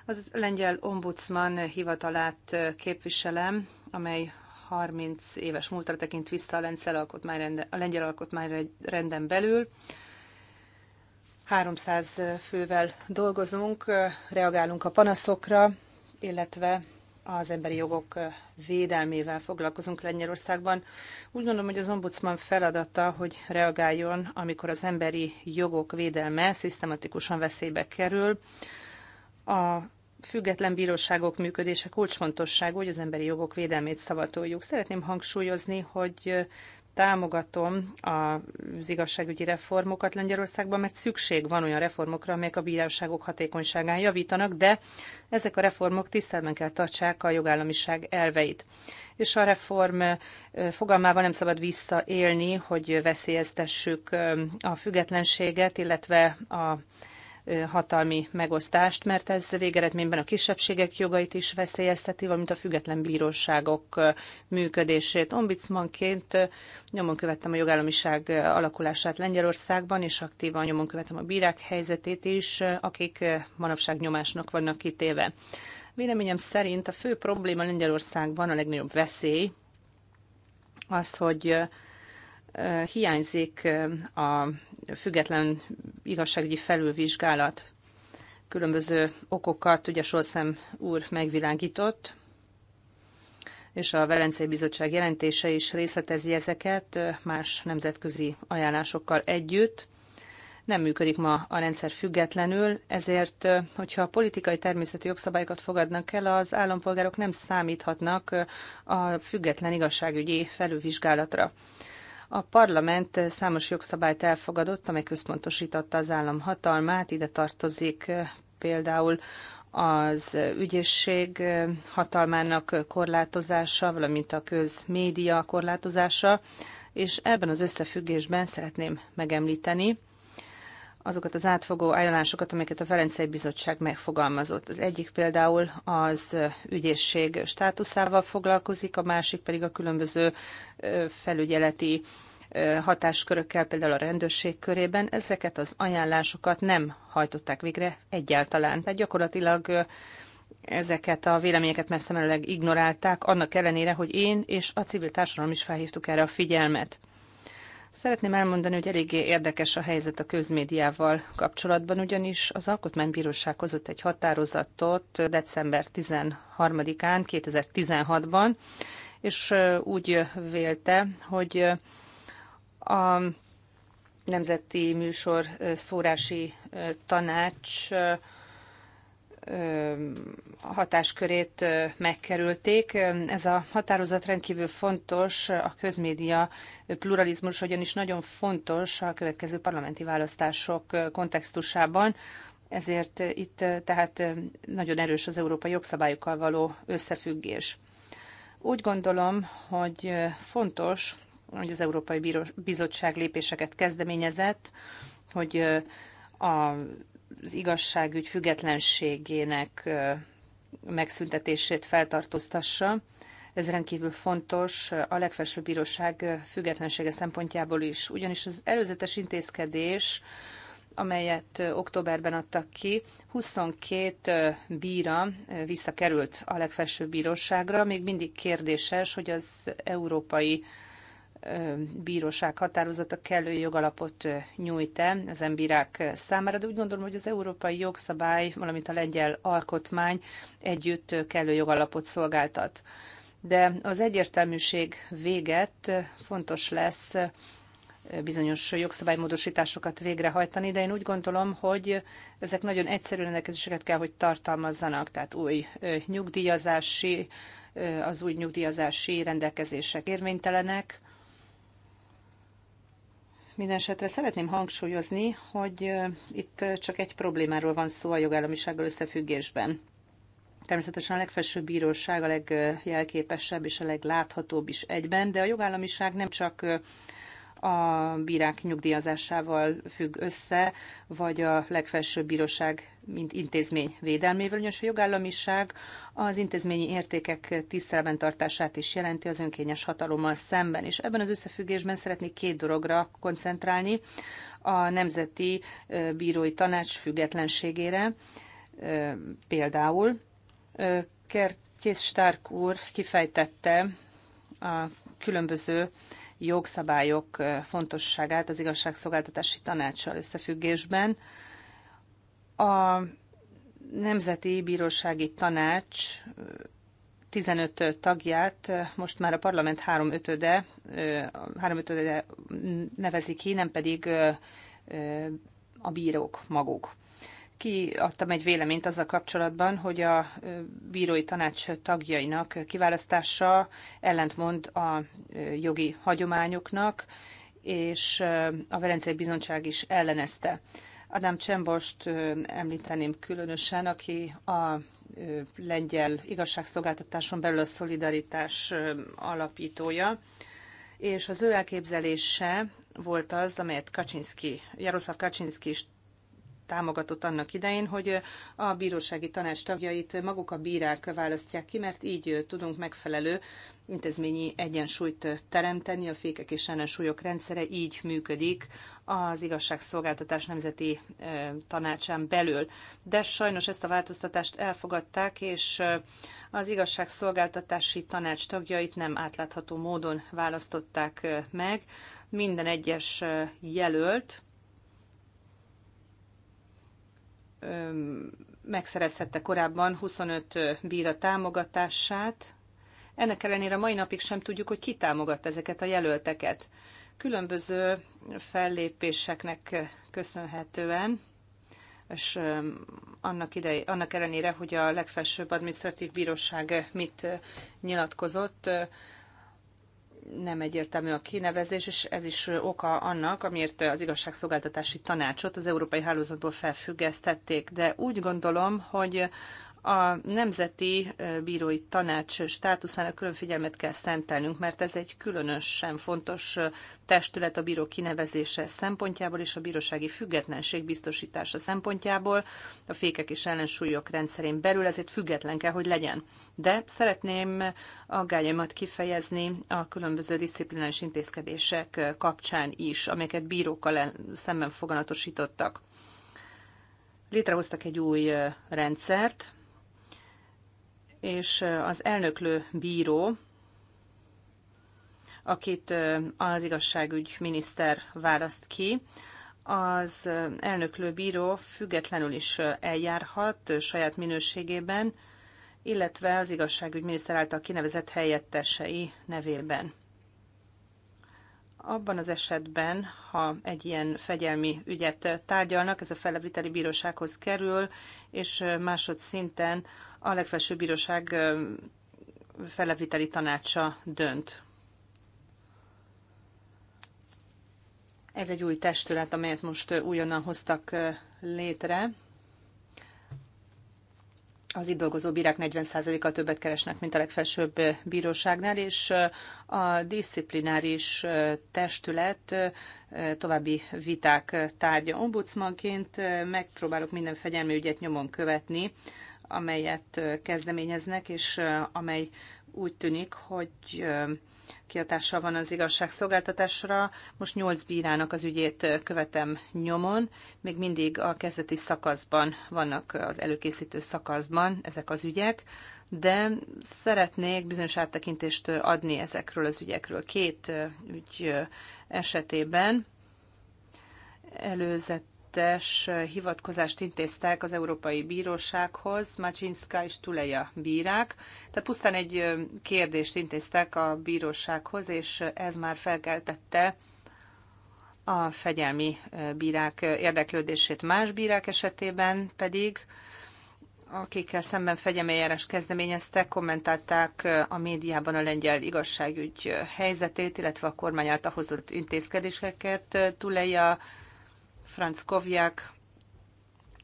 Az lengyel ombudsman hivatalát képviselem, amely 30 éves múltra tekint vissza a, a lengyel alkotmányrenden belül. 300 fővel dolgozunk, reagálunk a panaszokra, illetve az emberi jogok védelmével foglalkozunk Lengyelországban. Úgy gondolom, hogy az ombudsman feladata, hogy reagáljon, amikor az emberi jogok védelme szisztematikusan veszélybe kerül. A független bíróságok működése kulcsfontosságú, hogy az emberi jogok védelmét szavatoljuk. Szeretném hangsúlyozni, hogy támogatom az igazságügyi reformokat Lengyelországban, mert szükség van olyan reformokra, amelyek a bíróságok hatékonyságán javítanak, de ezek a reformok tisztelben kell tartsák a jogállamiság elveit. És a reform fogalmával nem szabad visszaélni, hogy veszélyeztessük a függetlenséget, illetve a hatalmi megosztást, mert ez végeredményben a kisebbségek jogait is veszélyezteti, valamint a független bíróságok működését. Ombudsmanként nyomon követtem a jogállamiság alakulását Lengyelországban, és aktívan nyomon követem a bírák helyzetét is, akik manapság nyomásnak vannak kitéve. Véleményem szerint a fő probléma Lengyelországban, a legnagyobb veszély az, hogy hiányzik a független igazságügyi felülvizsgálat. Különböző okokat ugye Solszem úr megvilágított, és a Velencei Bizottság jelentése is részletezi ezeket más nemzetközi ajánlásokkal együtt. Nem működik ma a rendszer függetlenül, ezért, hogyha a politikai természetű jogszabályokat fogadnak el, az állampolgárok nem számíthatnak a független igazságügyi felülvizsgálatra. A parlament számos jogszabályt elfogadott, amely központosította az állam hatalmát, ide tartozik eh, például az ügyészség eh, hatalmának korlátozása, valamint a közmédia korlátozása, és ebben az összefüggésben szeretném megemlíteni, azokat az átfogó ajánlásokat, amiket a Ferencei Bizottság megfogalmazott. Az egyik például az ügyészség státuszával foglalkozik, a másik pedig a különböző felügyeleti hatáskörökkel, például a rendőrség körében. Ezeket az ajánlásokat nem hajtották végre egyáltalán. Tehát gyakorlatilag ezeket a véleményeket messze ignorálták, annak ellenére, hogy én és a civil társadalom is felhívtuk erre a figyelmet. Szeretném elmondani, hogy eléggé érdekes a helyzet a közmédiával kapcsolatban, ugyanis az Alkotmánybíróság hozott egy határozatot december 13-án, 2016-ban, és úgy vélte, hogy a Nemzeti Műsor Szórási Tanács hatáskörét megkerülték. Ez a határozat rendkívül fontos a közmédia pluralizmus, ugyanis nagyon fontos a következő parlamenti választások kontextusában, ezért itt tehát nagyon erős az európai jogszabályokkal való összefüggés. Úgy gondolom, hogy fontos, hogy az Európai Bizottság lépéseket kezdeményezett, hogy a az igazságügy függetlenségének megszüntetését feltartóztassa. Ez rendkívül fontos a legfelsőbb bíróság függetlensége szempontjából is, ugyanis az előzetes intézkedés, amelyet októberben adtak ki, 22 bíra visszakerült a legfelsőbb bíróságra. Még mindig kérdéses, hogy az európai bíróság határozata kellő jogalapot nyújt-e az embírák számára, de úgy gondolom, hogy az európai jogszabály, valamint a lengyel alkotmány együtt kellő jogalapot szolgáltat. De az egyértelműség véget fontos lesz bizonyos jogszabálymódosításokat végrehajtani, de én úgy gondolom, hogy ezek nagyon egyszerű rendelkezéseket kell, hogy tartalmazzanak, tehát új nyugdíjazási, az új nyugdíjazási rendelkezések érvénytelenek, Mindenesetre szeretném hangsúlyozni, hogy itt csak egy problémáról van szó a jogállamisággal összefüggésben. Természetesen a legfelsőbb bíróság a legjelképesebb és a legláthatóbb is egyben, de a jogállamiság nem csak a bírák nyugdíjazásával függ össze, vagy a legfelsőbb bíróság, mint intézmény védelmével. Ugyanis a jogállamiság az intézményi értékek tisztelben tartását is jelenti az önkényes hatalommal szemben. És ebben az összefüggésben szeretnék két dologra koncentrálni, a Nemzeti Bírói Tanács függetlenségére például. Kész Stark úr kifejtette a különböző jogszabályok fontosságát az igazságszolgáltatási tanácssal összefüggésben. A Nemzeti Bírósági Tanács 15 tagját most már a parlament 3 ötöde, 3 ötöde nevezi ki, nem pedig a bírók maguk kiadtam egy véleményt azzal kapcsolatban, hogy a bírói tanács tagjainak kiválasztása ellentmond a jogi hagyományoknak, és a Velencei Bizottság is ellenezte. Adam Csembost említeném különösen, aki a lengyel igazságszolgáltatáson belül a szolidaritás alapítója, és az ő elképzelése volt az, amelyet Kaczynski, Jaroszláv Kaczynski is támogatott annak idején, hogy a bírósági tanács tagjait maguk a bírák választják ki, mert így tudunk megfelelő intézményi egyensúlyt teremteni, a fékek és ellensúlyok rendszere így működik az igazságszolgáltatás nemzeti eh, tanácsán belül. De sajnos ezt a változtatást elfogadták, és eh, az igazságszolgáltatási tanács tagjait nem átlátható módon választották eh, meg. Minden egyes jelölt megszerezhette korábban 25 bíra támogatását. Ennek ellenére mai napig sem tudjuk, hogy ki támogatta ezeket a jelölteket. Különböző fellépéseknek köszönhetően, és annak, idei, annak ellenére, hogy a legfelsőbb administratív bíróság mit nyilatkozott, nem egyértelmű a kinevezés, és ez is oka annak, amiért az igazságszolgáltatási tanácsot az európai hálózatból felfüggesztették. De úgy gondolom, hogy a Nemzeti Bírói Tanács státuszának külön figyelmet kell szentelnünk, mert ez egy különösen fontos testület a bíró kinevezése szempontjából és a bírósági függetlenség biztosítása szempontjából, a fékek és ellensúlyok rendszerén belül, ezért független kell, hogy legyen. De szeretném aggályaimat kifejezni a különböző disziplinális intézkedések kapcsán is, amelyeket bírókkal szemben foganatosítottak. Létrehoztak egy új rendszert, és az elnöklő bíró, akit az igazságügy miniszter választ ki, az elnöklő bíró függetlenül is eljárhat saját minőségében, illetve az miniszter által kinevezett helyettesei nevében. Abban az esetben, ha egy ilyen fegyelmi ügyet tárgyalnak, ez a feleviteli bírósághoz kerül, és másodszinten. szinten a legfelsőbb bíróság feleviteli tanácsa dönt. Ez egy új testület, amelyet most újonnan hoztak létre. Az itt dolgozó bírák 40%-kal többet keresnek, mint a legfelsőbb bíróságnál, és a disziplináris testület további viták tárgya. Ombudsmanként megpróbálok minden fegyelmi ügyet nyomon követni, amelyet kezdeményeznek, és amely úgy tűnik, hogy kiatással van az igazságszolgáltatásra. Most nyolc bírának az ügyét követem nyomon. Még mindig a kezdeti szakaszban vannak az előkészítő szakaszban ezek az ügyek, de szeretnék bizonyos áttekintést adni ezekről az ügyekről. Két ügy esetében előzet előzetes hivatkozást intéztek az Európai Bírósághoz, Macsinszka és Tuleja bírák. Tehát pusztán egy kérdést intéztek a bírósághoz, és ez már felkeltette a fegyelmi bírák érdeklődését más bírák esetében pedig, akikkel szemben fegyemeljárás kezdeményeztek, kommentálták a médiában a lengyel igazságügy helyzetét, illetve a kormány által hozott intézkedéseket. Tuleja Franz Kovják,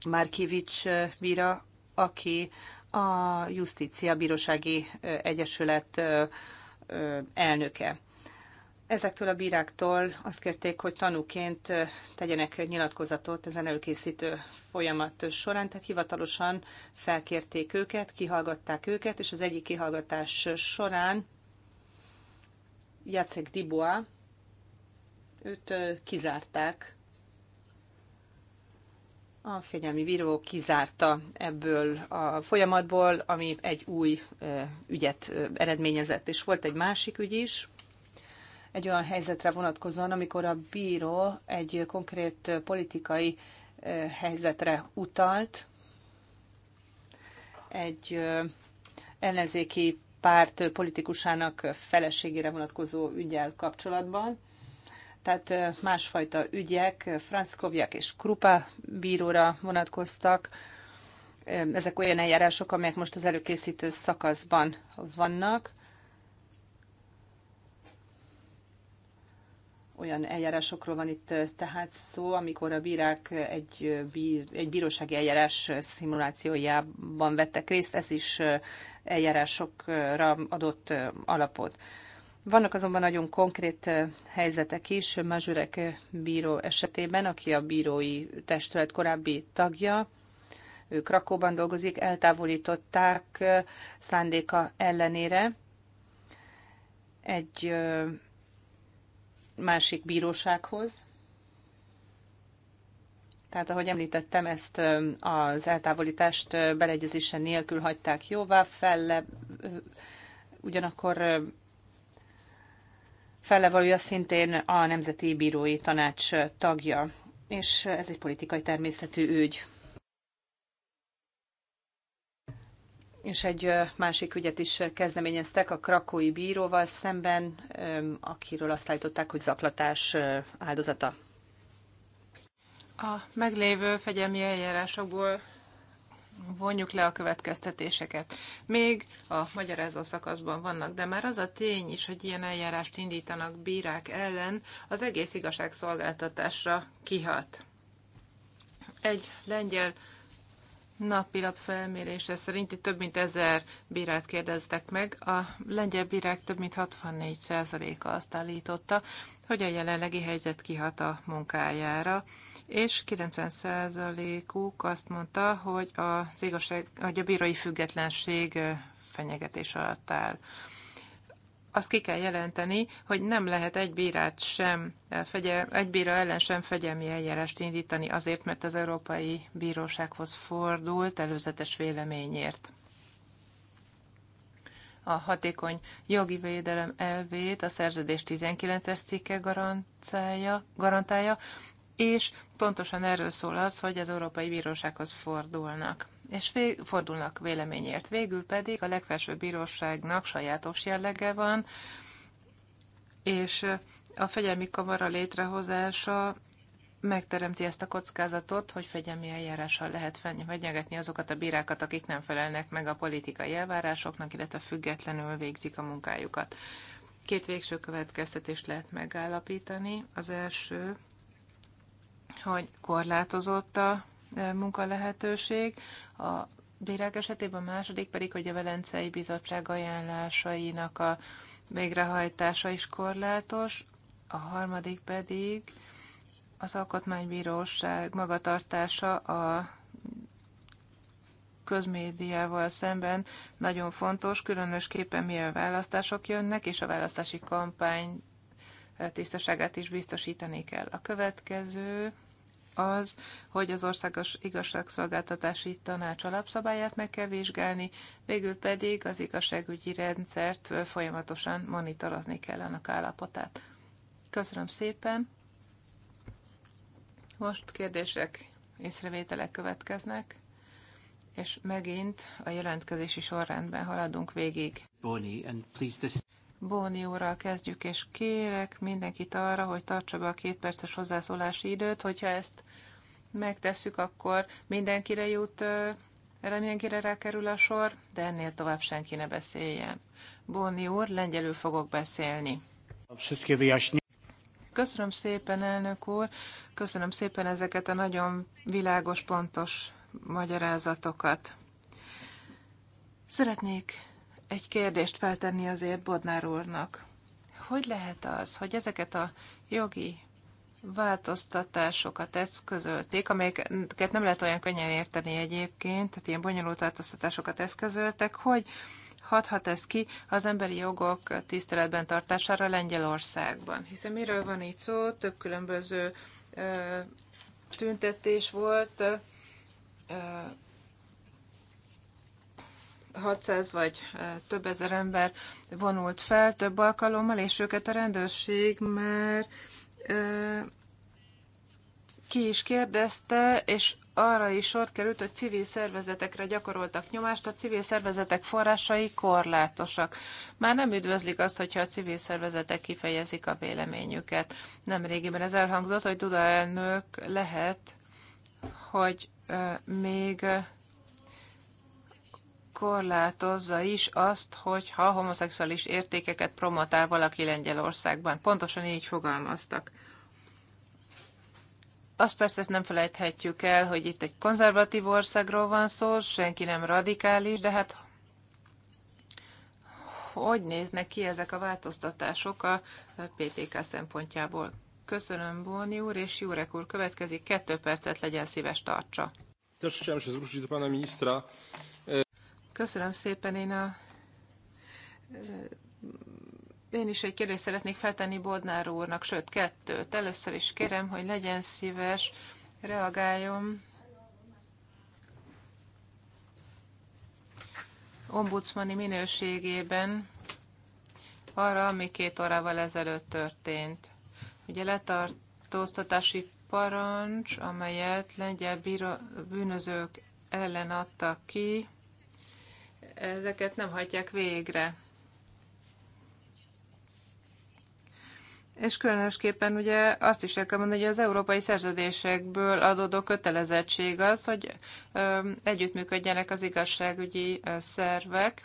Márkivics eh, bíra, aki a Justícia Bírósági eh, Egyesület eh, elnöke. Ezektől a bíráktól azt kérték, hogy tanúként tegyenek nyilatkozatot ezen előkészítő folyamat során, tehát hivatalosan felkérték őket, kihallgatták őket, és az egyik kihallgatás során Jacek Diboa, őt kizárták a fegyelmi bíró kizárta ebből a folyamatból, ami egy új ügyet eredményezett. És volt egy másik ügy is, egy olyan helyzetre vonatkozóan, amikor a bíró egy konkrét politikai helyzetre utalt, egy ellenzéki párt politikusának feleségére vonatkozó ügyel kapcsolatban, tehát másfajta ügyek Franckovjak és Krupa bíróra vonatkoztak. Ezek olyan eljárások, amelyek most az előkészítő szakaszban vannak. Olyan eljárásokról van itt tehát szó, amikor a bírák egy, bír, egy bírósági eljárás szimulációjában vettek részt, ez is eljárásokra adott alapot. Vannak azonban nagyon konkrét helyzetek is, Mazsurek bíró esetében, aki a bírói testület korábbi tagja, ő Krakóban dolgozik, eltávolították szándéka ellenére egy másik bírósághoz. Tehát, ahogy említettem, ezt az eltávolítást beleegyezése nélkül hagyták jóvá, felle, ugyanakkor fellevalója szintén a Nemzeti Bírói Tanács tagja, és ez egy politikai természetű ügy. és egy másik ügyet is kezdeményeztek a krakói bíróval szemben, akiről azt állították, hogy zaklatás áldozata. A meglévő fegyelmi eljárásokból vonjuk le a következtetéseket. Még a magyarázó szakaszban vannak, de már az a tény is, hogy ilyen eljárást indítanak bírák ellen, az egész igazságszolgáltatásra kihat. Egy lengyel napilap felmérése szerint itt több mint ezer bírát kérdeztek meg. A lengyel bírák több mint 64%-a azt állította, hogy a jelenlegi helyzet kihat a munkájára és 90%-uk azt mondta, hogy az igazság, hogy a bírói függetlenség fenyegetés alatt áll. Azt ki kell jelenteni, hogy nem lehet egy bírát sem, egy bíra ellen sem fegyelmi eljárást indítani azért, mert az Európai Bírósághoz fordult előzetes véleményért a hatékony jogi védelem elvét a szerződés 19-es cikke garantálja, garantálja, és pontosan erről szól az, hogy az Európai Bírósághoz fordulnak és fordulnak véleményért. Végül pedig a legfelsőbb bíróságnak sajátos jellege van, és a fegyelmi kamara létrehozása megteremti ezt a kockázatot, hogy fegyelmi eljárással lehet fenyegetni azokat a bírákat, akik nem felelnek meg a politikai elvárásoknak, illetve függetlenül végzik a munkájukat. Két végső következtetést lehet megállapítani. Az első, hogy korlátozott a e, munka lehetőség. A bírák esetében a második pedig, hogy a Velencei Bizottság ajánlásainak a végrehajtása is korlátos, a harmadik pedig az alkotmánybíróság magatartása a közmédiával szemben nagyon fontos, különösképpen milyen választások jönnek, és a választási kampány tisztaságát is biztosítani kell. A következő az, hogy az országos igazságszolgáltatási tanács alapszabályát meg kell vizsgálni, végül pedig az igazságügyi rendszert folyamatosan monitorozni kell annak állapotát. Köszönöm szépen! Most kérdések, észrevételek következnek, és megint a jelentkezési sorrendben haladunk végig. Bonnie, and please this... Bóni úrral kezdjük, és kérek mindenkit arra, hogy tartsa be a két perces hozzászólási időt, hogyha ezt megtesszük, akkor mindenkire jut, erre mindenkire rákerül a sor, de ennél tovább senki ne beszéljen. Bóni úr, lengyelül fogok beszélni. Köszönöm szépen, elnök úr, köszönöm szépen ezeket a nagyon világos, pontos magyarázatokat. Szeretnék egy kérdést feltenni azért Bodnár úrnak. Hogy lehet az, hogy ezeket a jogi változtatásokat eszközölték, amelyeket nem lehet olyan könnyen érteni egyébként, tehát ilyen bonyolult változtatásokat eszközöltek, hogy hathat ez ki az emberi jogok tiszteletben tartására Lengyelországban. Hiszen miről van itt szó? Több különböző ö, tüntetés volt, ö, 600 vagy több ezer ember vonult fel több alkalommal, és őket a rendőrség már ki is kérdezte, és arra is sor került, hogy civil szervezetekre gyakoroltak nyomást, a civil szervezetek forrásai korlátosak. Már nem üdvözlik azt, hogyha a civil szervezetek kifejezik a véleményüket. Nemrégiben ez elhangzott, hogy Duda elnök lehet, hogy még korlátozza is azt, hogy ha homoszexuális értékeket promotál valaki Lengyelországban. Pontosan így fogalmaztak. Azt persze ezt nem felejthetjük el, hogy itt egy konzervatív országról van szó, senki nem radikális, de hát hogy néznek ki ezek a változtatások a PTK szempontjából? Köszönöm, Bóni úr, és Jurek úr következik. Kettő percet legyen szíves tartsa. Też chciałem się zwrócić Köszönöm szépen, én a én is egy kérdést szeretnék feltenni Bodnár úrnak, sőt kettőt. Először is kérem, hogy legyen szíves, reagáljon ombudsmani minőségében arra, ami két órával ezelőtt történt. Ugye letartóztatási parancs, amelyet lengyel bíró, bűnözők ellen adtak ki, ezeket nem hagyják végre. És különösképpen ugye azt is el kell mondani, hogy az európai szerződésekből adódó kötelezettség az, hogy együttműködjenek az igazságügyi szervek,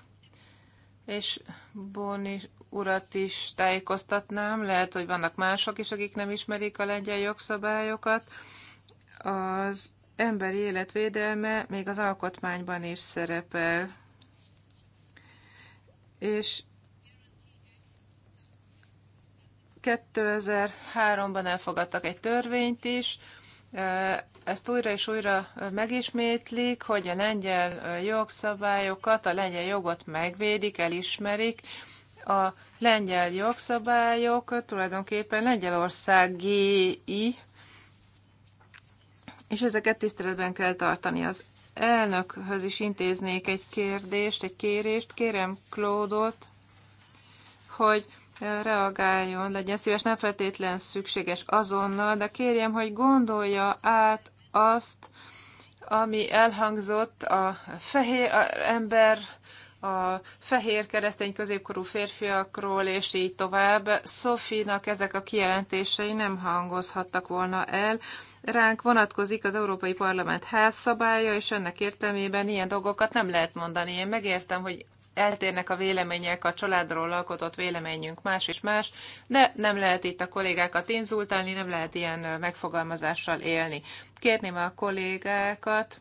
és Bóni urat is tájékoztatnám, lehet, hogy vannak mások is, akik nem ismerik a lengyel jogszabályokat. Az emberi életvédelme még az alkotmányban is szerepel és 2003-ban elfogadtak egy törvényt is, ezt újra és újra megismétlik, hogy a lengyel jogszabályokat, a lengyel jogot megvédik, elismerik. A lengyel jogszabályok tulajdonképpen Lengyelországi, és ezeket tiszteletben kell tartani. Az elnökhöz is intéznék egy kérdést, egy kérést. Kérem Klódot, hogy reagáljon, legyen szíves, nem feltétlen szükséges azonnal, de kérjem, hogy gondolja át azt, ami elhangzott a fehér a ember, a fehér keresztény középkorú férfiakról, és így tovább. Szofinak ezek a kijelentései nem hangozhattak volna el, ránk vonatkozik az Európai Parlament házszabálya, és ennek értelmében ilyen dolgokat nem lehet mondani. Én megértem, hogy eltérnek a vélemények, a családról alkotott véleményünk más és más, de nem lehet itt a kollégákat inzultálni, nem lehet ilyen megfogalmazással élni. Kérném a kollégákat,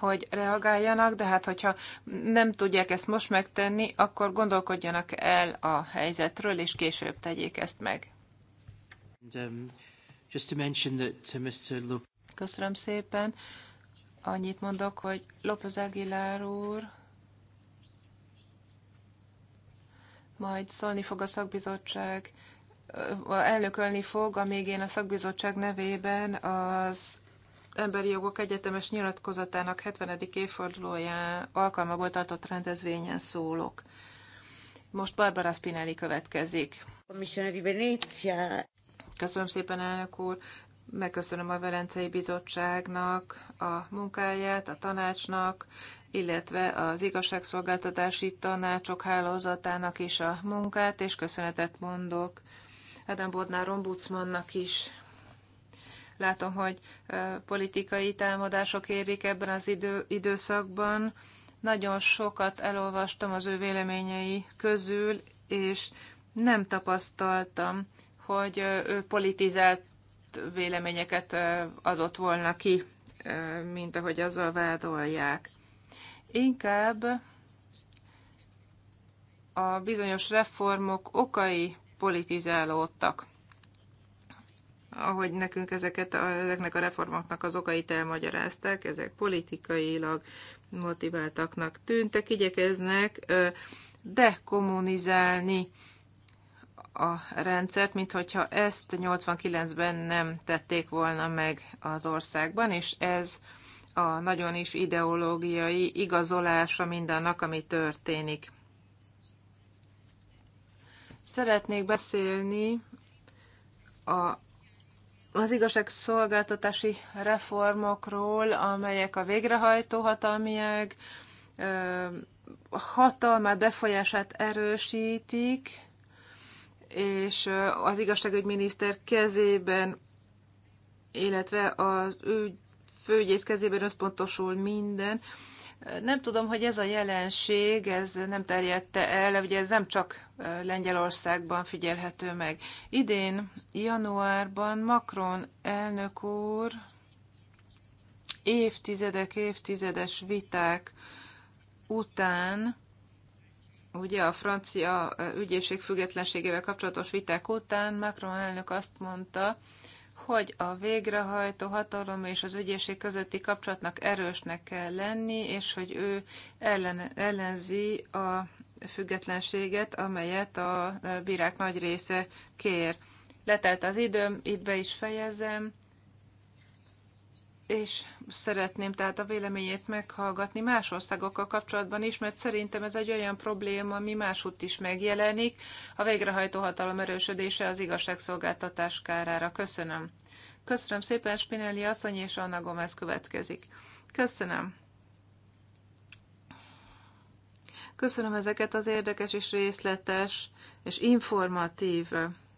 hogy reagáljanak, de hát hogyha nem tudják ezt most megtenni, akkor gondolkodjanak el a helyzetről, és később tegyék ezt meg. Just to mention that to Mr. Lop- Köszönöm szépen. Annyit mondok, hogy López Aguilar úr majd szólni fog a szakbizottság, elnökölni fog, amíg én a szakbizottság nevében az Emberi Jogok Egyetemes nyilatkozatának 70. évfordulóján alkalmából tartott rendezvényen szólok. Most Barbara Spinelli következik. Köszönöm szépen, elnök úr. Megköszönöm a Velencei Bizottságnak a munkáját, a tanácsnak, illetve az igazságszolgáltatási tanácsok hálózatának is a munkát, és köszönetet mondok Adam Bodnár ombudsmannak is. Látom, hogy politikai támadások érik ebben az idő, időszakban. Nagyon sokat elolvastam az ő véleményei közül, és nem tapasztaltam hogy ő politizált véleményeket adott volna ki, mint ahogy azzal vádolják. Inkább a bizonyos reformok okai politizálódtak, ahogy nekünk ezeket, ezeknek a reformoknak az okait elmagyarázták, ezek politikailag motiváltaknak tűntek, igyekeznek dekommunizálni a rendszert, mint hogyha ezt 89-ben nem tették volna meg az országban, és ez a nagyon is ideológiai igazolása mindannak, ami történik. Szeretnék beszélni a, az igazságszolgáltatási reformokról, amelyek a végrehajtó hatalmiág hatalmát, befolyását erősítik, és az igazságügyminiszter kezében, illetve az ügy, főügyész kezében összpontosul minden. Nem tudom, hogy ez a jelenség, ez nem terjedte el, ugye ez nem csak Lengyelországban figyelhető meg. Idén, januárban Macron elnök úr évtizedek, évtizedes viták után Ugye a francia ügyészség függetlenségével kapcsolatos viták után Macron elnök azt mondta, hogy a végrehajtó hatalom és az ügyészség közötti kapcsolatnak erősnek kell lenni, és hogy ő ellen, ellenzi a függetlenséget, amelyet a bírák nagy része kér. Letelt az időm, itt be is fejezem és szeretném tehát a véleményét meghallgatni más országokkal kapcsolatban is, mert szerintem ez egy olyan probléma, ami máshogy is megjelenik. A végrehajtó hatalom erősödése az igazságszolgáltatás kárára. Köszönöm. Köszönöm szépen, Spinelli asszony és Anna Gomez következik. Köszönöm. Köszönöm ezeket az érdekes és részletes és informatív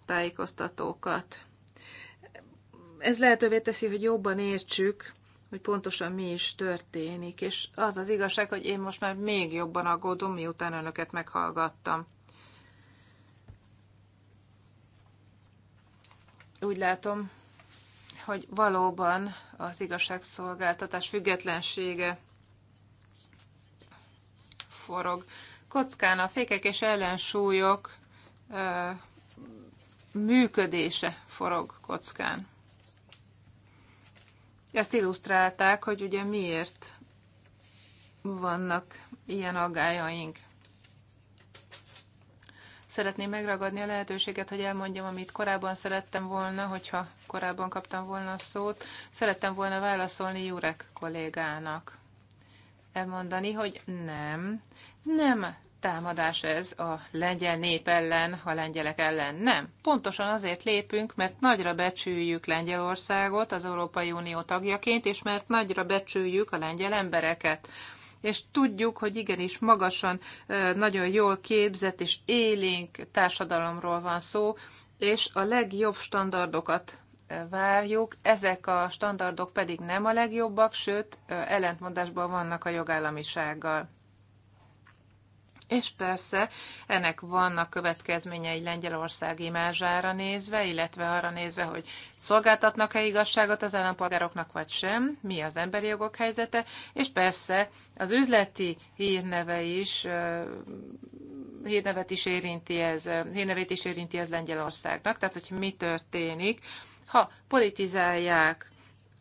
tájékoztatókat ez lehetővé teszi, hogy jobban értsük, hogy pontosan mi is történik. És az az igazság, hogy én most már még jobban aggódom, miután önöket meghallgattam. Úgy látom, hogy valóban az igazságszolgáltatás függetlensége forog. Kockán a fékek és ellensúlyok működése forog kockán. Ezt illusztrálták, hogy ugye miért vannak ilyen aggájaink. Szeretném megragadni a lehetőséget, hogy elmondjam, amit korábban szerettem volna, hogyha korábban kaptam volna a szót. Szerettem volna válaszolni Jurek kollégának. Elmondani, hogy nem, nem támadás ez a lengyel nép ellen, a lengyelek ellen. Nem. Pontosan azért lépünk, mert nagyra becsüljük Lengyelországot az Európai Unió tagjaként, és mert nagyra becsüljük a lengyel embereket. És tudjuk, hogy igenis magasan, nagyon jól képzett és élénk társadalomról van szó, és a legjobb standardokat várjuk, ezek a standardok pedig nem a legjobbak, sőt, ellentmondásban vannak a jogállamisággal. És persze ennek vannak következményei Lengyelország imázsára nézve, illetve arra nézve, hogy szolgáltatnak-e igazságot az állampolgároknak vagy sem, mi az emberi jogok helyzete, és persze az üzleti hírneve is, hírnevet is érinti ez, hírnevét is érinti ez Lengyelországnak, tehát hogy mi történik, ha politizálják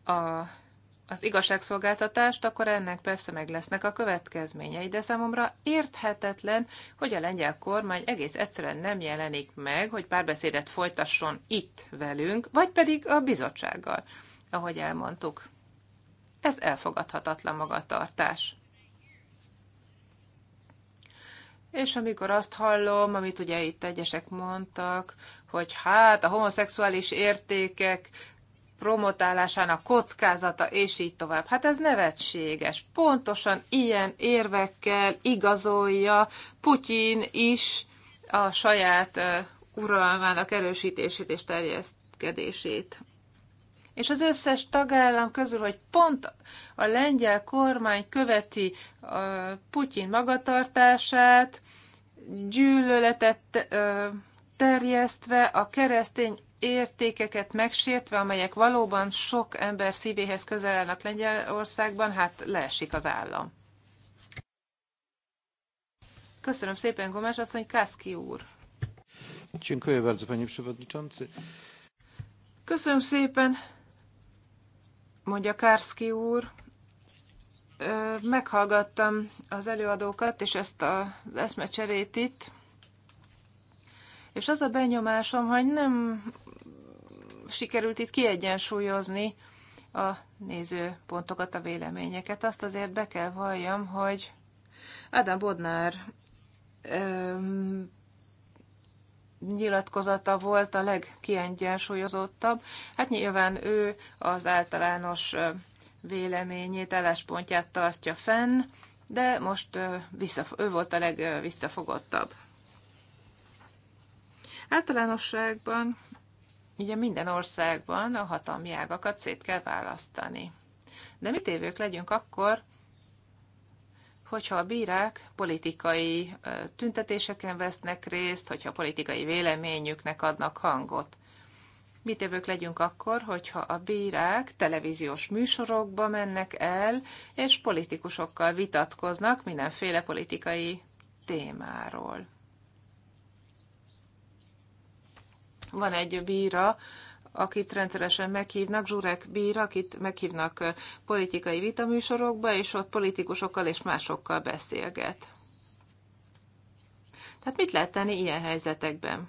a az igazságszolgáltatást, akkor ennek persze meg lesznek a következményei, de számomra érthetetlen, hogy a lengyel kormány egész egyszerűen nem jelenik meg, hogy párbeszédet folytasson itt velünk, vagy pedig a bizottsággal, ahogy elmondtuk. Ez elfogadhatatlan magatartás. És amikor azt hallom, amit ugye itt egyesek mondtak, hogy hát a homoszexuális értékek promotálásának kockázata, és így tovább. Hát ez nevetséges. Pontosan ilyen érvekkel igazolja Putyin is a saját uralmának erősítését és terjeszkedését. És az összes tagállam közül, hogy pont a lengyel kormány követi a Putyin magatartását, gyűlöletet terjesztve a keresztény értékeket megsértve, amelyek valóban sok ember szívéhez közel állnak Lengyelországban, hát leesik az állam. Köszönöm szépen, Gomes asszony, Kászki úr. Dziękuję bardzo, panie przewodniczący. Köszönöm szépen, mondja Kárszki úr. Meghallgattam az előadókat és ezt az eszmecserét itt, és az a benyomásom, hogy nem sikerült itt kiegyensúlyozni a nézőpontokat, a véleményeket. Azt azért be kell valljam, hogy Adam Bodnár öm, nyilatkozata volt a legkiegyensúlyozottabb. Hát nyilván ő az általános véleményét, álláspontját tartja fenn, de most vissza, ő volt a legvisszafogottabb. Általánosságban Ugye minden országban a hatalmi ágakat szét kell választani. De mit évők legyünk akkor, hogyha a bírák politikai tüntetéseken vesznek részt, hogyha politikai véleményüknek adnak hangot. Mit évők legyünk akkor, hogyha a bírák televíziós műsorokba mennek el, és politikusokkal vitatkoznak mindenféle politikai témáról. Van egy bíra, akit rendszeresen meghívnak, Zsurek bíra, akit meghívnak politikai vitaműsorokba, és ott politikusokkal és másokkal beszélget. Tehát mit lehet tenni ilyen helyzetekben?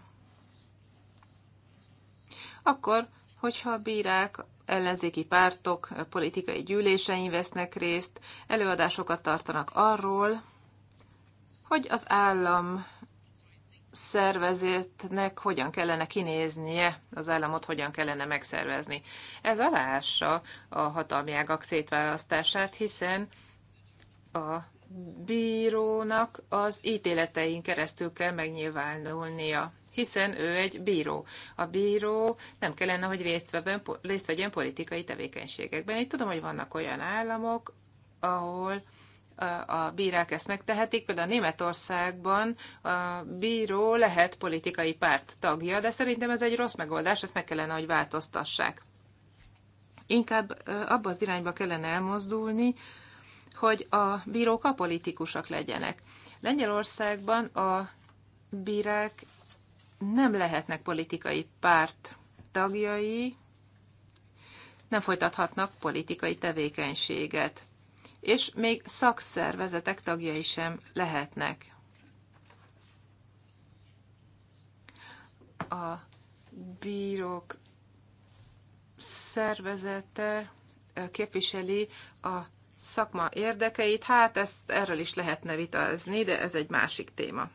Akkor, hogyha bírák ellenzéki pártok politikai gyűlésein vesznek részt, előadásokat tartanak arról, hogy az állam szervezetnek hogyan kellene kinéznie, az államot hogyan kellene megszervezni. Ez aláássa a hatalmi ágak szétválasztását, hiszen a bírónak az ítéletein keresztül kell megnyilvánulnia hiszen ő egy bíró. A bíró nem kellene, hogy részt, veben, részt vegyen politikai tevékenységekben. Itt tudom, hogy vannak olyan államok, ahol a bírák ezt megtehetik. Például Németországban a bíró lehet politikai párt tagja, de szerintem ez egy rossz megoldás, ezt meg kellene, hogy változtassák. Inkább abba az irányba kellene elmozdulni, hogy a bírók a politikusak legyenek. Lengyelországban a bírák nem lehetnek politikai párt tagjai, nem folytathatnak politikai tevékenységet és még szakszervezetek tagjai sem lehetnek. A bírók szervezete képviseli a szakma érdekeit, hát ezt erről is lehetne vitázni, de ez egy másik téma.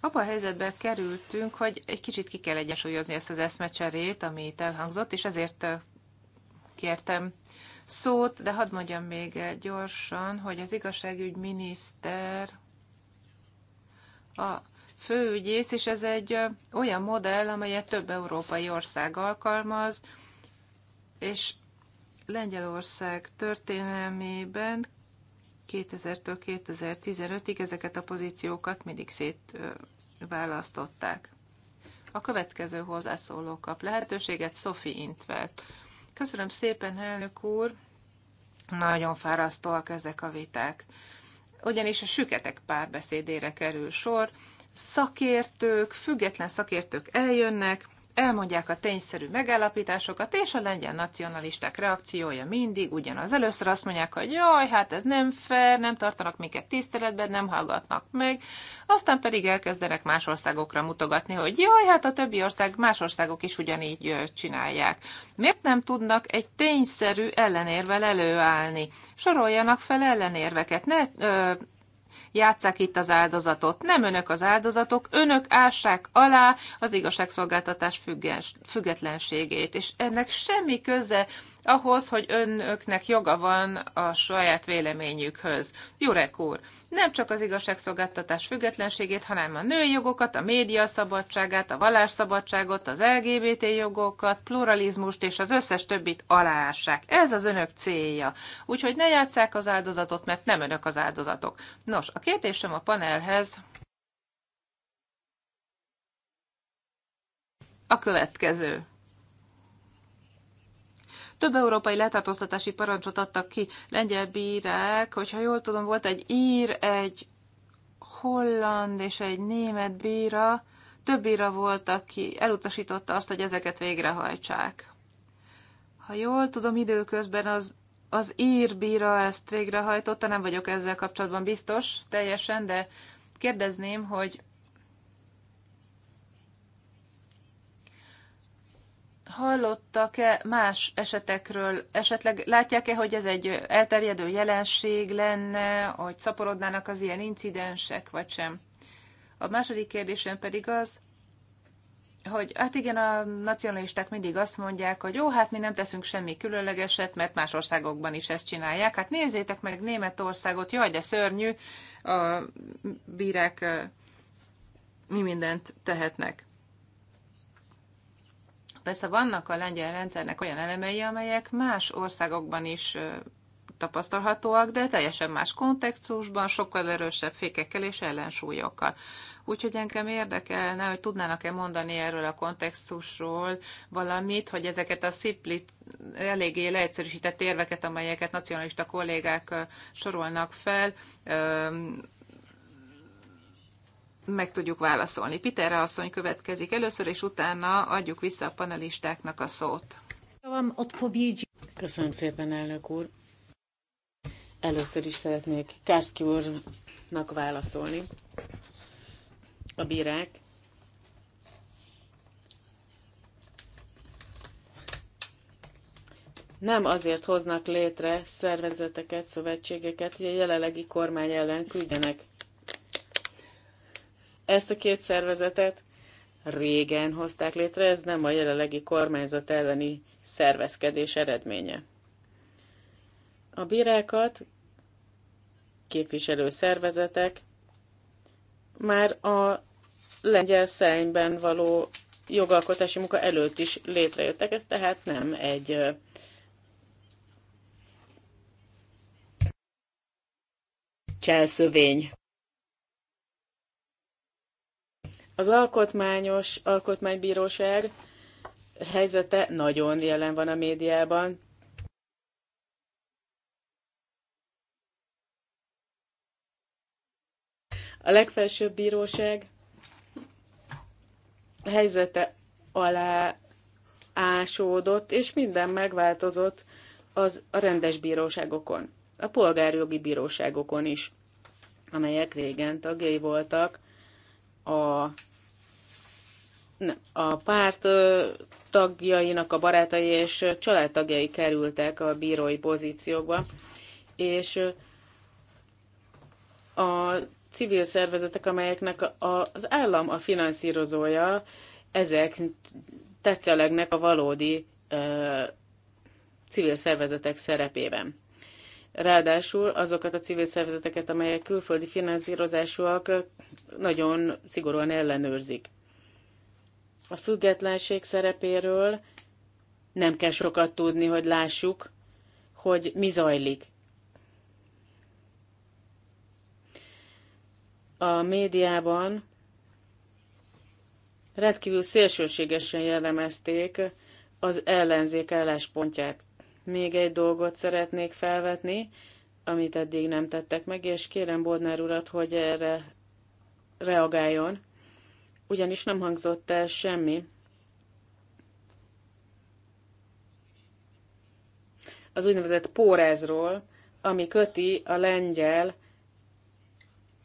Abba a helyzetbe kerültünk, hogy egy kicsit ki kell egyensúlyozni ezt az eszmecserét, ami elhangzott, és ezért kértem szót, de hadd mondjam még gyorsan, hogy az igazságügy miniszter a főügyész, és ez egy olyan modell, amelyet több európai ország alkalmaz, és Lengyelország történelmében 2000-től 2015-ig ezeket a pozíciókat mindig szétválasztották. A következő hozzászóló kap lehetőséget, Sophie Intvelt. Köszönöm szépen, elnök úr. Nagyon fárasztóak ezek a viták. Ugyanis a süketek párbeszédére kerül sor, szakértők, független szakértők eljönnek, elmondják a tényszerű megállapításokat, és a lengyel nacionalisták reakciója mindig ugyanaz. Először azt mondják, hogy jaj, hát ez nem fair, nem tartanak minket tiszteletben, nem hallgatnak meg, aztán pedig elkezdenek más országokra mutogatni, hogy jaj, hát a többi ország, más országok is ugyanígy csinálják. Miért nem tudnak egy tényszerű ellenérvel előállni? Soroljanak fel ellenérveket, ne ö, játsszák itt az áldozatot. Nem önök az áldozatok, önök ássák alá az igazságszolgáltatás függetlenségét, és ennek semmi köze ahhoz, hogy önöknek joga van a saját véleményükhöz. Jurek úr, nem csak az igazságszolgáltatás függetlenségét, hanem a női jogokat, a média szabadságát, a vallásszabadságot, az LGBT jogokat, pluralizmust és az összes többit aláássák. Ez az önök célja. Úgyhogy ne játsszák az áldozatot, mert nem önök az áldozatok. Nos, a kérdésem a panelhez a következő. Több európai letartóztatási parancsot adtak ki lengyel bírák, hogyha jól tudom, volt egy ír, egy holland és egy német bíra, több bíra volt, aki elutasította azt, hogy ezeket végrehajtsák. Ha jól tudom, időközben az, az ír bíra ezt végrehajtotta, nem vagyok ezzel kapcsolatban biztos teljesen, de kérdezném, hogy Hallottak-e más esetekről? Esetleg látják-e, hogy ez egy elterjedő jelenség lenne, hogy szaporodnának az ilyen incidensek, vagy sem? A második kérdésem pedig az, hogy hát igen, a nacionalisták mindig azt mondják, hogy jó, hát mi nem teszünk semmi különlegeset, mert más országokban is ezt csinálják. Hát nézzétek meg Németországot, jaj, de szörnyű, a bírák mi mindent tehetnek. Persze vannak a lengyel rendszernek olyan elemei, amelyek más országokban is tapasztalhatóak, de teljesen más kontextusban, sokkal erősebb fékekkel és ellensúlyokkal. Úgyhogy engem érdekelne, hogy tudnának-e mondani erről a kontextusról valamit, hogy ezeket a sziplit eléggé leegyszerűsített érveket, amelyeket nacionalista kollégák sorolnak fel, meg tudjuk válaszolni. Peter, asszony következik először, és utána adjuk vissza a panelistáknak a szót. Köszönöm szépen, elnök úr. Először is szeretnék Kárszki úrnak válaszolni. A bírák nem azért hoznak létre szervezeteket, szövetségeket, hogy a jelenlegi kormány ellen küldjenek ezt a két szervezetet régen hozták létre, ez nem a jelenlegi kormányzat elleni szervezkedés eredménye. A bírákat képviselő szervezetek már a lengyel szennyben való jogalkotási munka előtt is létrejöttek, ez tehát nem egy cselszövény. Az alkotmányos alkotmánybíróság helyzete nagyon jelen van a médiában. A legfelsőbb bíróság helyzete alá ásódott, és minden megváltozott az a rendes bíróságokon, a polgárjogi bíróságokon is, amelyek régen tagjai voltak a, a párt tagjainak a barátai és családtagjai kerültek a bírói pozíciókba, és a civil szervezetek, amelyeknek az állam a finanszírozója, ezek tetszelegnek a valódi ö, civil szervezetek szerepében. Ráadásul azokat a civil szervezeteket, amelyek külföldi finanszírozásúak, nagyon szigorúan ellenőrzik. A függetlenség szerepéről nem kell sokat tudni, hogy lássuk, hogy mi zajlik. A médiában rendkívül szélsőségesen jellemezték az ellenzék álláspontját. Még egy dolgot szeretnék felvetni, amit eddig nem tettek meg, és kérem Bodnár urat, hogy erre reagáljon, ugyanis nem hangzott el semmi. Az úgynevezett pórázról, ami köti a lengyel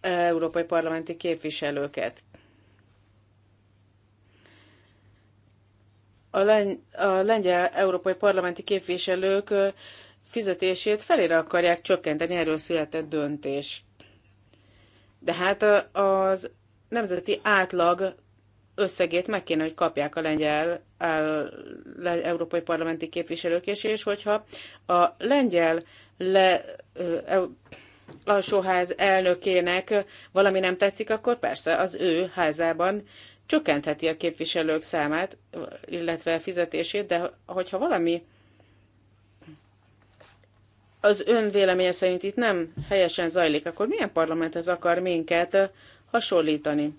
eh, európai parlamenti képviselőket. a, leny- a lengyel európai parlamenti képviselők fizetését felére akarják csökkenteni, erről született döntés. De hát az nemzeti átlag összegét meg kéne, hogy kapják a lengyel a európai parlamenti képviselők és és hogyha a lengyel le, ö, ö, e, alsóház elnökének valami nem tetszik, akkor persze az ő házában csökkentheti a képviselők számát, illetve fizetését, de hogyha valami az ön véleménye szerint itt nem helyesen zajlik, akkor milyen parlament ez akar minket hasonlítani?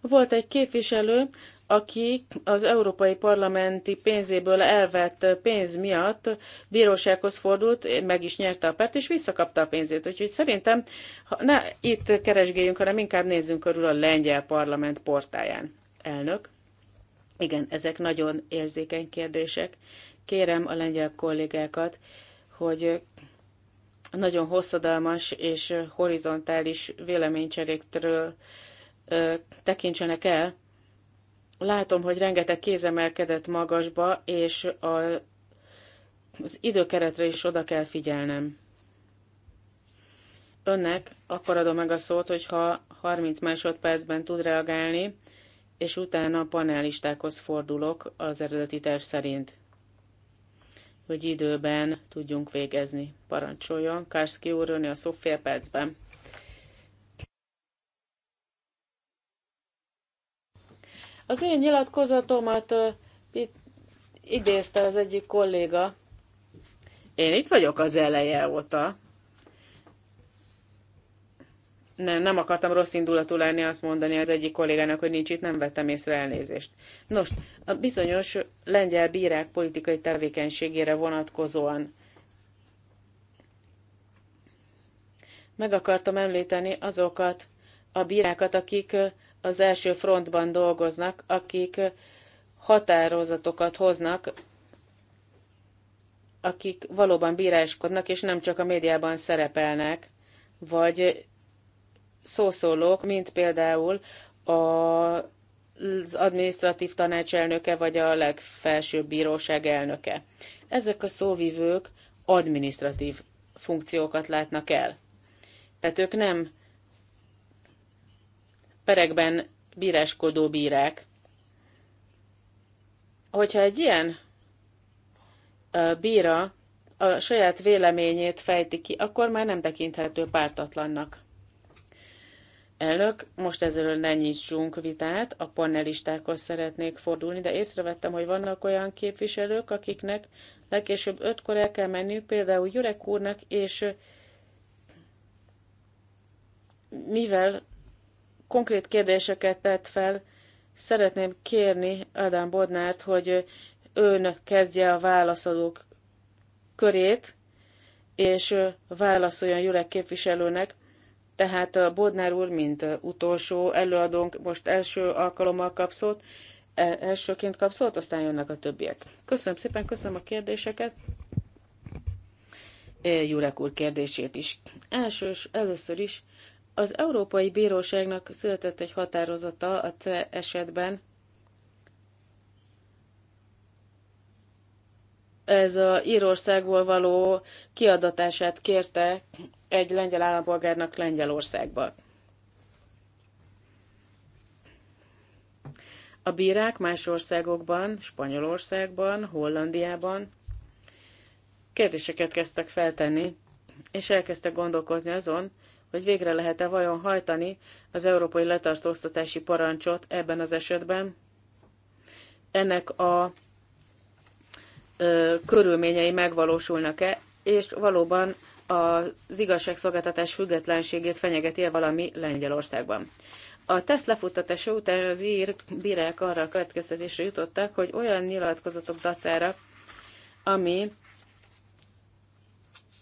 Volt egy képviselő, aki az Európai Parlamenti pénzéből elvett pénz miatt bírósághoz fordult, meg is nyerte a pert, és visszakapta a pénzét. Úgyhogy szerintem ha ne itt keresgéljünk, hanem inkább nézzünk körül a lengyel parlament portáján. Elnök. Igen, ezek nagyon érzékeny kérdések. Kérem a lengyel kollégákat, hogy nagyon hosszadalmas és horizontális véleménycseréktől tekintsenek el, Látom, hogy rengeteg kézemelkedett magasba, és a, az időkeretre is oda kell figyelnem. Önnek akkor adom meg a szót, hogyha 30 másodpercben tud reagálni, és utána a panelistákhoz fordulok az eredeti terv szerint, hogy időben tudjunk végezni. Parancsoljon, Karski úr, a szó fél percben. Az én nyilatkozatomat idézte az egyik kolléga. Én itt vagyok az eleje óta. Nem, nem akartam rossz indulatú lenni azt mondani az egyik kollégának, hogy nincs itt, nem vettem észre elnézést. Nos, a bizonyos lengyel bírák politikai tevékenységére vonatkozóan meg akartam említeni azokat a bírákat, akik az első frontban dolgoznak, akik határozatokat hoznak, akik valóban bíráskodnak, és nem csak a médiában szerepelnek, vagy szószólók, mint például a, az adminisztratív tanácselnöke vagy a legfelsőbb bíróság elnöke. Ezek a szóvivők adminisztratív funkciókat látnak el. Tehát ők nem perekben bíráskodó bírák. Hogyha egy ilyen bíra a saját véleményét fejti ki, akkor már nem tekinthető pártatlannak. Elnök, most ezzel ne nyissunk vitát, a panelistákhoz szeretnék fordulni, de észrevettem, hogy vannak olyan képviselők, akiknek legkésőbb ötkor el kell menni, például Jurek úrnak, és mivel konkrét kérdéseket tett fel. Szeretném kérni Adán Bodnárt, hogy ön kezdje a válaszadók körét, és válaszoljon Jurek képviselőnek. Tehát a eh, Bodnár úr, mint eh, utolsó előadónk, most első alkalommal kap szót, eh, elsőként kap szót, aztán jönnek a többiek. Köszönöm szépen, köszönöm a kérdéseket. Jurek úr kérdését is. Elsős, először is az Európai Bíróságnak született egy határozata a CE esetben. Ez a Írországból való kiadatását kérte egy lengyel állampolgárnak Lengyelországba. A bírák más országokban, Spanyolországban, Hollandiában kérdéseket kezdtek feltenni, és elkezdtek gondolkozni azon, hogy végre lehet-e vajon hajtani az európai letartóztatási parancsot ebben az esetben. Ennek a ö, körülményei megvalósulnak-e, és valóban az igazságszolgáltatás függetlenségét fenyegeti-e valami Lengyelországban. A teszt lefuttatása után az ír bírák arra a következtetésre jutottak, hogy olyan nyilatkozatok dacára, ami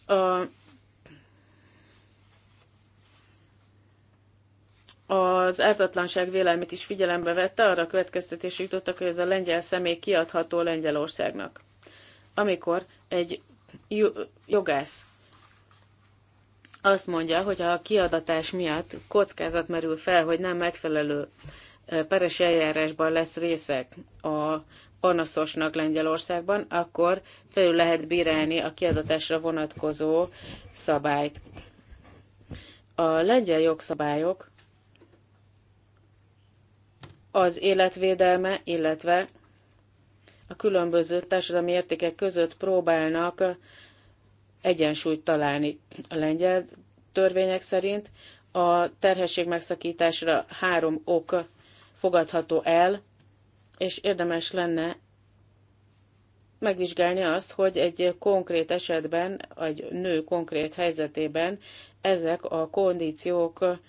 a az ártatlanság vélelmét is figyelembe vette, arra következtetés jutottak, hogy ez a lengyel személy kiadható Lengyelországnak. Amikor egy jogász azt mondja, hogy a kiadatás miatt kockázat merül fel, hogy nem megfelelő peres eljárásban lesz részek a panaszosnak Lengyelországban, akkor felül lehet bírálni a kiadatásra vonatkozó szabályt. A lengyel jogszabályok az életvédelme, illetve a különböző társadalmi értékek között próbálnak egyensúlyt találni. A lengyel törvények szerint a terhesség megszakításra három ok fogadható el, és érdemes lenne megvizsgálni azt, hogy egy konkrét esetben, egy nő konkrét helyzetében ezek a kondíciók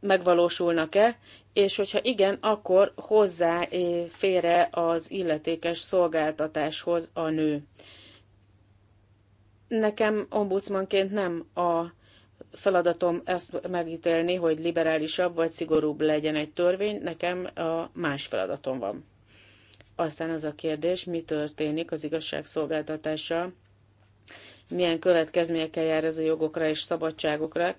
megvalósulnak-e, és hogyha igen, akkor hozzáfére eh, az illetékes szolgáltatáshoz a nő. Nekem ombudsmanként nem a feladatom ezt megítélni, hogy liberálisabb vagy szigorúbb legyen egy törvény, nekem a más feladatom van. Aztán az a kérdés, mi történik az igazságszolgáltatással, milyen következményekkel jár ez a jogokra és szabadságokra,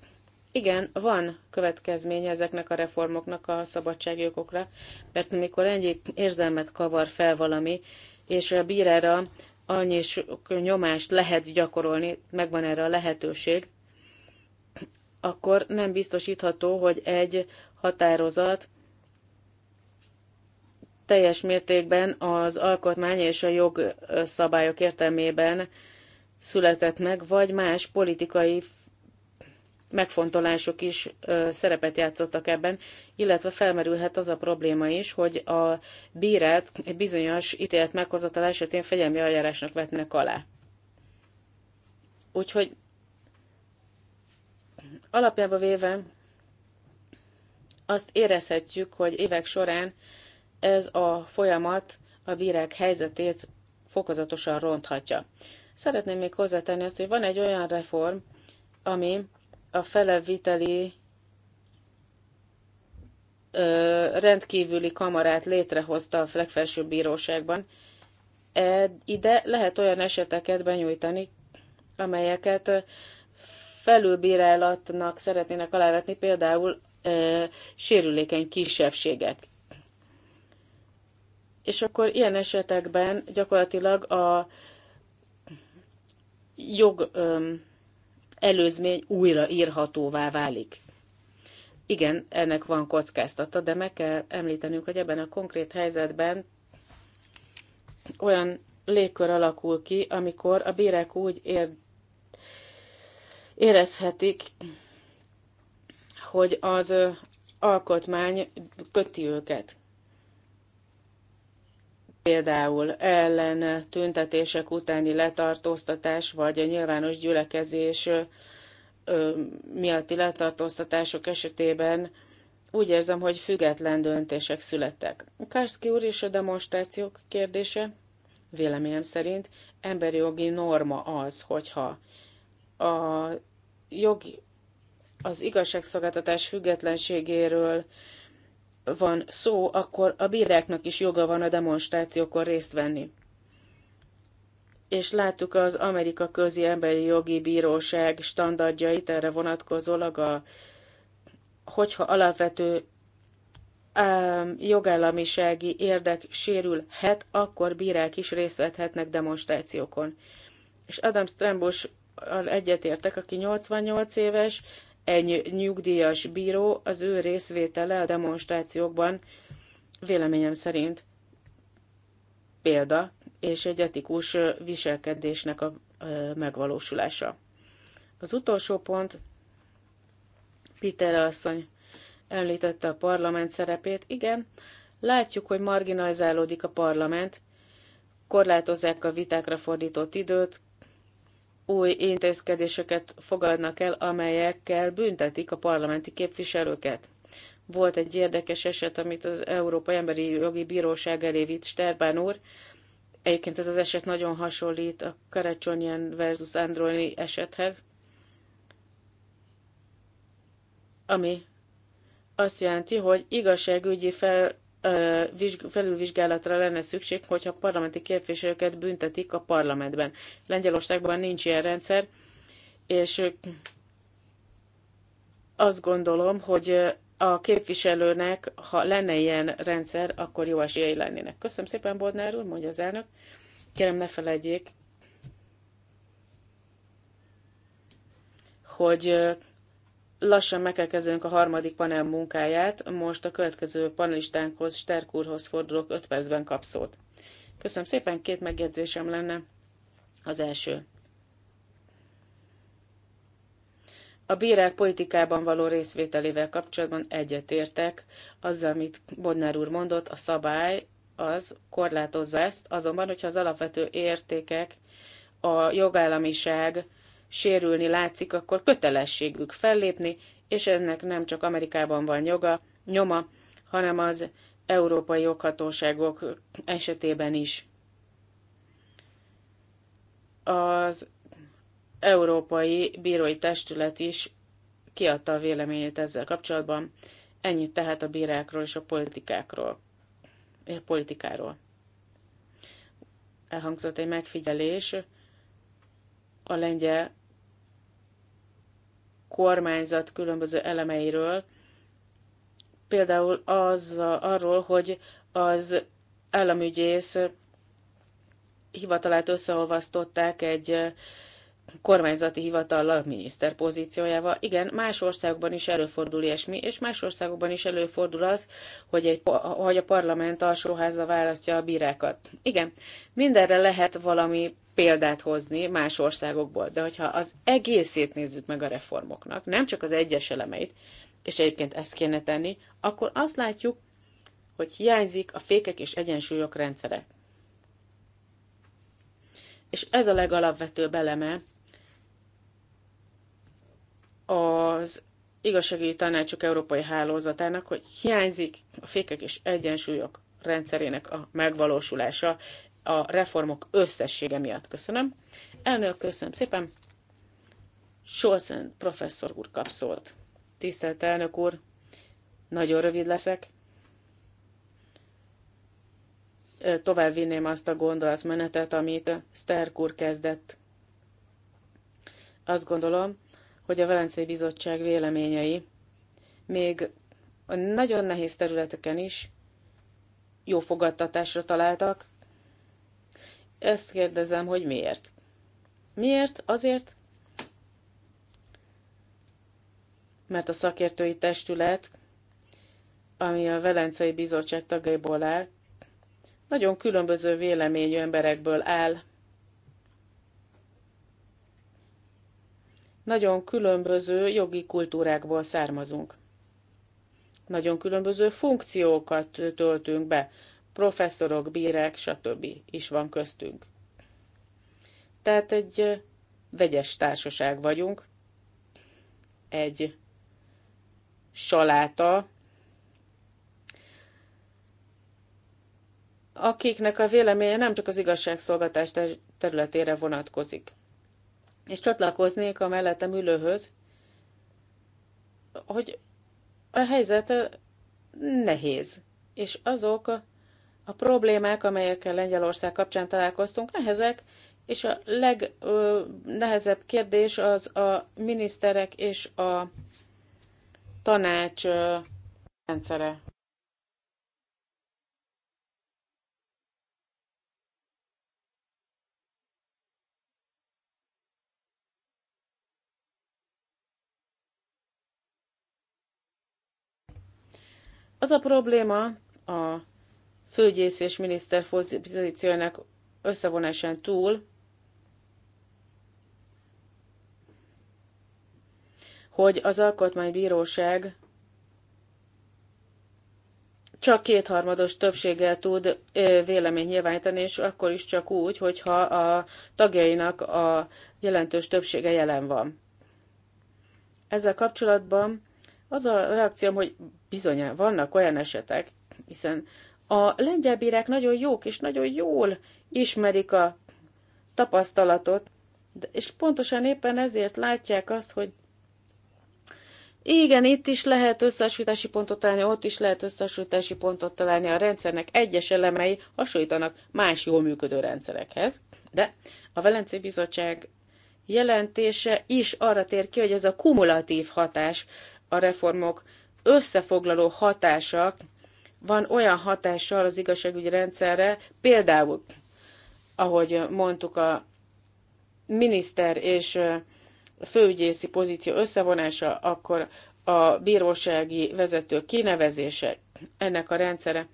igen, van következménye ezeknek a reformoknak a szabadságjogokra, mert amikor ennyi érzelmet kavar fel valami, és a bírára annyi sok nyomást lehet gyakorolni, megvan erre a lehetőség, akkor nem biztosítható, hogy egy határozat teljes mértékben az alkotmány és a jogszabályok értelmében született meg, vagy más politikai megfontolások is szerepet játszottak ebben, illetve felmerülhet az a probléma is, hogy a bírát egy bizonyos ítélet meghozatal esetén fegyelmi eljárásnak vetnek alá. Úgyhogy alapjába véve azt érezhetjük, hogy évek során ez a folyamat a bírák helyzetét fokozatosan ronthatja. Szeretném még hozzátenni azt, hogy van egy olyan reform, ami a feleviteli rendkívüli kamarát létrehozta a legfelsőbb bíróságban. E, ide lehet olyan eseteket benyújtani, amelyeket felülbírálatnak szeretnének alávetni, például e, sérülékeny kisebbségek. És akkor ilyen esetekben gyakorlatilag a jog előzmény újra írhatóvá válik. Igen, ennek van kockáztata, de meg kell említenünk, hogy ebben a konkrét helyzetben olyan légkör alakul ki, amikor a bérek úgy ér, érezhetik, hogy az alkotmány köti őket. Például ellen tüntetések utáni letartóztatás, vagy a nyilvános gyülekezés miatti letartóztatások esetében úgy érzem, hogy független döntések születtek. Karski úr is a demonstrációk kérdése. Véleményem szerint emberi jogi norma az, hogyha a jogi, az igazságszolgáltatás függetlenségéről van szó, akkor a bíráknak is joga van a demonstrációkon részt venni. És láttuk az Amerika Közi Emberi Jogi Bíróság standardjait erre vonatkozólag, a, hogyha alapvető jogállamisági érdek sérülhet, akkor bírák is részt vethetnek demonstrációkon. És Adam Strambush egyetértek, aki 88 éves, egy nyugdíjas bíró, az ő részvétele a demonstrációkban véleményem szerint példa és egy etikus viselkedésnek a megvalósulása. Az utolsó pont, Peter asszony említette a parlament szerepét. Igen, látjuk, hogy marginalizálódik a parlament, korlátozzák a vitákra fordított időt, új intézkedéseket fogadnak el, amelyekkel büntetik a parlamenti képviselőket. Volt egy érdekes eset, amit az Európai Emberi Jogi Bíróság elé vitt Sterbán úr. Egyébként ez az eset nagyon hasonlít a Karacsonyan versus Androni esethez, ami azt jelenti, hogy igazságügyi fel felülvizsgálatra lenne szükség, hogyha parlamenti képviselőket büntetik a parlamentben. Lengyelországban nincs ilyen rendszer, és azt gondolom, hogy a képviselőnek, ha lenne ilyen rendszer, akkor jó esélyei lennének. Köszönöm szépen, Bodnár úr, mondja az elnök. Kérem, ne felejtjék, hogy lassan meg kell kezdenünk a harmadik panel munkáját. Most a következő panelistánkhoz, Sterk úrhoz fordulok, 5 percben kap szót. Köszönöm szépen, két megjegyzésem lenne. Az első. A bírák politikában való részvételével kapcsolatban egyetértek azzal, amit Bodnár úr mondott, a szabály az korlátozza ezt, azonban, hogyha az alapvető értékek, a jogállamiság, sérülni látszik, akkor kötelességük fellépni, és ennek nem csak Amerikában van joga, nyoma, hanem az európai joghatóságok esetében is. Az Európai Bírói Testület is kiadta a véleményét ezzel kapcsolatban. Ennyit tehát a bírákról és a politikákról. A eh, politikáról. Elhangzott egy megfigyelés, a lengyel kormányzat különböző elemeiről, például az, arról, hogy az államügyész hivatalát összeolvasztották egy kormányzati a miniszter pozíciójával. Igen, más országokban is előfordul ilyesmi, és más országokban is előfordul az, hogy, egy, hogy a parlament alsóháza választja a bírákat. Igen, mindenre lehet valami példát hozni más országokból, de hogyha az egészét nézzük meg a reformoknak, nem csak az egyes elemeit, és egyébként ezt kéne tenni, akkor azt látjuk, hogy hiányzik a fékek és egyensúlyok rendszere. És ez a legalapvetőbb eleme az igazságügyi tanácsok európai hálózatának, hogy hiányzik a fékek és egyensúlyok rendszerének a megvalósulása, a reformok összessége miatt. Köszönöm. Elnök, köszönöm szépen. Scholzen professzor úr kap szólt. Tisztelt elnök úr, nagyon rövid leszek. Tovább vinném azt a gondolatmenetet, amit Sterk úr kezdett. Azt gondolom, hogy a Velencei Bizottság véleményei még a nagyon nehéz területeken is jó fogadtatásra találtak, ezt kérdezem, hogy miért. Miért? Azért, mert a szakértői testület, ami a Velencei Bizottság tagjaiból áll, nagyon különböző véleményű emberekből áll. Nagyon különböző jogi kultúrákból származunk. Nagyon különböző funkciókat töltünk be professzorok, bírek, stb. is van köztünk. Tehát egy vegyes társaság vagyunk, egy saláta, akiknek a véleménye nem csak az igazságszolgatás területére vonatkozik. És csatlakoznék a mellettem ülőhöz, hogy a helyzet nehéz, és azok, a problémák, amelyekkel Lengyelország kapcsán találkoztunk, nehezek, és a legnehezebb kérdés az a miniszterek és a tanács ö, rendszere. Az a probléma a főgyész és miniszter pozíciójának összevonásán túl hogy az alkotmánybíróság csak kétharmados többséggel tud vélemény nyilvánítani, és akkor is csak úgy, hogyha a tagjainak a jelentős többsége jelen van. Ezzel kapcsolatban az a reakcióm, hogy bizony vannak olyan esetek, hiszen a lengyel bírák nagyon jók, és nagyon jól ismerik a tapasztalatot, és pontosan éppen ezért látják azt, hogy igen, itt is lehet összehasonlítási pontot találni, ott is lehet összehasonlítási pontot találni. A rendszernek egyes elemei hasonlítanak más jól működő rendszerekhez, de a Velencei Bizottság jelentése is arra tér ki, hogy ez a kumulatív hatás, a reformok összefoglaló hatása van olyan hatással az igazságügyi rendszerre, például, ahogy mondtuk, a miniszter és főügyészi pozíció összevonása, akkor a bírósági vezető kinevezése ennek a rendszere.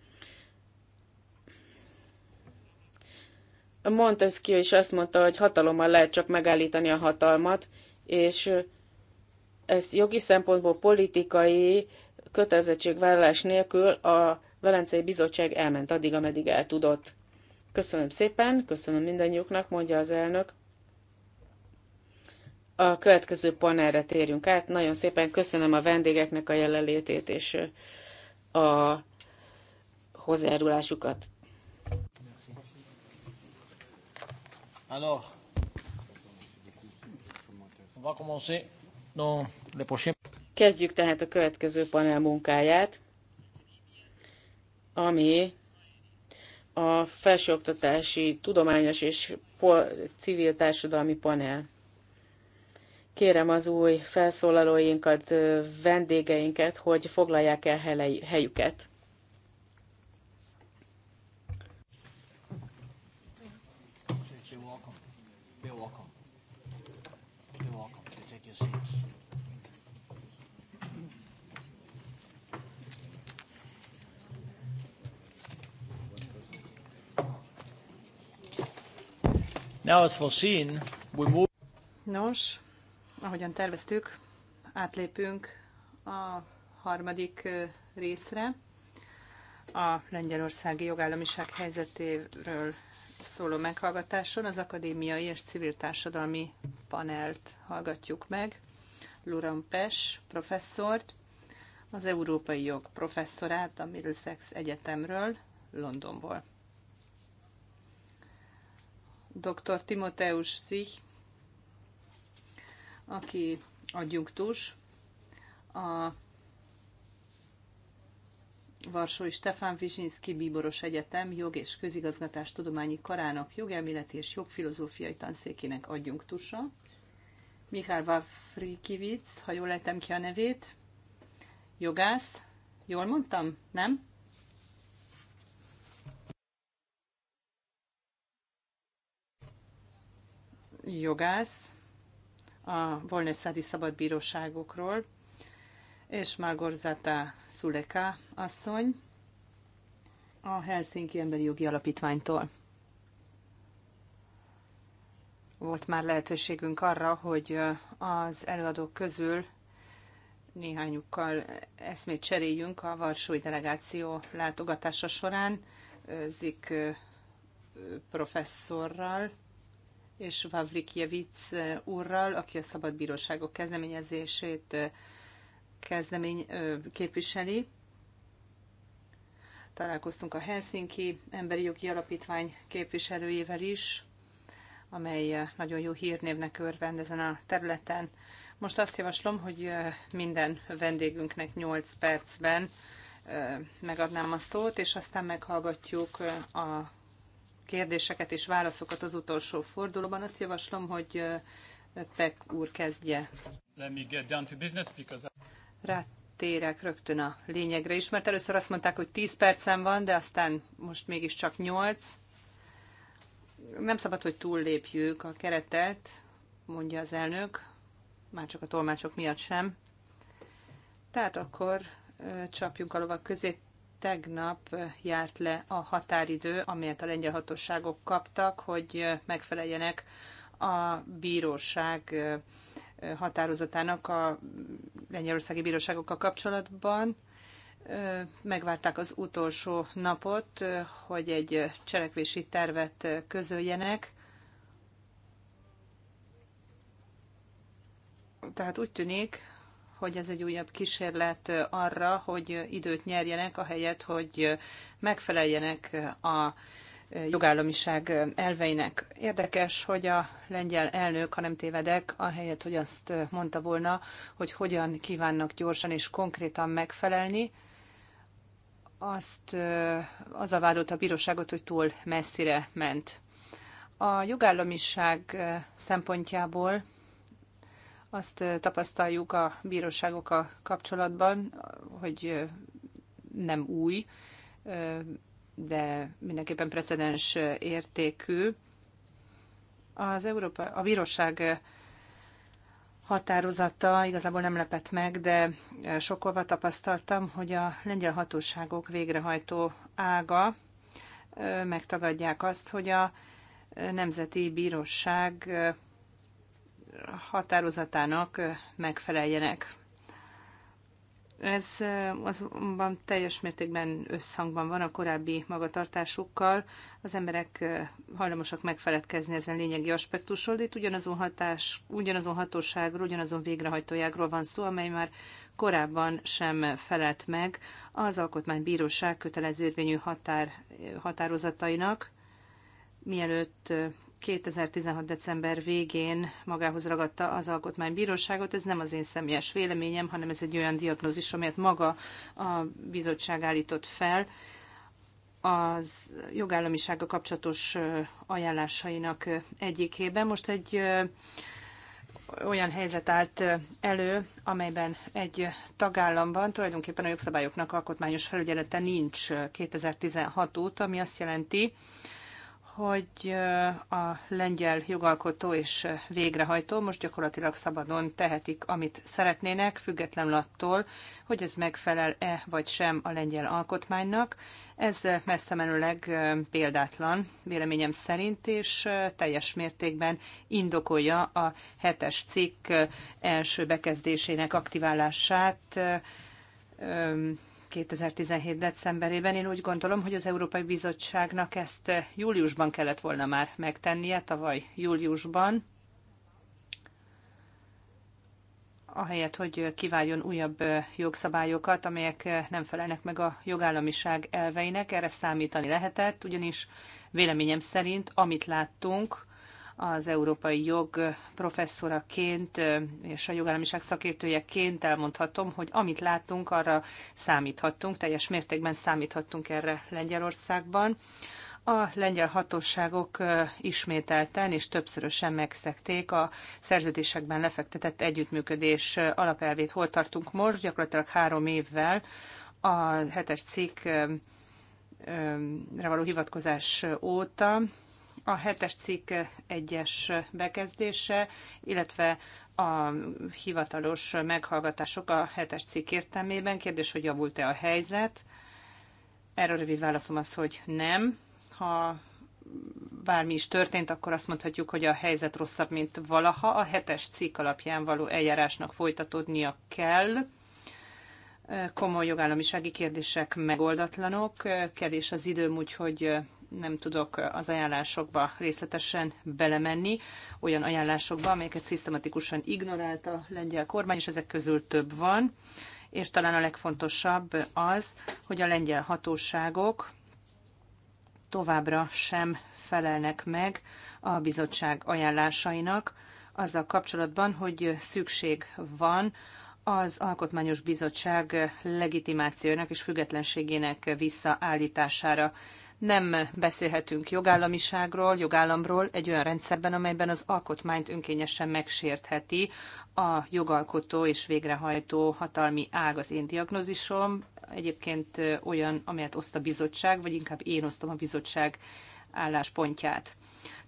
Montesquieu is azt mondta, hogy hatalommal lehet csak megállítani a hatalmat, és ezt jogi szempontból politikai kötelezettségvállalás nélkül a Velencei Bizottság elment addig, ameddig el tudott. Köszönöm szépen, köszönöm mindannyiuknak, mondja az elnök. A következő panelre térjünk át. Nagyon szépen köszönöm a vendégeknek a jelenlétét és a hozzájárulásukat. Alors, on va commencer dans les prochains. Kezdjük tehát a következő panel munkáját, ami a felsőoktatási, tudományos és civil társadalmi panel. Kérem az új felszólalóinkat, vendégeinket, hogy foglalják el helyüket. Nos, ahogyan terveztük, átlépünk a harmadik részre, a lengyelországi jogállamiság helyzetéről szóló meghallgatáson az akadémiai és civil társadalmi panelt hallgatjuk meg. Luram Pes professzort, az európai jog professzorát a Middlesex Egyetemről, Londonból dr. Timoteus Szich, aki adjunktus, a Varsói Stefán Vizsinszki Bíboros Egyetem Jog és Közigazgatás Tudományi Karának jogelméleti és jogfilozófiai tanszékének adjunktusa, Mihály Vafrikivic, ha jól lehetem ki a nevét, jogász, jól mondtam, nem? jogász a Volneszádi Szabadbíróságokról, és Margorzata Szuleka asszony a Helsinki Emberi Jogi Alapítványtól. Volt már lehetőségünk arra, hogy az előadók közül néhányukkal eszmét cseréljünk a Varsói Delegáció látogatása során. Zik professzorral, és Vavrik Jevic eh, úrral, aki a Szabad Bíróságok kezdeményezését eh, kezdemény képviseli. Találkoztunk a Helsinki Emberi Jogi Alapítvány képviselőjével is, amely eh, nagyon jó hírnévnek örvend ezen a területen. Most azt javaslom, hogy minden vendégünknek 8 percben megadnám a szót, és aztán meghallgatjuk a kérdéseket és válaszokat az utolsó fordulóban. Azt javaslom, hogy Pek úr kezdje. Because... Rátérek rögtön a lényegre is, mert először azt mondták, hogy 10 percem van, de aztán most mégiscsak 8. Nem szabad, hogy túllépjük a keretet, mondja az elnök, már csak a tolmácsok miatt sem. Tehát akkor csapjunk a lovak közé tegnap járt le a határidő, amelyet a lengyel hatóságok kaptak, hogy megfeleljenek a bíróság határozatának a lengyelországi bíróságokkal kapcsolatban. Megvárták az utolsó napot, hogy egy cselekvési tervet közöljenek. Tehát úgy tűnik, hogy ez egy újabb kísérlet arra, hogy időt nyerjenek, a helyet, hogy megfeleljenek a jogállamiság elveinek. Érdekes, hogy a lengyel elnök, ha nem tévedek, ahelyett, hogy azt mondta volna, hogy hogyan kívánnak gyorsan és konkrétan megfelelni, azt az a vádolt a bíróságot, hogy túl messzire ment. A jogállamiság szempontjából azt tapasztaljuk a bíróságokkal kapcsolatban, hogy nem új, de mindenképpen precedens értékű. Az Európa, a bíróság határozata igazából nem lepett meg, de sokkolva tapasztaltam, hogy a lengyel hatóságok végrehajtó ága megtagadják azt, hogy a Nemzeti Bíróság határozatának megfeleljenek. Ez azonban teljes mértékben összhangban van a korábbi magatartásukkal. Az emberek hajlamosak megfeledkezni ezen lényegi aspektusról, de itt ugyanazon, hatás, ugyanazon hatóságról, ugyanazon végrehajtójágról van szó, amely már korábban sem felelt meg az Alkotmánybíróság kötelező érvényű határ, határozatainak, mielőtt 2016. december végén magához ragadta az Alkotmánybíróságot. Ez nem az én személyes véleményem, hanem ez egy olyan diagnózis, amelyet maga a bizottság állított fel az jogállamisága kapcsolatos ajánlásainak egyikében. Most egy olyan helyzet állt elő, amelyben egy tagállamban tulajdonképpen a jogszabályoknak alkotmányos felügyelete nincs 2016 óta, ami azt jelenti, hogy a lengyel jogalkotó és végrehajtó most gyakorlatilag szabadon tehetik, amit szeretnének, függetlenül attól, hogy ez megfelel-e vagy sem a lengyel alkotmánynak. Ez messze menőleg példátlan, véleményem szerint, és teljes mértékben indokolja a hetes cikk első bekezdésének aktiválását 2017. decemberében. Én úgy gondolom, hogy az Európai Bizottságnak ezt eh, júliusban kellett volna már megtennie, tavaly júliusban, ahelyett, hogy eh, kiváljon újabb eh, jogszabályokat, amelyek nem felelnek meg a jogállamiság elveinek. Erre számítani lehetett, ugyanis véleményem szerint, amit láttunk, az európai jog professzoraként és a jogállamiság szakértőjeként elmondhatom, hogy amit látunk, arra számíthattunk, teljes mértékben számíthattunk erre Lengyelországban. A lengyel hatóságok ismételten és többszörösen megszekték a szerződésekben lefektetett együttműködés alapelvét. Hol tartunk most? Gyakorlatilag három évvel a hetes cikk való hivatkozás óta a hetes cikk egyes bekezdése, illetve a hivatalos meghallgatások a hetes cikk értelmében. Kérdés, hogy javult-e a helyzet? Erről rövid válaszom az, hogy nem. Ha bármi is történt, akkor azt mondhatjuk, hogy a helyzet rosszabb, mint valaha. A hetes cikk alapján való eljárásnak folytatódnia kell. Komoly jogállamisági kérdések megoldatlanok, kevés az időm, úgyhogy nem tudok az ajánlásokba részletesen belemenni, olyan ajánlásokba, amelyeket szisztematikusan ignorált a lengyel kormány, és ezek közül több van, és talán a legfontosabb az, hogy a lengyel hatóságok továbbra sem felelnek meg a bizottság ajánlásainak azzal kapcsolatban, hogy szükség van az Alkotmányos Bizottság legitimációjának és függetlenségének visszaállítására nem beszélhetünk jogállamiságról, jogállamról egy olyan rendszerben, amelyben az alkotmányt önkényesen megsértheti a jogalkotó és végrehajtó hatalmi ág az én diagnózisom. Egyébként olyan, amelyet oszt a bizottság, vagy inkább én osztom a bizottság álláspontját.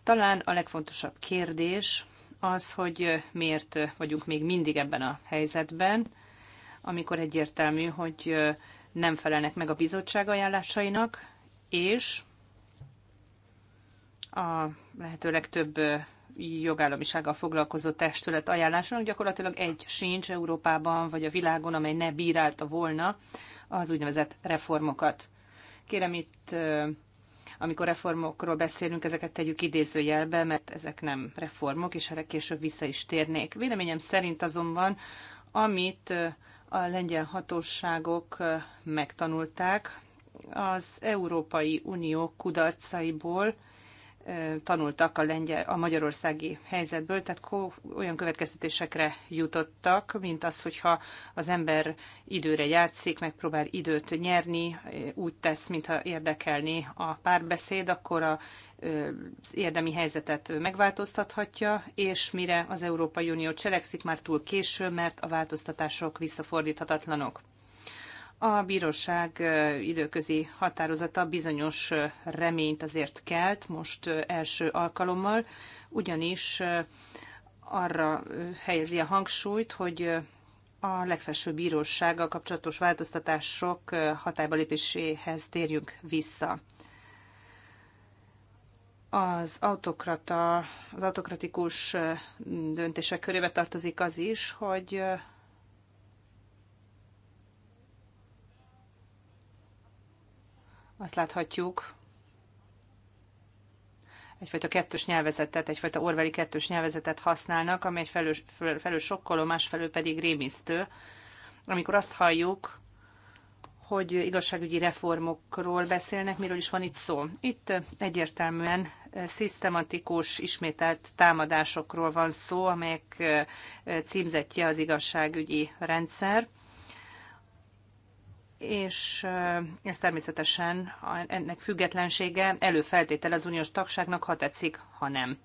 Talán a legfontosabb kérdés az, hogy miért vagyunk még mindig ebben a helyzetben, amikor egyértelmű, hogy nem felelnek meg a bizottság ajánlásainak, és a lehető legtöbb jogállamisággal foglalkozó testület ajánlásának gyakorlatilag egy sincs Európában vagy a világon, amely ne bírálta volna az úgynevezett reformokat. Kérem itt, amikor reformokról beszélünk, ezeket tegyük idézőjelbe, mert ezek nem reformok, és erre később vissza is térnék. Véleményem szerint azonban, amit a lengyel hatóságok megtanulták, az Európai Unió kudarcaiból tanultak a, lengyel, a magyarországi helyzetből, tehát olyan következtetésekre jutottak, mint az, hogyha az ember időre játszik, megpróbál időt nyerni, úgy tesz, mintha érdekelni a párbeszéd, akkor a, az érdemi helyzetet megváltoztathatja, és mire az Európai Unió cselekszik, már túl késő, mert a változtatások visszafordíthatatlanok. A bíróság időközi határozata bizonyos reményt azért kelt most első alkalommal, ugyanis arra helyezi a hangsúlyt, hogy a legfelsőbb bírósággal kapcsolatos változtatások hatályba lépéséhez térjünk vissza. Az autokrata, az autokratikus döntések körébe tartozik az is, hogy azt láthatjuk, egyfajta kettős nyelvezetet, egyfajta orveli kettős nyelvezetet használnak, ami egyfelől felül, felől sokkoló, másfelől pedig rémisztő. Amikor azt halljuk, hogy igazságügyi reformokról beszélnek, miről is van itt szó. Itt egyértelműen szisztematikus, ismételt támadásokról van szó, amelyek eh, címzetje az igazságügyi rendszer és ez természetesen ennek függetlensége előfeltétel az uniós tagságnak, ha tetszik, ha nem.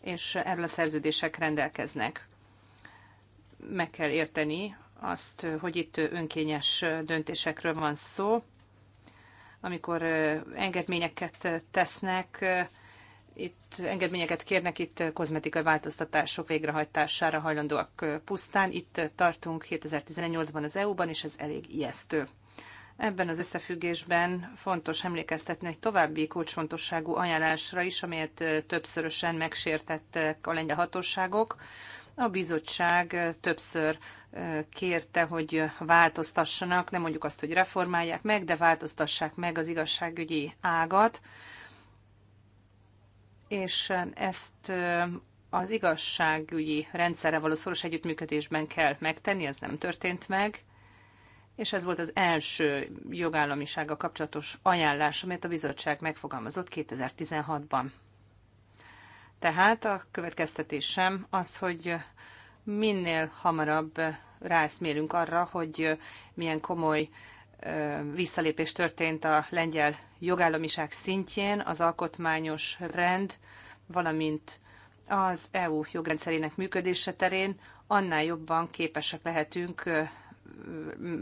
És erről a szerződések rendelkeznek. Meg kell érteni azt, hogy itt önkényes döntésekről van szó, amikor engedményeket tesznek, itt engedményeket kérnek, itt kozmetikai változtatások végrehajtására hajlandóak pusztán. Itt tartunk 2018-ban az EU-ban, és ez elég ijesztő. Ebben az összefüggésben fontos emlékeztetni egy további kulcsfontosságú ajánlásra is, amelyet többszörösen megsértettek a lengyel hatóságok. A bizottság többször kérte, hogy változtassanak, nem mondjuk azt, hogy reformálják meg, de változtassák meg az igazságügyi ágat, és ezt az igazságügyi rendszerre való szoros együttműködésben kell megtenni, ez nem történt meg, és ez volt az első jogállamisága kapcsolatos ajánlás, amit a bizottság megfogalmazott 2016-ban. Tehát a következtetésem az, hogy minél hamarabb ráeszmélünk arra, hogy milyen komoly visszalépés történt a lengyel jogállamiság szintjén, az alkotmányos rend, valamint az EU jogrendszerének működése terén, annál jobban képesek lehetünk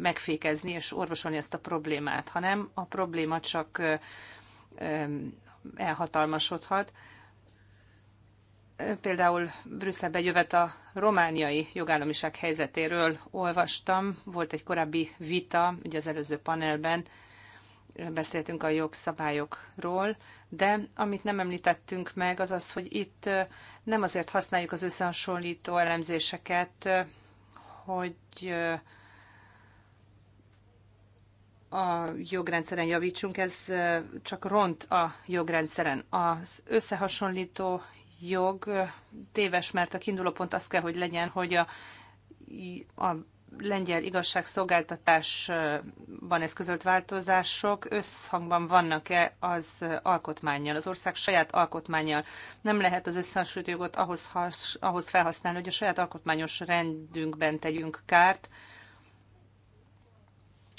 megfékezni és orvosolni ezt a problémát, hanem a probléma csak elhatalmasodhat, például Brüsszelbe jövet a romániai jogállamiság helyzetéről olvastam. Volt egy korábbi vita, ugye az előző panelben beszéltünk a jogszabályokról, de amit nem említettünk meg, az az, hogy itt nem azért használjuk az összehasonlító elemzéseket, hogy a jogrendszeren javítsunk, ez csak ront a jogrendszeren. Az összehasonlító jog téves, mert a kiinduló pont az kell, hogy legyen, hogy a, a lengyel igazságszolgáltatásban eszközölt változások összhangban vannak-e az alkotmányjal, az ország saját alkotmányjal. Nem lehet az összehasonlító jogot ahhoz, has, ahhoz felhasználni, hogy a saját alkotmányos rendünkben tegyünk kárt,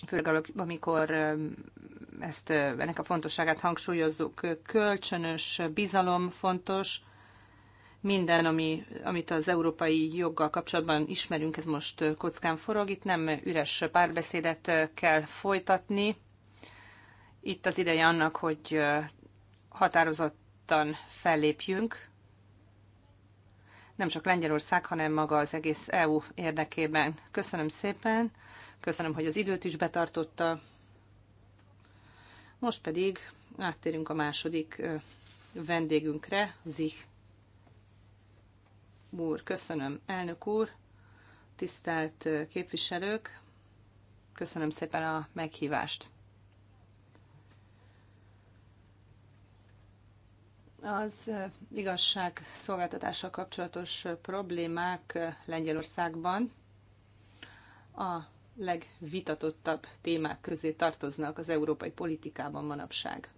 főleg amikor ezt, ennek a fontosságát hangsúlyozzuk. Kölcsönös bizalom fontos, minden, ami, amit az európai joggal kapcsolatban ismerünk, ez most kockán forog. Itt nem üres párbeszédet kell folytatni. Itt az ideje annak, hogy határozottan fellépjünk, nem csak Lengyelország, hanem maga az egész EU érdekében. Köszönöm szépen, köszönöm, hogy az időt is betartotta. Most pedig áttérünk a második vendégünkre, Zich úr, köszönöm. Elnök úr, tisztelt képviselők, köszönöm szépen a meghívást. Az igazság szolgáltatással kapcsolatos problémák Lengyelországban a legvitatottabb témák közé tartoznak az európai politikában manapság.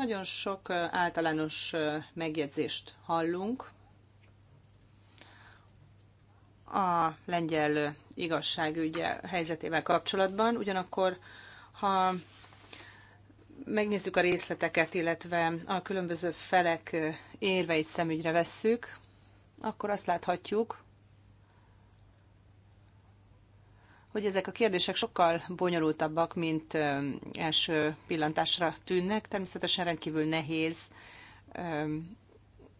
Nagyon sok általános megjegyzést hallunk a lengyel igazságügy helyzetével kapcsolatban, ugyanakkor ha megnézzük a részleteket, illetve a különböző felek érveit szemügyre vesszük, akkor azt láthatjuk, hogy ezek a kérdések sokkal bonyolultabbak, mint első pillantásra tűnnek. Természetesen rendkívül nehéz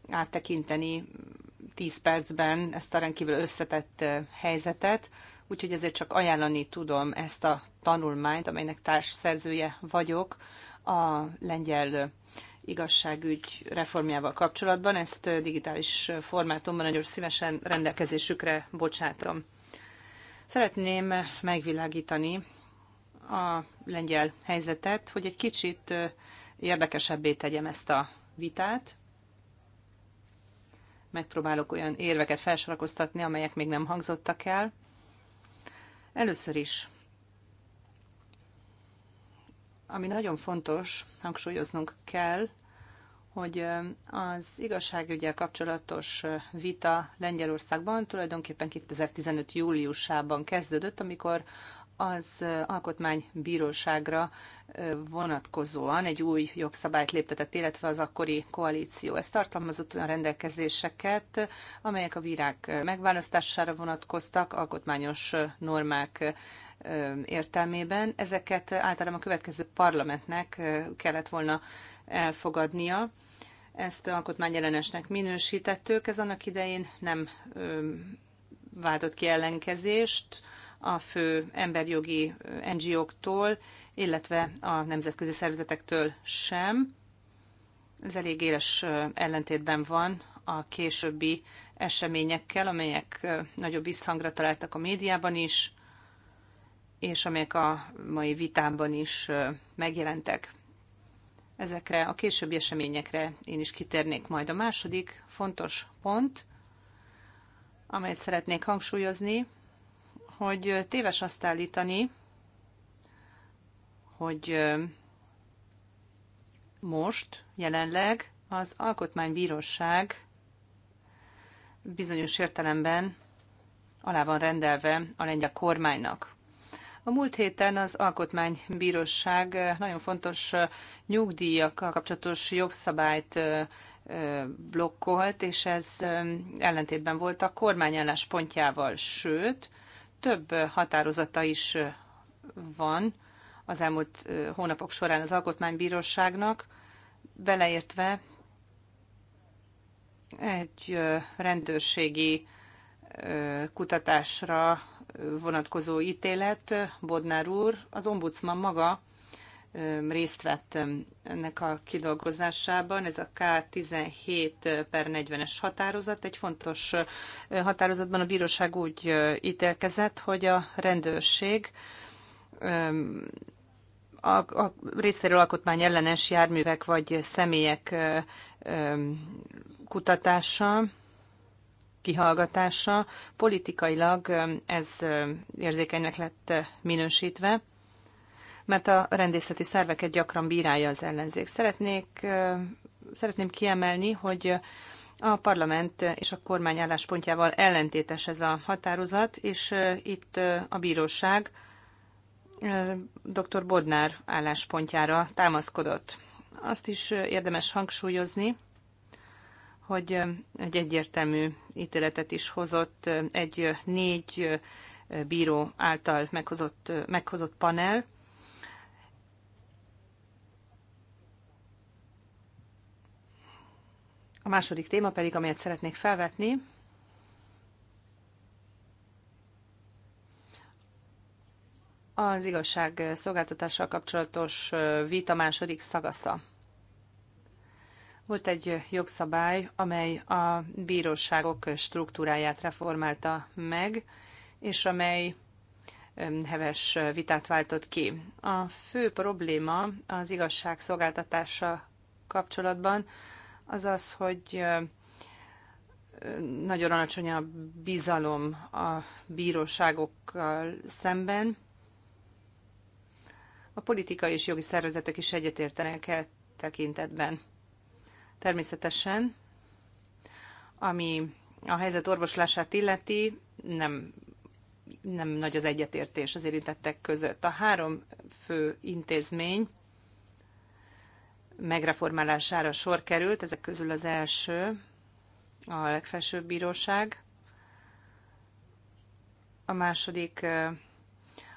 áttekinteni 10 percben ezt a rendkívül összetett helyzetet, úgyhogy ezért csak ajánlani tudom ezt a tanulmányt, amelynek társszerzője vagyok a lengyel igazságügy reformjával kapcsolatban. Ezt digitális formátumban nagyon szívesen rendelkezésükre bocsátom. Szeretném megvilágítani a lengyel helyzetet, hogy egy kicsit érdekesebbé tegyem ezt a vitát. Megpróbálok olyan érveket felsorakoztatni, amelyek még nem hangzottak el. Először is, ami nagyon fontos, hangsúlyoznunk kell, hogy az igazságügyel kapcsolatos vita Lengyelországban tulajdonképpen 2015. júliusában kezdődött, amikor az alkotmánybíróságra vonatkozóan egy új jogszabályt léptetett, illetve az akkori koalíció. Ez tartalmazott olyan rendelkezéseket, amelyek a bírák megválasztására vonatkoztak, alkotmányos normák értelmében. Ezeket általában a következő parlamentnek kellett volna elfogadnia, ezt alkotmányellenesnek minősítettük. Ez annak idején nem ö, váltott ki ellenkezést a fő emberjogi NGO-któl, illetve a nemzetközi szervezetektől sem. Ez elég éles ellentétben van a későbbi eseményekkel, amelyek nagyobb visszhangra találtak a médiában is, és amelyek a mai vitában is megjelentek ezekre a későbbi eseményekre én is kitérnék majd. A második fontos pont, amelyet szeretnék hangsúlyozni, hogy téves azt állítani, hogy most, jelenleg az Alkotmánybíróság bizonyos értelemben alá van rendelve a lengyel kormánynak. A múlt héten az Alkotmánybíróság eh, nagyon fontos eh, nyugdíjakkal kapcsolatos jogszabályt eh, blokkolt, és ez ellentétben volt a kormány álláspontjával, sőt, több határozata is van az elmúlt hónapok során az Alkotmánybíróságnak, beleértve egy rendőrségi kutatásra vonatkozó ítélet, Bodnár úr, az ombudsman maga um, részt vett um, ennek a kidolgozásában. Ez a K17 per 40-es határozat. Egy fontos uh, határozatban a bíróság úgy uh, ítélkezett, hogy a rendőrség um, a, a részéről alkotmány ellenes járművek vagy személyek uh, kutatása kihallgatása politikailag ez érzékenynek lett minősítve, mert a rendészeti szerveket gyakran bírálja az ellenzék. Szeretnék, szeretném kiemelni, hogy a parlament és a kormány álláspontjával ellentétes ez a határozat, és itt a bíróság dr. Bodnár álláspontjára támaszkodott. Azt is érdemes hangsúlyozni, hogy egy egyértelmű ítéletet is hozott egy négy bíró által meghozott, meghozott panel. A második téma pedig, amelyet szeretnék felvetni, az igazság szolgáltatással kapcsolatos vita második szagasza. Volt egy jogszabály, amely a bíróságok struktúráját reformálta meg, és amely heves vitát váltott ki. A fő probléma az igazságszolgáltatása kapcsolatban az az, hogy nagyon alacsony a bizalom a bíróságokkal szemben. A politikai és jogi szervezetek is egyetértenek e tekintetben. Természetesen, ami a helyzet orvoslását illeti, nem, nem nagy az egyetértés az érintettek között. A három fő intézmény megreformálására sor került, ezek közül az első, a legfelsőbb bíróság, a második eh,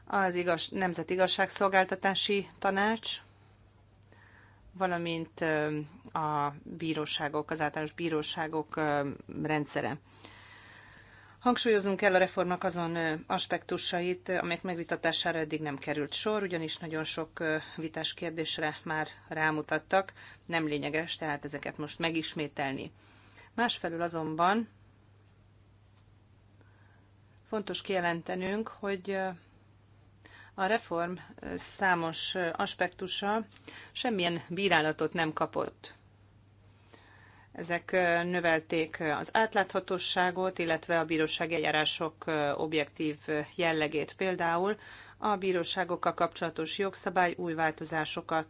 az igaz, Nemzeti Igazságszolgáltatási Tanács, valamint eh, a bíróságok, az általános bíróságok rendszere. Hangsúlyoznunk kell a reformnak azon aspektusait, amelyek megvitatására eddig nem került sor, ugyanis nagyon sok vitás kérdésre már rámutattak, nem lényeges, tehát ezeket most megismételni. Másfelől azonban fontos kijelentenünk, hogy a reform számos aspektusa semmilyen bírálatot nem kapott. Ezek növelték az átláthatóságot, illetve a bírósági eljárások objektív jellegét például. A bíróságokkal kapcsolatos jogszabály új változásokat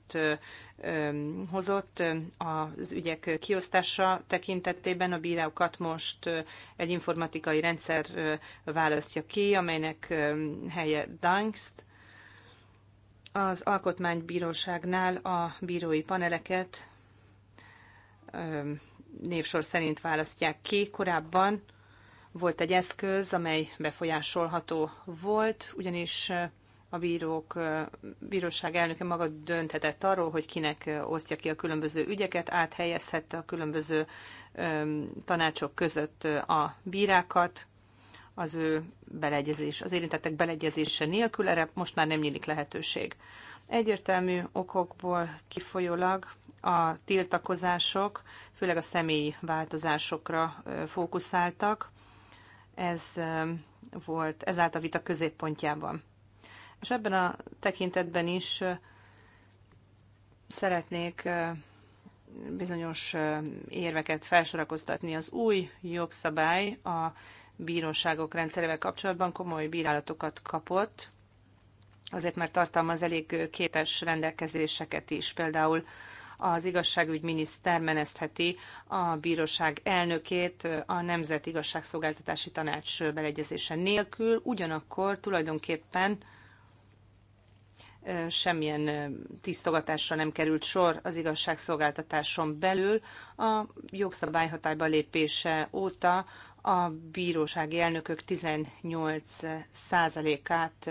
hozott az ügyek kiosztása tekintetében. A bírákat most egy informatikai rendszer választja ki, amelynek helye Dangst. Az Alkotmánybíróságnál a bírói paneleket névsor szerint választják ki. Korábban volt egy eszköz, amely befolyásolható volt, ugyanis a bírók, bíróság elnöke maga dönthetett arról, hogy kinek osztja ki a különböző ügyeket, áthelyezhette a különböző tanácsok között a bírákat, az ő beleegyezés, az érintettek beleegyezése nélkül, erre most már nem nyílik lehetőség. Egyértelmű okokból kifolyólag a tiltakozások, főleg a személyi változásokra fókuszáltak. Ez volt ezáltal a vita középpontjában. És ebben a tekintetben is szeretnék bizonyos érveket felsorakoztatni. Az új jogszabály a bíróságok rendszerével kapcsolatban komoly bírálatokat kapott, azért mert tartalmaz elég kétes rendelkezéseket is, például az igazságügyminiszter menesztheti a bíróság elnökét a Nemzeti Igazságszolgáltatási Tanács beleegyezése nélkül, ugyanakkor tulajdonképpen semmilyen tisztogatásra nem került sor az igazságszolgáltatáson belül. A jogszabály hatályba lépése óta a bírósági elnökök 18 százalékát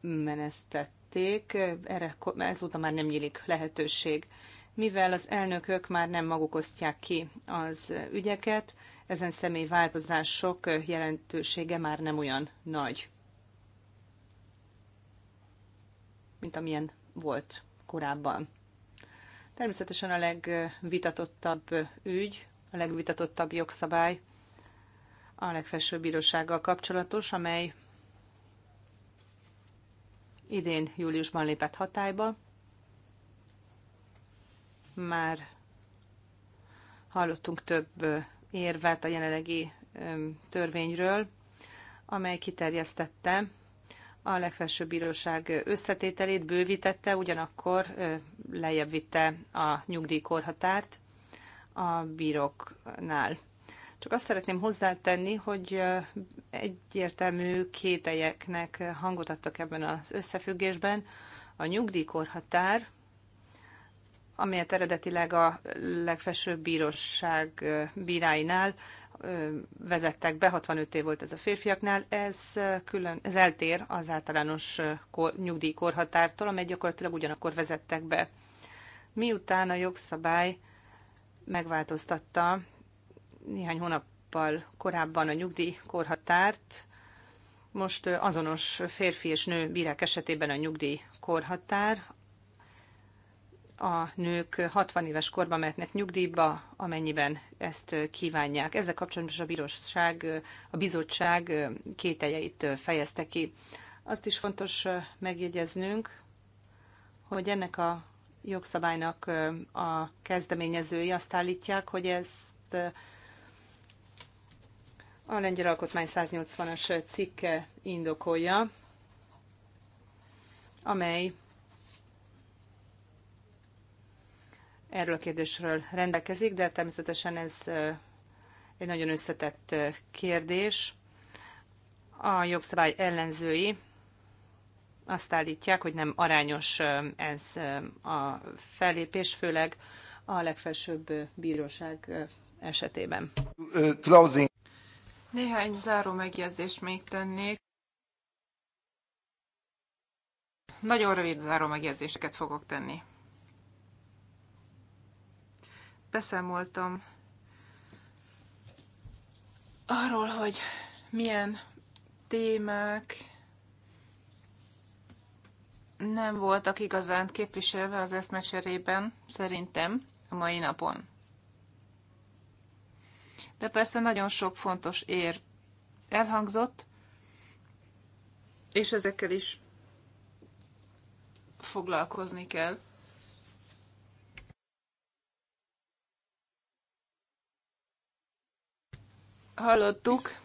menesztették, erre ezóta már nem nyílik lehetőség. Mivel az elnökök már nem maguk osztják ki az ügyeket, ezen személy változások jelentősége már nem olyan nagy, mint amilyen volt korábban. Természetesen a legvitatottabb ügy, a legvitatottabb jogszabály a legfelsőbb bírósággal kapcsolatos, amely idén júliusban lépett hatályba. Már hallottunk több érvet a jelenlegi törvényről, amely kiterjesztette a legfelsőbb bíróság összetételét, bővítette, ugyanakkor lejjebb vitte a nyugdíjkorhatárt a bíróknál. Csak azt szeretném hozzátenni, hogy egyértelmű kételyeknek hangot adtak ebben az összefüggésben. A nyugdíjkorhatár, amelyet eredetileg a legfelsőbb bíróság bíráinál vezettek be, 65 év volt ez a férfiaknál, ez, külön, ez eltér az általános kor, nyugdíjkorhatártól, amely gyakorlatilag ugyanakkor vezettek be. Miután a jogszabály megváltoztatta néhány hónappal korábban a nyugdíjkorhatárt, most azonos férfi és nő bírák esetében a nyugdíjkorhatár. A nők 60 éves korban mehetnek nyugdíjba, amennyiben ezt kívánják. Ezzel kapcsolatban is a bíróság, a bizottság kételjeit fejezte ki. Azt is fontos megjegyeznünk, hogy ennek a jogszabálynak a kezdeményezői azt állítják, hogy ezt a lengyel alkotmány 180-as cikke indokolja, amely erről a kérdésről rendelkezik, de természetesen ez egy nagyon összetett kérdés. A jogszabály ellenzői azt állítják, hogy nem arányos ez a fellépés, főleg a legfelsőbb bíróság esetében. Closing. Néhány záró megjegyzést még tennék. Nagyon rövid záró megjegyzéseket fogok tenni. Beszámoltam arról, hogy milyen témák nem voltak igazán képviselve az eszmecserében, szerintem, a mai napon. De persze nagyon sok fontos ér elhangzott, és ezekkel is foglalkozni kell. Hallottuk,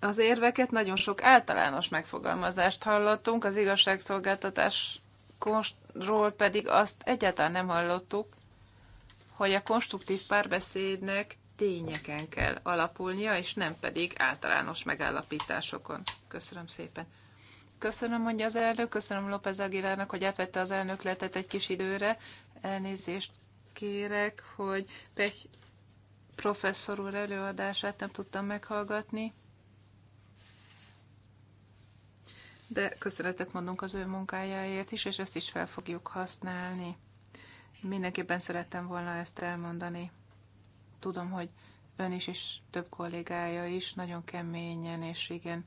az érveket, nagyon sok általános megfogalmazást hallottunk, az igazságszolgáltatás konstról pedig azt egyáltalán nem hallottuk, hogy a konstruktív párbeszédnek tényeken kell alapulnia, és nem pedig általános megállapításokon. Köszönöm szépen. Köszönöm, mondja az elnök, köszönöm López Aguilárnak, hogy átvette az elnökletet egy kis időre. Elnézést kérek, hogy Pech professzor úr előadását nem tudtam meghallgatni. de köszönetet mondunk az ő munkájáért is, és ezt is fel fogjuk használni. Mindenképpen szerettem volna ezt elmondani. Tudom, hogy ön is, és több kollégája is nagyon keményen és igen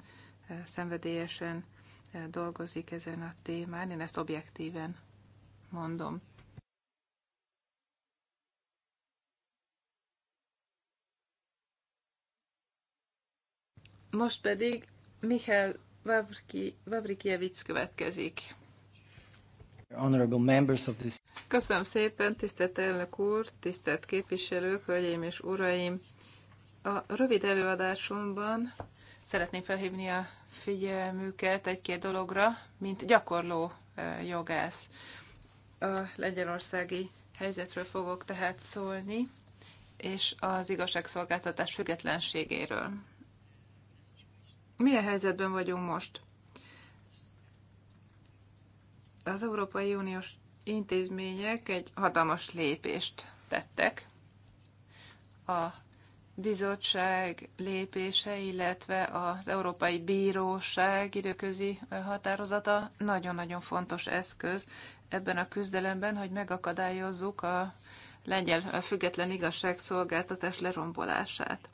eh, szenvedélyesen eh, dolgozik ezen a témán. Én ezt objektíven mondom. Most pedig Michael Vavrikievics következik. Köszönöm szépen, tisztelt elnök úr, tisztelt képviselők, hölgyeim és uraim! A rövid előadásomban szeretném felhívni a figyelmüket egy-két dologra, mint gyakorló jogász. A lengyelországi helyzetről fogok tehát szólni, és az igazságszolgáltatás függetlenségéről. Milyen helyzetben vagyunk most? Az Európai Uniós intézmények egy hatalmas lépést tettek. A bizottság lépése, illetve az Európai Bíróság időközi határozata nagyon-nagyon fontos eszköz ebben a küzdelemben, hogy megakadályozzuk a lengyel független igazságszolgáltatás lerombolását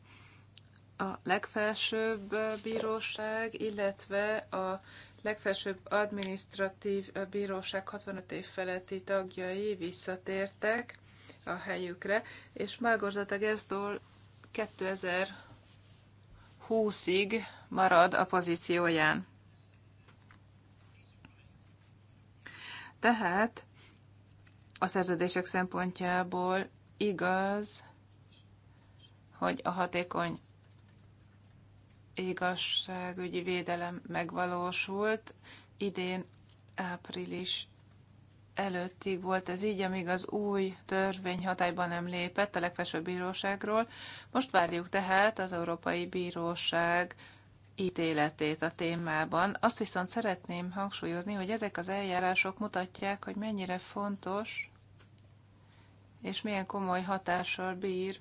a legfelsőbb bíróság, illetve a legfelsőbb adminisztratív bíróság 65 év feletti tagjai visszatértek a helyükre, és Málgorzata Gezdol 2020-ig marad a pozícióján. Tehát a szerződések szempontjából igaz, hogy a hatékony igazságügyi védelem megvalósult. Idén április előttig volt ez így, amíg az új törvény hatályban nem lépett a legfelsőbb bíróságról. Most várjuk tehát az Európai Bíróság ítéletét a témában. Azt viszont szeretném hangsúlyozni, hogy ezek az eljárások mutatják, hogy mennyire fontos és milyen komoly hatással bír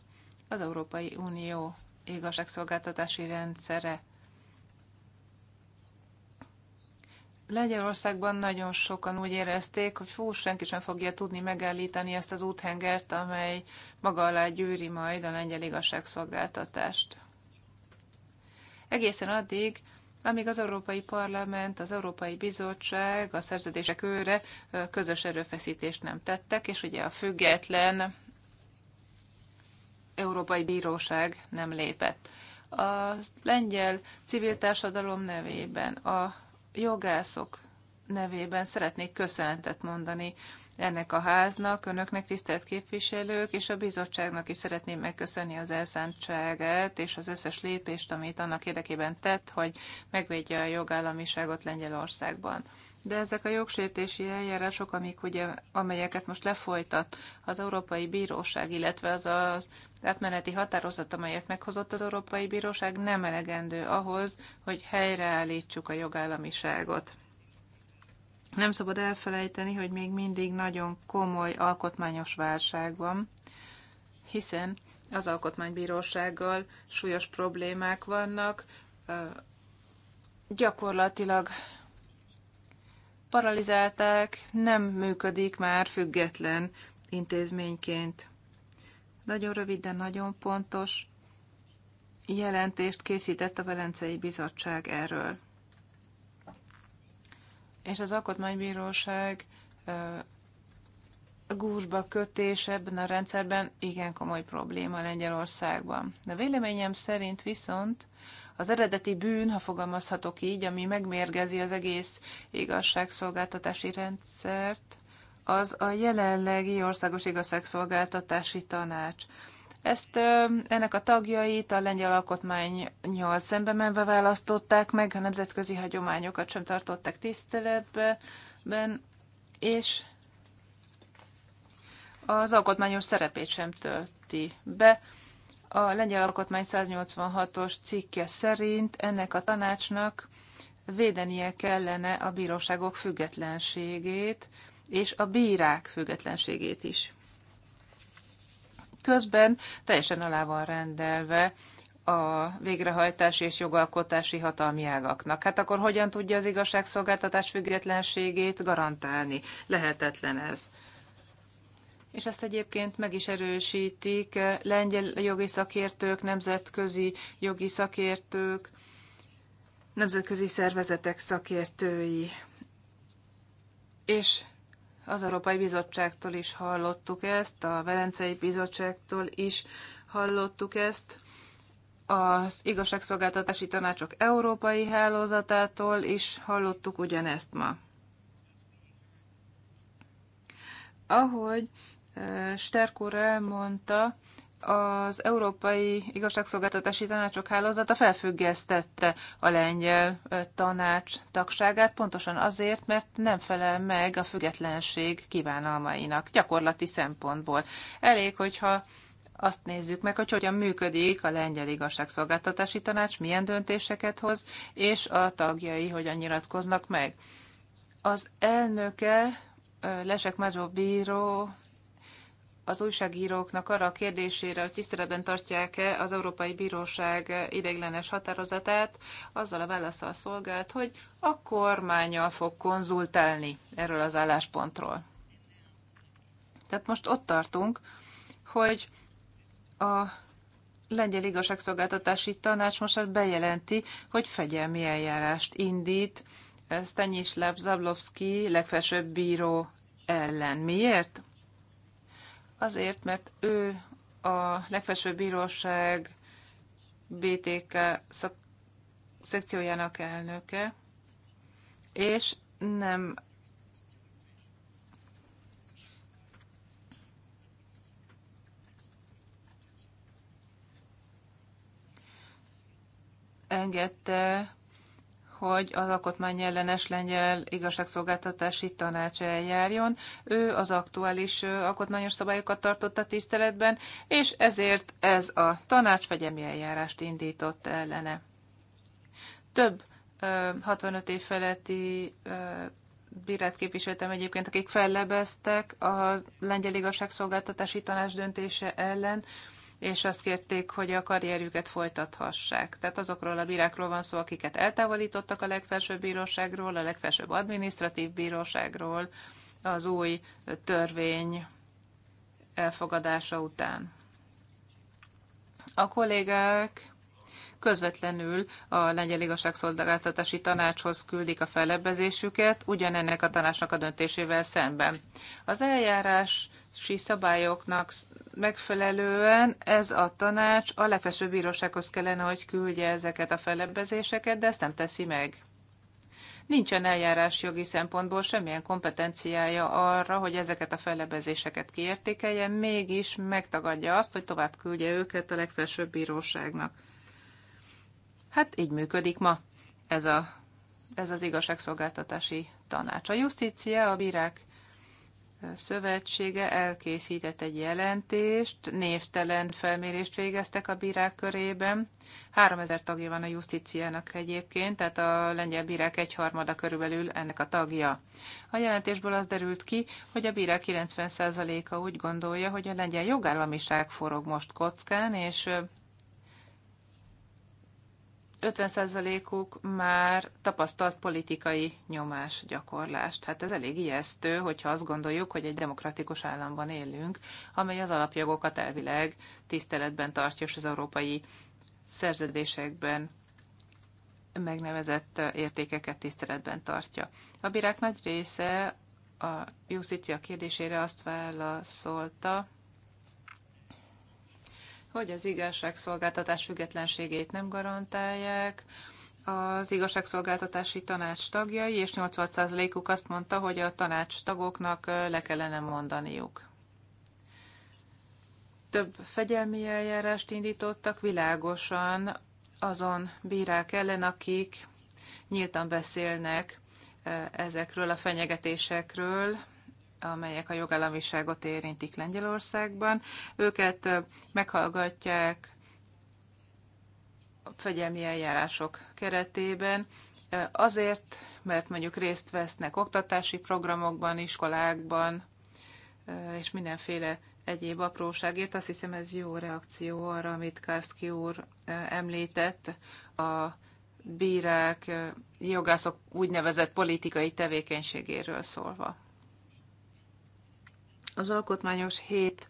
az Európai Unió igazságszolgáltatási rendszere. Lengyelországban nagyon sokan úgy érezték, hogy fú, senki sem fogja tudni megállítani ezt az úthengert, amely maga alá gyűri majd a lengyel igazságszolgáltatást. Egészen addig, amíg az Európai Parlament, az Európai Bizottság, a szerződések őre közös erőfeszítést nem tettek, és ugye a független Európai Bíróság nem lépett. A lengyel civil társadalom nevében, a jogászok nevében szeretnék köszönetet mondani ennek a háznak, önöknek tisztelt képviselők, és a bizottságnak is szeretném megköszönni az elszántságát és az összes lépést, amit annak érdekében tett, hogy megvédje a jogállamiságot Lengyelországban. De ezek a jogsértési eljárások, amik ugye, amelyeket most lefolytat az Európai Bíróság, illetve az az átmeneti határozat, amelyet meghozott az Európai Bíróság, nem elegendő ahhoz, hogy helyreállítsuk a jogállamiságot. Nem szabad elfelejteni, hogy még mindig nagyon komoly alkotmányos válság van, hiszen az alkotmánybírósággal súlyos problémák vannak, gyakorlatilag paralizálták, nem működik már független intézményként. Nagyon rövid, de nagyon pontos jelentést készített a Velencei Bizottság erről. És az Alkotmánybíróság gúzsba kötés ebben a rendszerben igen komoly probléma Lengyelországban. De véleményem szerint viszont az eredeti bűn, ha fogalmazhatok így, ami megmérgezi az egész igazságszolgáltatási rendszert, az a jelenlegi országos igazságszolgáltatási tanács. Ezt ennek a tagjait a lengyel alkotmányjal szembe menve választották meg, a nemzetközi hagyományokat sem tartották tiszteletben, és az alkotmányos szerepét sem tölti be. A lengyel alkotmány 186-os cikke szerint ennek a tanácsnak védenie kellene a bíróságok függetlenségét, és a bírák függetlenségét is. Közben teljesen alá van rendelve a végrehajtási és jogalkotási hatalmi ágaknak. Hát akkor hogyan tudja az igazságszolgáltatás függetlenségét garantálni? Lehetetlen ez. És ezt egyébként meg is erősítik lengyel jogi szakértők, nemzetközi jogi szakértők, nemzetközi szervezetek szakértői. És az Európai Bizottságtól is hallottuk ezt, a Velencei Bizottságtól is hallottuk ezt, az igazságszolgáltatási tanácsok európai hálózatától is hallottuk ugyanezt ma. Ahogy eh, Sterkó elmondta, az Európai Igazságszolgáltatási Tanácsok Hálózata felfüggesztette a lengyel tanács tagságát, pontosan azért, mert nem felel meg a függetlenség kívánalmainak gyakorlati szempontból. Elég, hogyha azt nézzük meg, hogy hogyan működik a lengyel igazságszolgáltatási tanács, milyen döntéseket hoz, és a tagjai hogyan nyilatkoznak meg. Az elnöke Lesek Mazsó bíró az újságíróknak arra a kérdésére, hogy tiszteletben tartják-e az Európai Bíróság ideiglenes határozatát, azzal a válaszsal szolgált, hogy a kormányjal fog konzultálni erről az álláspontról. Tehát most ott tartunk, hogy a lengyel igazságszolgáltatási tanács most bejelenti, hogy fegyelmi eljárást indít Stanislav Zablowski legfelsőbb bíró ellen. Miért? Azért, mert ő a legfelsőbb bíróság BTK szak- szekciójának elnöke, és nem engedte hogy az alkotmányellenes lengyel igazságszolgáltatási tanács eljárjon. Ő az aktuális alkotmányos szabályokat tartotta tiszteletben, és ezért ez a tanács fegyelmi eljárást indított ellene. Több 65 év feletti bírát képviseltem egyébként, akik fellebeztek a lengyel igazságszolgáltatási tanács döntése ellen, és azt kérték, hogy a karrierjüket folytathassák. Tehát azokról a bírákról van szó, akiket eltávolítottak a legfelsőbb bíróságról, a legfelsőbb adminisztratív bíróságról az új törvény elfogadása után. A kollégák közvetlenül a lengyel igazságszolgáltatási tanácshoz küldik a fellebbezésüket, ugyanennek a tanácsnak a döntésével szemben. Az eljárás szabályoknak megfelelően ez a tanács a legfelsőbb bírósághoz kellene, hogy küldje ezeket a felebbezéseket, de ezt nem teszi meg. Nincsen eljárás jogi szempontból semmilyen kompetenciája arra, hogy ezeket a fellebezéseket kiértékelje, mégis megtagadja azt, hogy tovább küldje őket a legfelsőbb bíróságnak. Hát így működik ma ez, a, ez az igazságszolgáltatási tanács. A justícia a bírák Szövetsége elkészített egy jelentést, névtelen felmérést végeztek a bírák körében. 3000 tagja van a justíciának egyébként, tehát a lengyel bírák egyharmada körülbelül ennek a tagja. A jelentésből az derült ki, hogy a bírák 90%-a úgy gondolja, hogy a lengyel jogállamiság forog most kockán, és 50%-uk már tapasztalt politikai nyomás gyakorlást. Hát ez elég ijesztő, hogyha azt gondoljuk, hogy egy demokratikus államban élünk, amely az alapjogokat elvileg tiszteletben tartja, és az európai szerződésekben megnevezett értékeket tiszteletben tartja. A bírák nagy része a Justitia kérdésére azt válaszolta, hogy az igazságszolgáltatás függetlenségét nem garantálják, az igazságszolgáltatási tanács tagjai, és 80%-uk azt mondta, hogy a tanács tagoknak le kellene mondaniuk. Több fegyelmi eljárást indítottak világosan azon bírák ellen, akik nyíltan beszélnek ezekről a fenyegetésekről, amelyek a jogállamiságot érintik Lengyelországban. Őket meghallgatják a fegyelmi eljárások keretében, azért, mert mondjuk részt vesznek oktatási programokban, iskolákban, és mindenféle egyéb apróságért. Azt hiszem ez jó reakció arra, amit Karski úr említett, a bírák, jogászok úgynevezett politikai tevékenységéről szólva. Az Alkotmányos Hét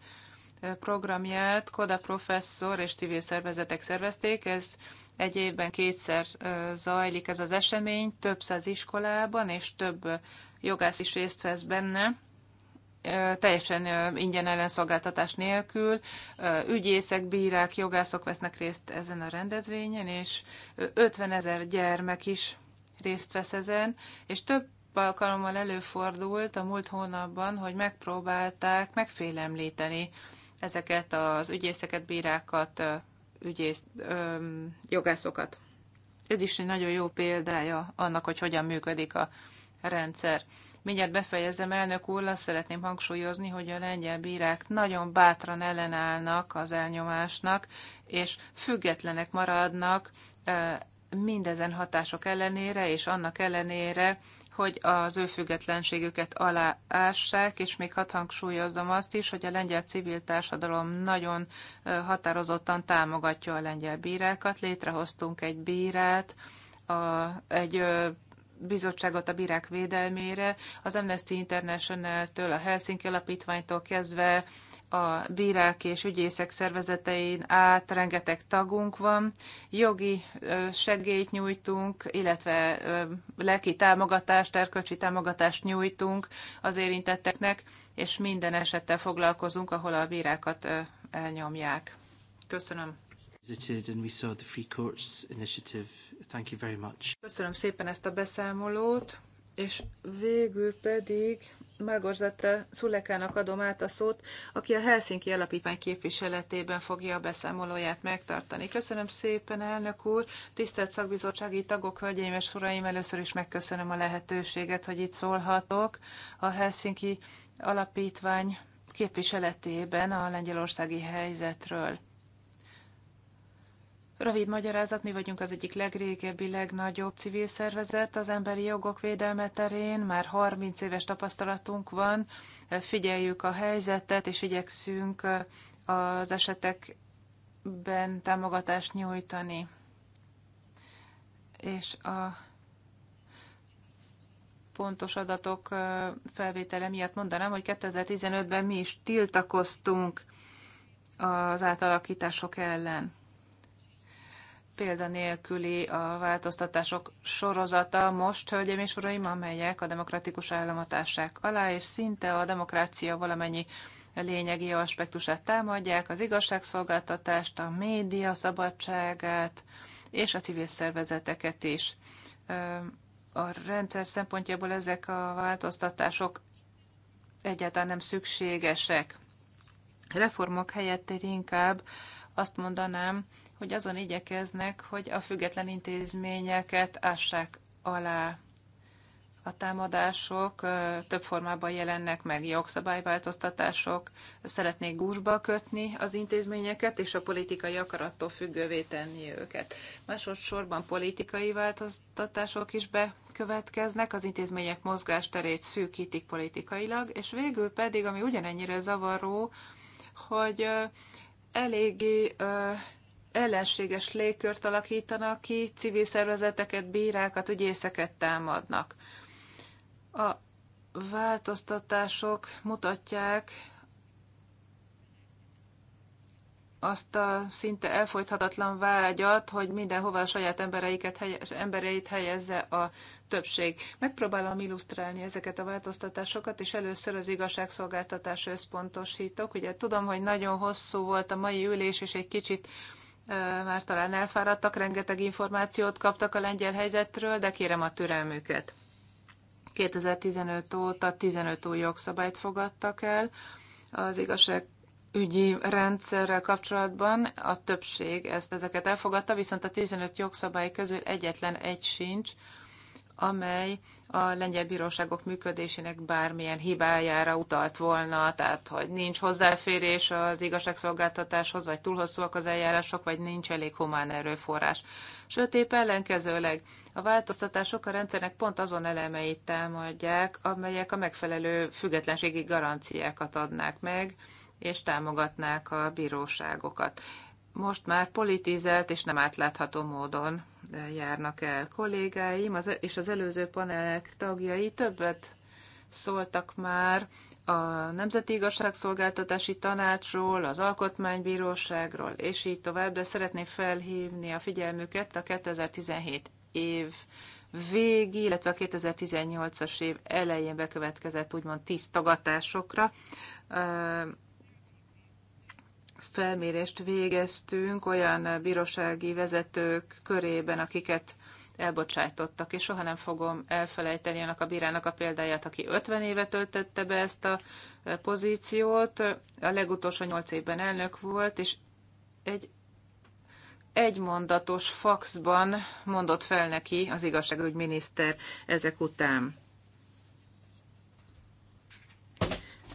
programját Koda professzor és civil szervezetek szervezték. Ez egy évben kétszer zajlik ez az esemény, több száz iskolában, és több jogász is részt vesz benne teljesen ingyen ellenszolgáltatás nélkül. Ügyészek, bírák, jogászok vesznek részt ezen a rendezvényen, és 50 ezer gyermek is részt vesz ezen, és több alkalommal előfordult a múlt hónapban, hogy megpróbálták megfélemlíteni ezeket az ügyészeket, bírákat, ügyész, öm, jogászokat. Ez is egy nagyon jó példája annak, hogy hogyan működik a rendszer. Mindjárt befejezem, elnök úr, azt szeretném hangsúlyozni, hogy a lengyel bírák nagyon bátran ellenállnak az elnyomásnak, és függetlenek maradnak mindezen hatások ellenére, és annak ellenére, hogy az ő függetlenségüket aláássák, és még hat hangsúlyozom azt is, hogy a lengyel civil társadalom nagyon határozottan támogatja a lengyel bírákat. Létrehoztunk egy bírát, a, egy bizottságot a bírák védelmére, az Amnesty International-től, a Helsinki Alapítványtól kezdve a bírák és ügyészek szervezetein át rengeteg tagunk van, jogi segélyt nyújtunk, illetve lelki támogatást, erkölcsi támogatást nyújtunk az érintetteknek, és minden esettel foglalkozunk, ahol a bírákat elnyomják. Köszönöm. Köszönöm szépen ezt a beszámolót és végül pedig Mágorzata Szulekának adom át a szót, aki a Helsinki Alapítvány képviseletében fogja a beszámolóját megtartani. Köszönöm szépen, elnök úr, tisztelt szakbizottsági tagok, hölgyeim és uraim, először is megköszönöm a lehetőséget, hogy itt szólhatok a Helsinki Alapítvány képviseletében a lengyelországi helyzetről. Rövid magyarázat, mi vagyunk az egyik legrégebbi, legnagyobb civil szervezet az emberi jogok védelme terén, már 30 éves tapasztalatunk van, figyeljük a helyzetet, és igyekszünk az esetekben támogatást nyújtani. És a pontos adatok felvétele miatt mondanám, hogy 2015-ben mi is tiltakoztunk az átalakítások ellen példanélküli a változtatások sorozata most, hölgyeim és uraim, amelyek a demokratikus államot ássák alá, és szinte a demokrácia valamennyi lényegi aspektusát támadják, az igazságszolgáltatást, a média szabadságát és a civil szervezeteket is. A rendszer szempontjából ezek a változtatások egyáltalán nem szükségesek. Reformok helyett inkább azt mondanám, hogy azon igyekeznek, hogy a független intézményeket ássák alá. A támadások több formában jelennek meg, jogszabályváltoztatások, szeretnék gúzsba kötni az intézményeket, és a politikai akarattól függővé tenni őket. Másodszorban politikai változtatások is bekövetkeznek, az intézmények mozgásterét szűkítik politikailag, és végül pedig, ami ugyanennyire zavaró, hogy eléggé ellenséges légkört alakítanak ki, civil szervezeteket, bírákat, ügyészeket támadnak. A változtatások mutatják azt a szinte elfolythatatlan vágyat, hogy mindenhova a saját embereiket, embereit helyezze a többség. Megpróbálom illusztrálni ezeket a változtatásokat, és először az igazságszolgáltatás összpontosítok. Ugye tudom, hogy nagyon hosszú volt a mai ülés, és egy kicsit uh, már talán elfáradtak, rengeteg információt kaptak a lengyel helyzetről, de kérem a türelmüket. 2015 óta 15 új jogszabályt fogadtak el az igazság ügyi rendszerrel kapcsolatban a többség ezt ezeket elfogadta, viszont a 15 jogszabály közül egyetlen egy sincs, amely a lengyel bíróságok működésének bármilyen hibájára utalt volna, tehát hogy nincs hozzáférés az igazságszolgáltatáshoz, vagy túl hosszúak az eljárások, vagy nincs elég humán erőforrás. Sőt, épp ellenkezőleg a változtatások a rendszernek pont azon elemeit támadják, amelyek a megfelelő függetlenségi garanciákat adnák meg, és támogatnák a bíróságokat most már politizált és nem átlátható módon járnak el kollégáim, az, és az előző panelek tagjai többet szóltak már a Nemzeti Igazságszolgáltatási Tanácsról, az Alkotmánybíróságról, és így tovább, de szeretném felhívni a figyelmüket a 2017 év végi, illetve a 2018-as év elején bekövetkezett úgymond tisztogatásokra felmérést végeztünk olyan bírósági vezetők körében, akiket elbocsájtottak, és soha nem fogom elfelejteni annak a bírának a példáját, aki 50 éve töltette be ezt a e, pozíciót, a legutolsó 8 évben elnök volt, és egy egymondatos faxban mondott fel neki az igazságügyminiszter ezek után.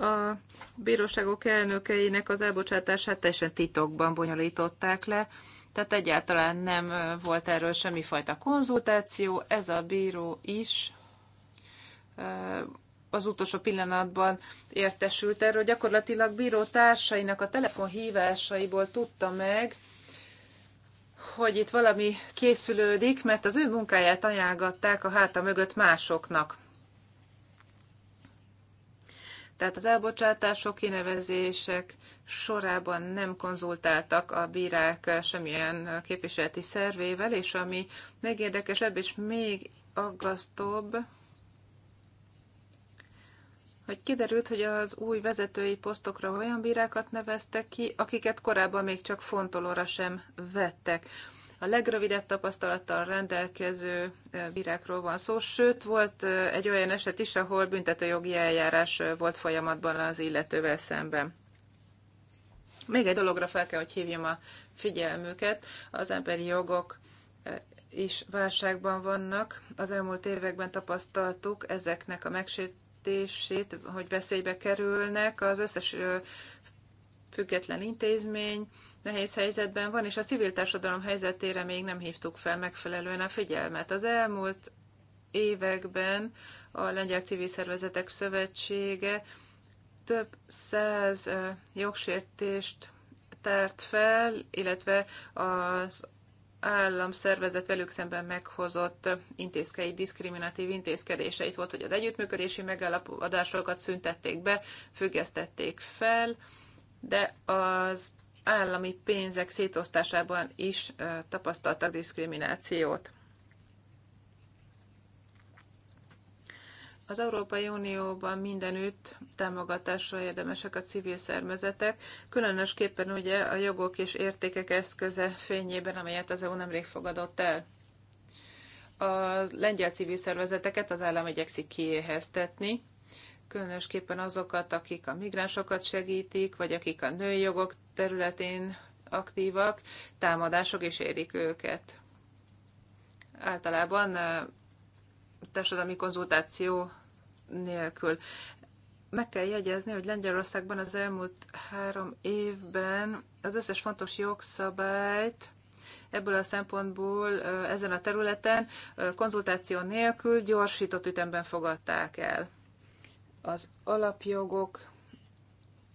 a bíróságok elnökeinek az elbocsátását teljesen titokban bonyolították le, tehát egyáltalán nem volt erről semmifajta konzultáció, ez a bíró is az utolsó pillanatban értesült erről. Gyakorlatilag bíró társainak a telefonhívásaiból tudta meg, hogy itt valami készülődik, mert az ő munkáját ajánlgatták a háta mögött másoknak. Tehát az elbocsátások, kinevezések sorában nem konzultáltak a bírák semmilyen képviseleti szervével, és ami még érdekesebb és még aggasztóbb, hogy kiderült, hogy az új vezetői posztokra olyan bírákat neveztek ki, akiket korábban még csak fontolóra sem vettek a legrövidebb tapasztalattal rendelkező eh, bírákról van szó, sőt volt eh, egy olyan eset is, ahol büntetőjogi eljárás eh, volt folyamatban az illetővel szemben. Még egy dologra fel kell, hogy hívjam a figyelmüket. Az emberi jogok is válságban vannak. Az elmúlt években tapasztaltuk ezeknek a megsértését, hogy veszélybe kerülnek. Az összes független intézmény nehéz helyzetben van, és a civil társadalom helyzetére még nem hívtuk fel megfelelően a figyelmet. Az elmúlt években a Lengyel Civil Szervezetek Szövetsége több száz jogsértést tárt fel, illetve az államszervezet velük szemben meghozott intézkedési diszkriminatív intézkedéseit volt, hogy az együttműködési megállapodásokat szüntették be, függesztették fel, de az állami pénzek szétosztásában is tapasztaltak diszkriminációt. Az Európai Unióban mindenütt támogatásra érdemesek a civil szervezetek, különösképpen ugye a jogok és értékek eszköze fényében, amelyet az EU nemrég fogadott el. A lengyel civil szervezeteket az állam igyekszik kiéheztetni, különösképpen azokat, akik a migránsokat segítik, vagy akik a női jogok területén aktívak, támadások is érik őket. Általában társadalmi konzultáció nélkül. Meg kell jegyezni, hogy Lengyelországban az elmúlt három évben az összes fontos jogszabályt ebből a szempontból ezen a területen konzultáció nélkül gyorsított ütemben fogadták el az alapjogok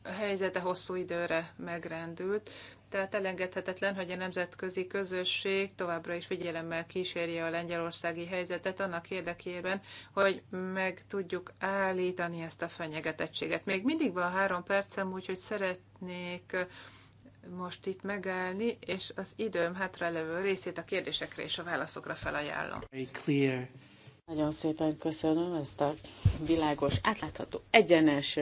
helyzete hosszú időre megrendült, tehát elengedhetetlen, hogy a nemzetközi közösség továbbra is figyelemmel kísérje a lengyelországi helyzetet annak érdekében, hogy meg tudjuk állítani ezt a fenyegetettséget. Még mindig van három percem, úgyhogy szeretnék most itt megállni, és az időm hátralevő részét a kérdésekre és a válaszokra felajánlom. Very clear. Nagyon szépen köszönöm ezt a világos, átlátható, egyenes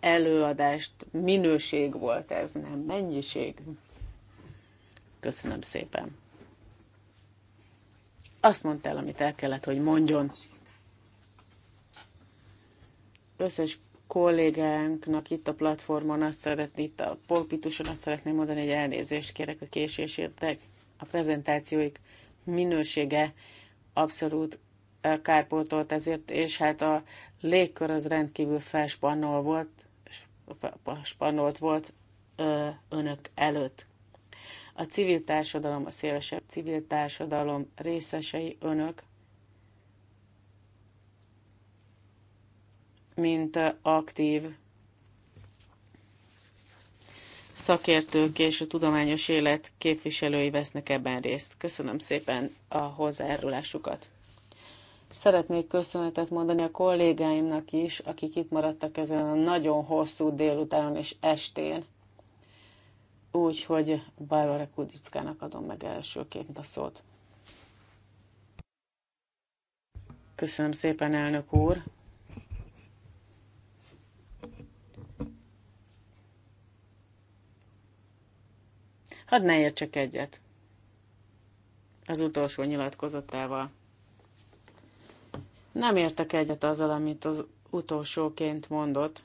előadást. Minőség volt ez, nem mennyiség. Köszönöm szépen. Azt mondta el, amit el kellett, hogy mondjon. Összes kollégánknak itt a platformon azt szeretné, itt a polpituson azt szeretném mondani, hogy elnézést kérek a késésért, de a prezentációik minősége abszolút eh, kárpótolt ezért, és hát a légkör az rendkívül felspannol volt, spannolt volt ö, önök előtt. A civil társadalom, a szélesebb civil társadalom részesei önök, mint aktív szakértők és a tudományos élet képviselői vesznek ebben részt. Köszönöm szépen a hozzájárulásukat. Szeretnék köszönetet mondani a kollégáimnak is, akik itt maradtak ezen a nagyon hosszú délutánon és estén. Úgyhogy Barbara Kudickának adom meg elsőként a szót. Köszönöm szépen, elnök úr! Hadd ne értsek egyet az utolsó nyilatkozatával. Nem értek egyet azzal, amit az utolsóként mondott,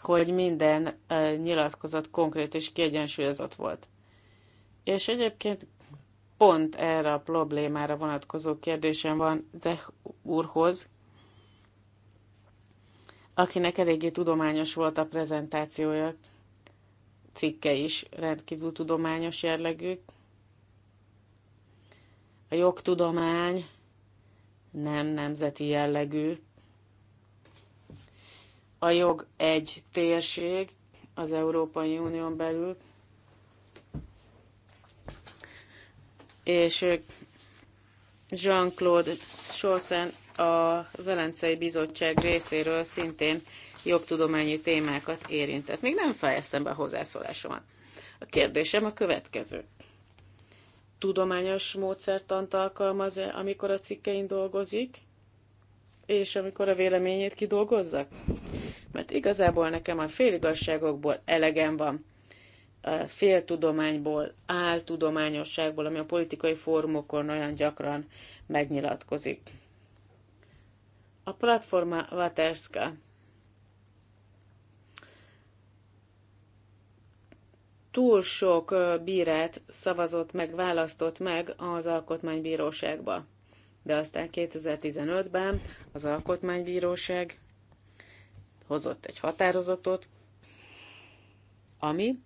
hogy minden uh, nyilatkozat konkrét és kiegyensúlyozott volt. És egyébként pont erre a problémára vonatkozó kérdésem van Zeh úrhoz, akinek eléggé tudományos volt a prezentációja cikke is rendkívül tudományos jellegű. A jogtudomány nem nemzeti jellegű. A jog egy térség az Európai Unión belül, és Jean-Claude Chaussin a Velencei Bizottság részéről szintén jogtudományi témákat érintett. Még nem fejeztem be a hozzászólásomat. A kérdésem a következő. Tudományos módszertant alkalmaz-e, amikor a cikkein dolgozik, és amikor a véleményét kidolgozzak? Mert igazából nekem a féligasságokból elegem van. A féltudományból, áltudományosságból, ami a politikai fórumokon olyan gyakran megnyilatkozik. A platforma Vaterska túl sok bírát szavazott meg, választott meg az alkotmánybíróságba. De aztán 2015-ben az alkotmánybíróság hozott egy határozatot, ami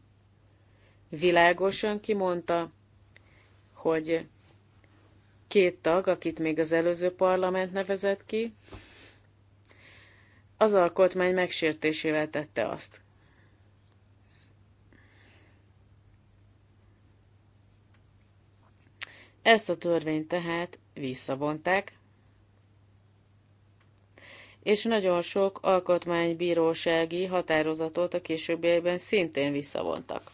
világosan kimondta, hogy két tag, akit még az előző parlament nevezett ki, az alkotmány megsértésével tette azt. Ezt a törvényt tehát visszavonták, és nagyon sok alkotmánybírósági határozatot a későbbiekben szintén visszavontak.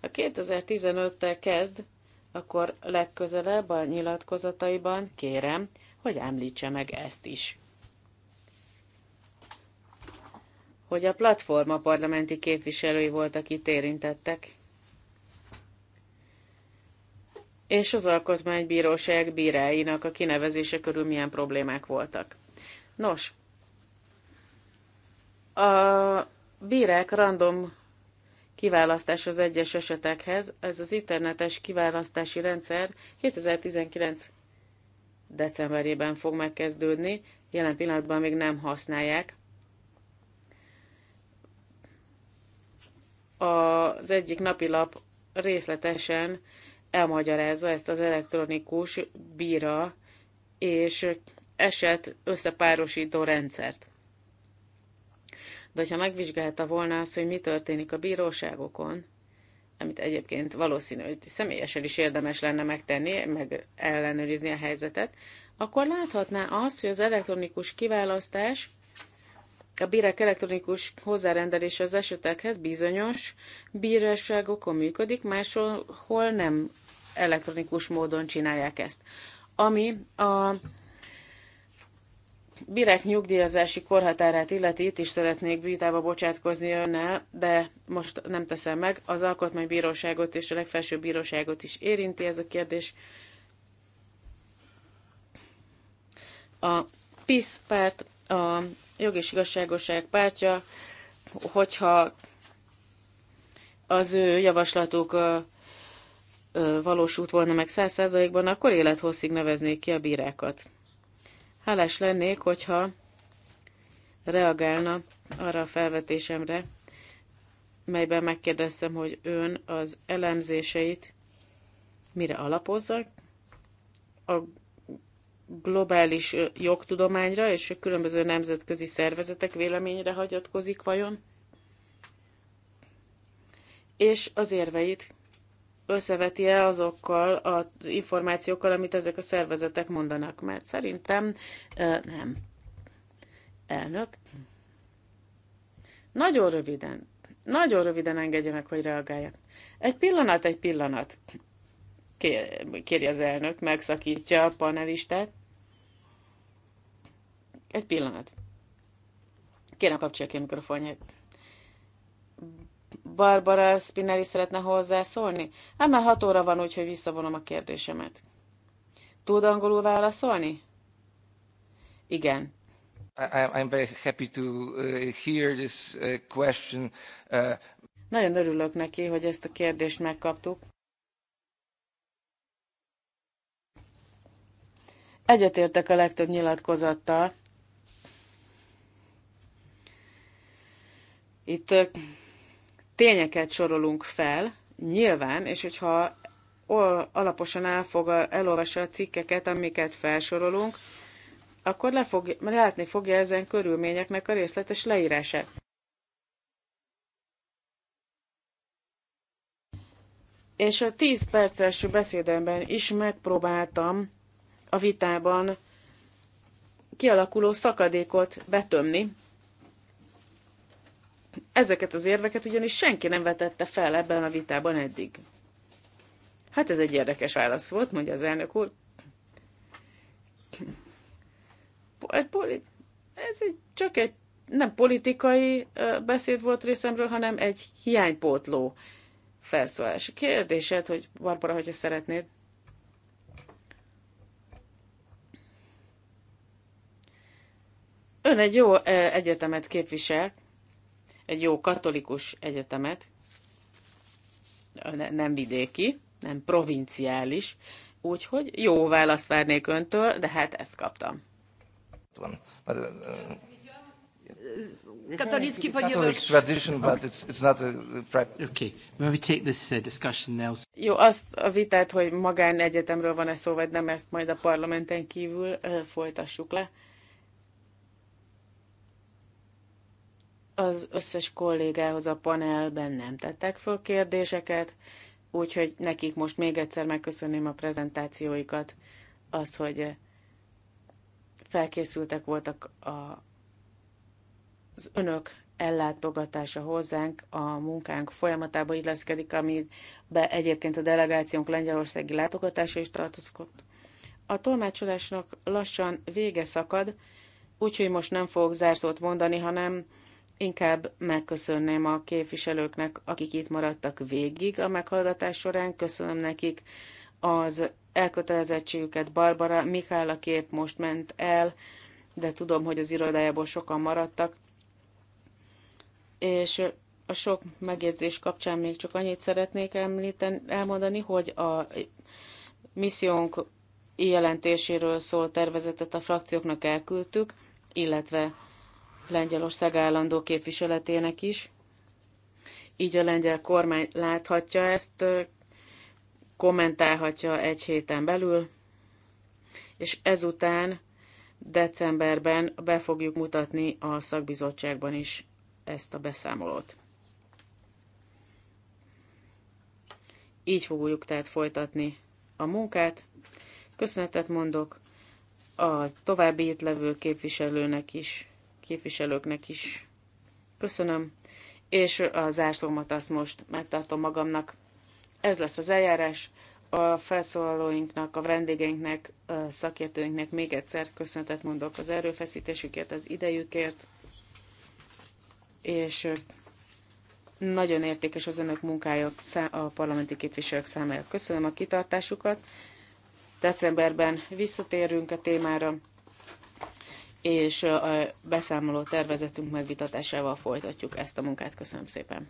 A 2015-tel kezd, akkor legközelebb a nyilatkozataiban kérem, hogy említse meg ezt is. Hogy a platforma parlamenti képviselői voltak itt érintettek, és az alkotmánybíróság bíráinak a kinevezése körül milyen problémák voltak. Nos, a bírák random kiválasztás az egyes esetekhez, ez az internetes kiválasztási rendszer 2019 decemberében fog megkezdődni, jelen pillanatban még nem használják. Az egyik napilap részletesen elmagyarázza ezt az elektronikus bíra és eset összepárosító rendszert. De ha megvizsgálta volna azt, hogy mi történik a bíróságokon, amit egyébként valószínű, hogy személyesen is érdemes lenne megtenni, meg ellenőrizni a helyzetet, akkor láthatná azt, hogy az elektronikus kiválasztás a bírák elektronikus hozzárendelése az esetekhez bizonyos bíróságokon működik, máshol nem elektronikus módon csinálják ezt. Ami a bírák nyugdíjazási korhatárát illeti, itt is szeretnék vitába bocsátkozni önnel, de most nem teszem meg. Az Alkotmánybíróságot és a legfelsőbb bíróságot is érinti ez a kérdés. A PISZ párt a jog és igazságoság pártja, hogyha az ő javaslatuk valósult volna meg száz százalékban, akkor élethosszig neveznék ki a bírákat. Hálás lennék, hogyha reagálna arra a felvetésemre, melyben megkérdeztem, hogy ön az elemzéseit mire alapozza, a globális jogtudományra és a különböző nemzetközi szervezetek véleményre hagyatkozik vajon, és az érveit összeveti-e azokkal az információkkal, amit ezek a szervezetek mondanak, mert szerintem nem. Elnök. Nagyon röviden, nagyon röviden engedje meg, hogy reagáljak. Egy pillanat, egy pillanat kérje az elnök, megszakítja a panelistát. Egy pillanat. Kérem kapcsolja ki a mikrofonját. Barbara Spinelli szeretne hozzászólni? Hát már hat óra van, úgyhogy visszavonom a kérdésemet. Tud angolul válaszolni? Igen. I, I'm very happy to uh, hear this uh, question. Uh... Nagyon örülök neki, hogy ezt a kérdést megkaptuk. Egyetértek a legtöbb nyilatkozattal. Itt tényeket sorolunk fel, nyilván, és hogyha alaposan elfog, elolvassa a cikkeket, amiket felsorolunk, akkor le fog, látni fogja ezen körülményeknek a részletes leírását. És a 10 perces beszédemben is megpróbáltam a vitában kialakuló szakadékot betömni. Ezeket az érveket ugyanis senki nem vetette fel ebben a vitában eddig. Hát ez egy érdekes válasz volt, mondja az elnök úr. Ez egy, csak egy nem politikai beszéd volt részemről, hanem egy hiánypótló felszólás. Kérdésed, hogy Barbara, hogyha szeretnéd. Ön egy jó egyetemet képvisel, egy jó katolikus egyetemet, nem vidéki, nem provinciális, úgyhogy jó választ várnék öntől, de hát ezt kaptam. a uh, Jó, azt a vitát, hogy magán egyetemről van-e szó, vagy nem, ezt majd a parlamenten kívül folytassuk le. az összes kollégához a panelben nem tettek föl kérdéseket, úgyhogy nekik most még egyszer megköszönném a prezentációikat, az, hogy felkészültek voltak a, az önök ellátogatása hozzánk a munkánk folyamatába illeszkedik, amibe egyébként a delegációnk lengyelországi látogatása is tartozkodott. A tolmácsolásnak lassan vége szakad, úgyhogy most nem fogok zárszót mondani, hanem Inkább megköszönném a képviselőknek, akik itt maradtak végig a meghallgatás során. Köszönöm nekik az elkötelezettségüket. Barbara Mikála kép most ment el, de tudom, hogy az irodájából sokan maradtak. És a sok megjegyzés kapcsán még csak annyit szeretnék említeni, elmondani, hogy a missziónk jelentéséről szól tervezetet a frakcióknak elküldtük, illetve Lengyelország állandó képviseletének is. Így a lengyel kormány láthatja ezt, kommentálhatja egy héten belül, és ezután decemberben be fogjuk mutatni a szakbizottságban is ezt a beszámolót. Így fogjuk tehát folytatni a munkát. Köszönetet mondok a további itt levő képviselőnek is, képviselőknek is köszönöm, és a zárszómat azt most megtartom magamnak. Ez lesz az eljárás. A felszólalóinknak, a vendégeinknek, a szakértőinknek még egyszer köszönetet mondok az erőfeszítésükért, az idejükért, és nagyon értékes az önök munkája a parlamenti képviselők számára. Köszönöm a kitartásukat. Decemberben visszatérünk a témára és a beszámoló tervezetünk megvitatásával folytatjuk ezt a munkát. Köszönöm szépen!